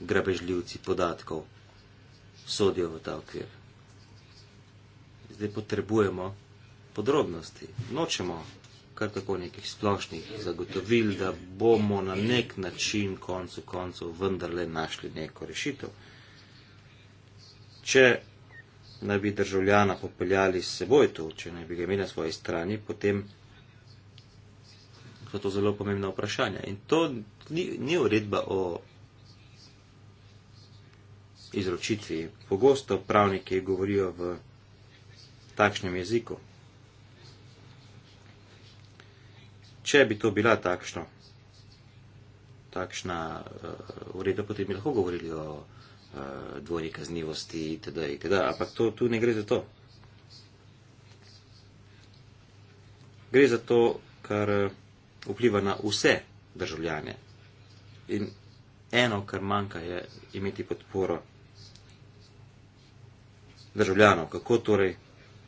grabežljivci podatkov sodijo v ta okvir. Zdaj potrebujemo podrobnosti. Nočemo kar tako nekih splošnih zagotovil, da bomo na nek način koncu koncu vendarle našli neko rešitev. Če naj bi državljana popeljali s seboj to, če naj bi ga imeli na svoji strani, potem so to zelo pomembna vprašanja. In to ni, ni uredba o izročitvi. Pogosto pravniki govorijo v takšnem jeziku. če bi to bila takšno, takšna uh, eh, ureda, potem bi lahko govorili o uh, dvojni kaznivosti itd. itd. Ampak to, tu ne gre za to. Gre za to, kar eh, vpliva na vse državljane. In eno, kar manjka, je imeti podporo državljanov. Kako torej,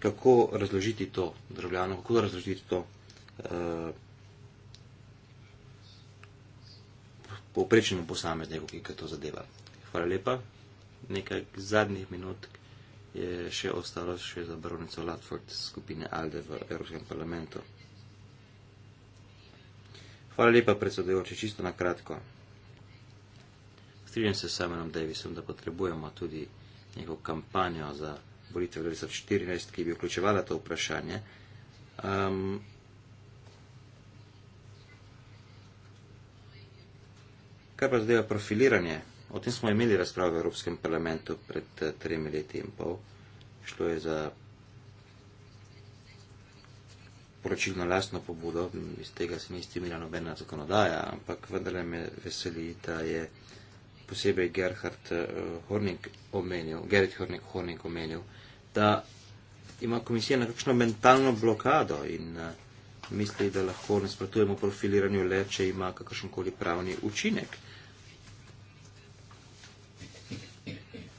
kako razložiti to državljanov, kako razložiti to uh, povprečnemu posamezniku, ki ga to zadeva. Hvala lepa. Nekaj zadnjih minut je še ostalo še za baronico Latford skupine ALDE v Evropskem parlamentu. Hvala lepa, predsedujoči, čisto na kratko. Strinjam se s Samenom Davisom, da potrebujemo tudi neko kampanjo za volitev 2014, ki bi vključevala to vprašanje. Um, Kaj pa zdaj je profiliranje? O tem smo imeli razpravo v Evropskem parlamentu pred eh, tremi leti in pol. Šlo je za poročilno lastno pobudo, iz tega se ni stimila nobena zakonodaja, ampak vendarle me veseli, da je posebej Gerhard eh, Hornik omenil, Gerrit Hornik Hornik omenil, da ima komisija nekakšno mentalno blokado in uh, misli, da lahko nasprotujemo profiliranju le, če ima kakršenkoli pravni učinek.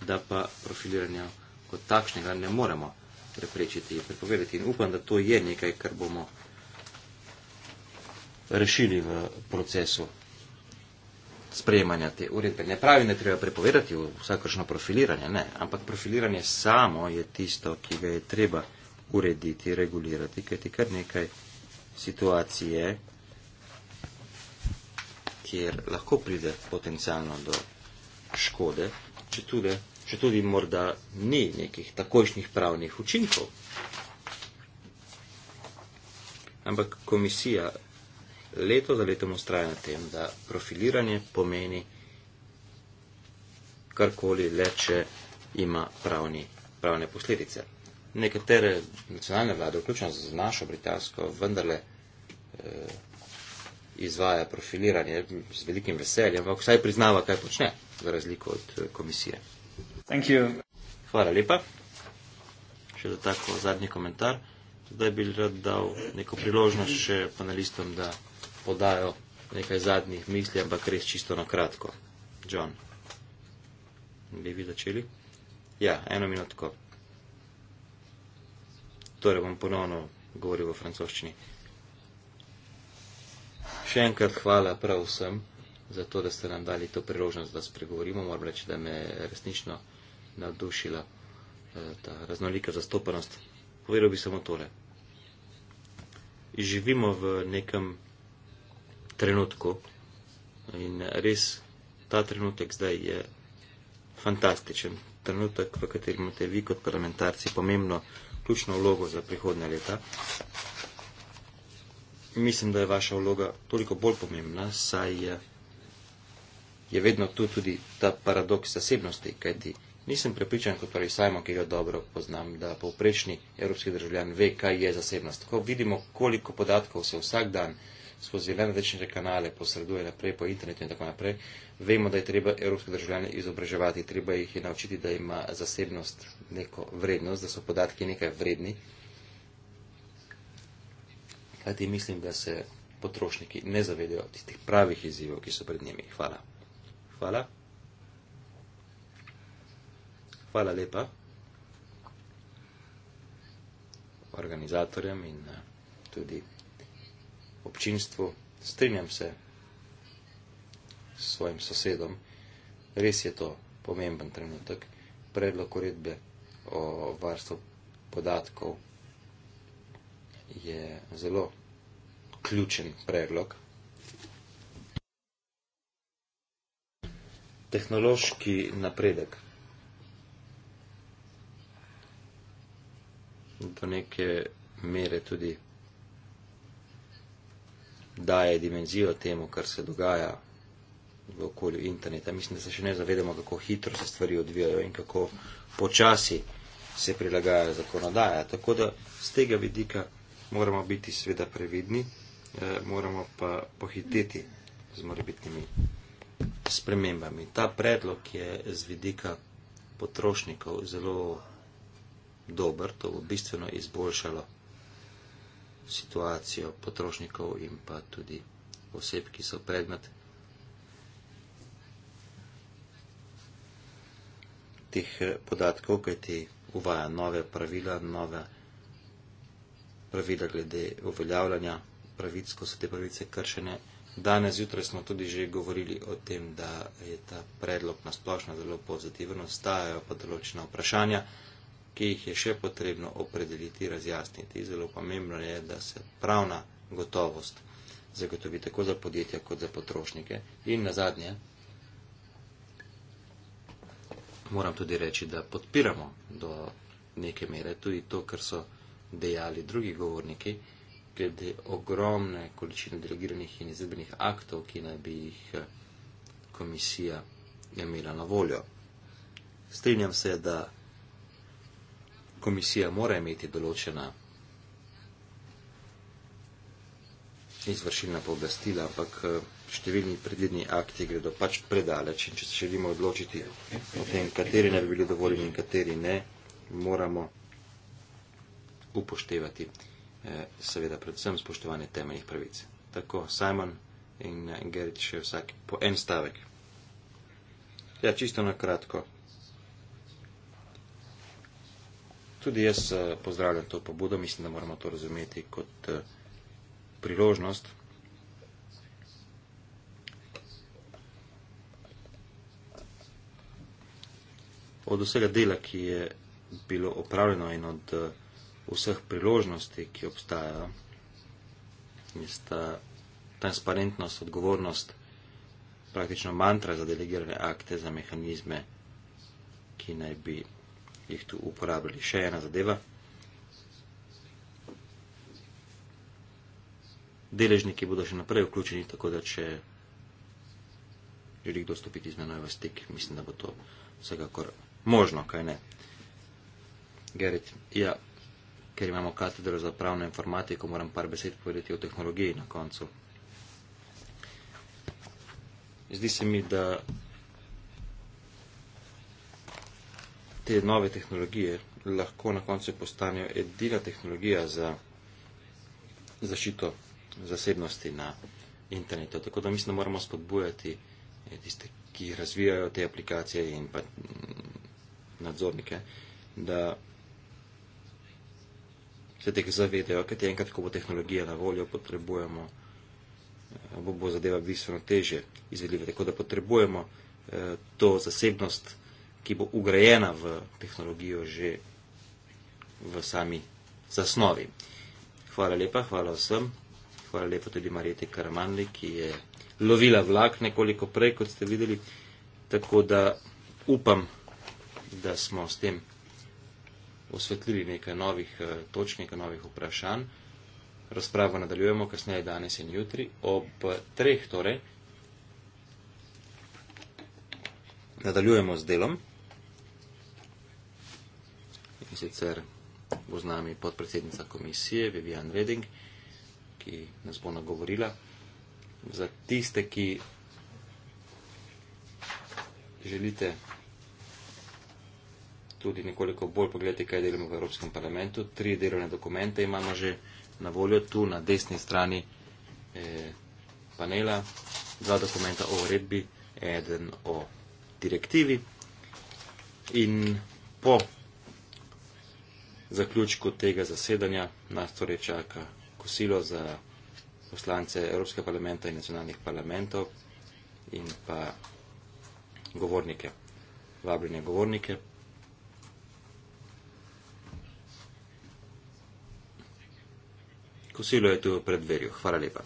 Da pa profiliranja kot takšnega ne moremo preprečiti in prepovedati. In upam, da to je nekaj, kar bomo rešili v procesu sprejemanja te uredbe. Ne pravi, ne treba prepovedati vsakršno profiliranje, ne, ampak profiliranje samo je tisto, ki ga je treba urediti, regulirati, kajti kar nekaj situacije, kjer lahko pride potencialno do škode, če tudi, če tudi morda ni nekih takošnjih pravnih učinkov. Ampak komisija leto za letom ustraja na tem, da profiliranje pomeni karkoli le, če ima pravni, pravne posledice nekatere nacionalne vlade, vključno z našo britansko, vendarle eh, izvaja profiliranje z velikim veseljem, ampak vsaj priznava, kaj počne, za razliko od eh, komisije. Hvala lepa. Še za tako zadnji komentar. Zdaj bi rad dal neko priložnost še panelistom, da podajo nekaj zadnjih misli, ampak res čisto na kratko. John, bi vi začeli? Ja, eno minuto torej bom ponovno govoril v francoščini. Še enkrat hvala prav vsem za to, da ste nam dali to priložnost, da spregovorimo. Moram reči, da me je resnično navdušila eh, ta raznolika zastopanost. Povedal bi samo tole. Živimo v nekem trenutku in res ta trenutek zdaj je fantastičen trenutek, v katerem imate vi kot parlamentarci pomembno ključno vlogo za prihodne leta. Mislim, da je vaša vloga toliko bolj pomembna, saj je, je vedno tu tudi ta paradoks zasebnosti, kajti nisem prepričan, kot pravi torej Simon, ki ga dobro poznam, da povprečni evropski državljan ve, kaj je zasebnost. Ko vidimo, koliko podatkov se vsak dan skozi večne kanale posreduje naprej po internetu in tako naprej. Vemo, da je treba evropske državljane izobraževati, treba jih je naučiti, da ima zasebnost neko vrednost, da so podatki nekaj vredni. Kajti mislim, da se potrošniki ne zavedajo tistih pravih izzivov, ki so pred njimi. Hvala. Hvala. Hvala lepa organizatorjem in eh, tudi občinstvu, strinjam se s svojim sosedom, res je to pomemben trenutek, predlog uredbe o varstvu podatkov je zelo ključen predlog. Tehnološki napredek. Do neke mere tudi daje dimenzijo temu, kar se dogaja v okolju interneta. Mislim, da se še ne zavedamo, kako hitro se stvari odvijajo in kako počasi se prilagaja zakonodaja. Tako da z tega vidika moramo biti sveda previdni, eh, moramo pa pohiteti z morebitnimi spremembami. Ta predlog je z vidika potrošnikov zelo dober, to bo bistveno izboljšalo situacijo potrošnikov in pa tudi oseb, ki so predmet teh eh, podatkov, kajti uvaja nove pravila, nove pravila glede uveljavljanja pravic, ko so te pravice kršene. Danes jutraj smo tudi že govorili o tem, da je ta predlog na splošno zelo pozitiven, ostajajo pa določena vprašanja ki jih je še potrebno opredeliti, razjasniti. Zelo pomembno je, da se pravna gotovost zagotovi tako za podjetja kot za potrošnike. In na zadnje, moram tudi reči, da podpiramo do neke mere tudi to, kar so dejali drugi govorniki, glede ogromne količine delegiranih in izvedbenih aktov, ki naj bi jih eh, komisija imela na voljo. Strinjam se, da komisija mora imeti določena izvršilna pooblastila, ampak eh, številni predvidni akti gredo pač predaleč in če se želimo odločiti o tem, kateri ne bi bili dovoljeni in kateri ne, moramo upoštevati eh, seveda predvsem spoštovanje temeljnih pravic. Tako Simon in eh, Gerič še vsak po en stavek. Ja, čisto na kratko. Tudi jaz eh, pozdravljam to pobudo, mislim, da moramo to razumeti kot eh, priložnost. Od vsega dela, ki je bilo opravljeno in od eh, vseh priložnosti, ki obstajajo, sta transparentnost, odgovornost, praktično mantra za delegirane akte, za mehanizme, ki naj bi jih tu uporabljali. Še ena zadeva. Deležniki bodo še naprej vključeni, tako da če želi kdo stopiti z menoj v stik, mislim, da bo to vsekakor možno, kaj ne. Gerrit, ja, ker imamo katedro za pravno informatiko, moram par besed povedati o tehnologiji na koncu. Zdi se mi, da te nove tehnologije lahko na koncu postanejo edina tehnologija za zaščito zasebnosti na internetu. Tako da mislim, da moramo spodbujati eh, tiste, ki razvijajo te aplikacije in pa mm, nadzornike, da se teh zavedajo, kajti enkrat, ko bo tehnologija na voljo, potrebujemo, eh, bo, bo zadeva bistveno teže izvedljiva. Tako da potrebujemo eh, to zasebnost ki bo ugrajena v tehnologijo že v sami zasnovi. Hvala lepa, hvala vsem. Hvala lepa tudi Marijete Karamanli, ki je lovila vlak nekoliko prej, kot ste videli. Tako da upam, da smo s tem osvetlili nekaj novih eh, točk, nekaj novih vprašanj. Razpravo nadaljujemo kasneje danes in jutri ob treh torej. Nadaljujemo s delom in sicer bo z nami podpredsednica komisije Vivian Reding, ki nas bo nagovorila. Za tiste, ki želite tudi nekoliko bolj pogledati, kaj delamo v Evropskem parlamentu, tri delovne dokumente imamo že na voljo tu na desni strani eh, panela, dva dokumenta o uredbi, eden o direktivi. In po zaključku tega zasedanja nas torej čaka kosilo za poslance Evropskega parlamenta in nacionalnih parlamentov in pa govornike, vabljene govornike. Kosilo je tu pred dverju. Hvala lepa.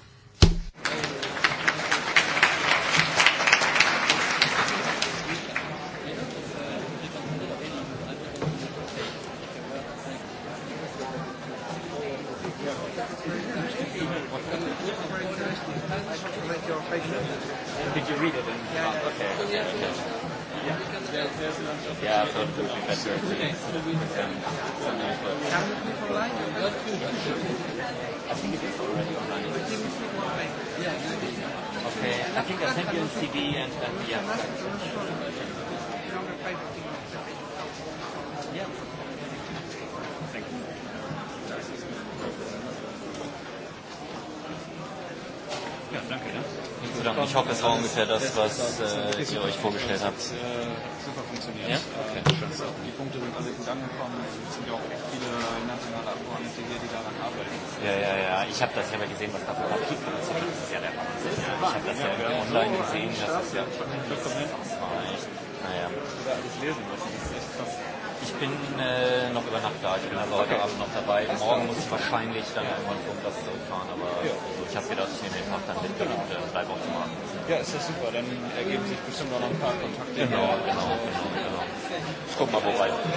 Okay, I think I sent you on CV and, and yeah. du dann, ich hoffe, es war ungefähr das, was äh, ihr euch vorgestellt habt. Äh, super funktioniert. Ja? Okay. Ähm, die Punkte sind alle gut angekommen. Es sind ja auch viele nationale Abgeordnete hier, die daran arbeiten. Ja, ja, ja. Ich habe das ja mal gesehen, was da vorab Das ist ja der Wahnsinn. Ja, ich habe das ja, ja, ja online gesehen. Das ist ja schon ein Dokument. Naja. Oder alles lesen müssen bin äh, noch über Nacht da. Ich bin also heute okay. Abend noch dabei. Das Morgen muss ich wahrscheinlich dann irgendwann um das zu fahren, aber ja. also ich habe gedacht, ich nehme den Tag dann mit und äh, bleibe auch zum Abend. Ja, ist das ja super. Dann ergeben sich bestimmt noch ein paar Kontakte. Genau, hier. genau, genau, genau. Ich guck mal, wobei.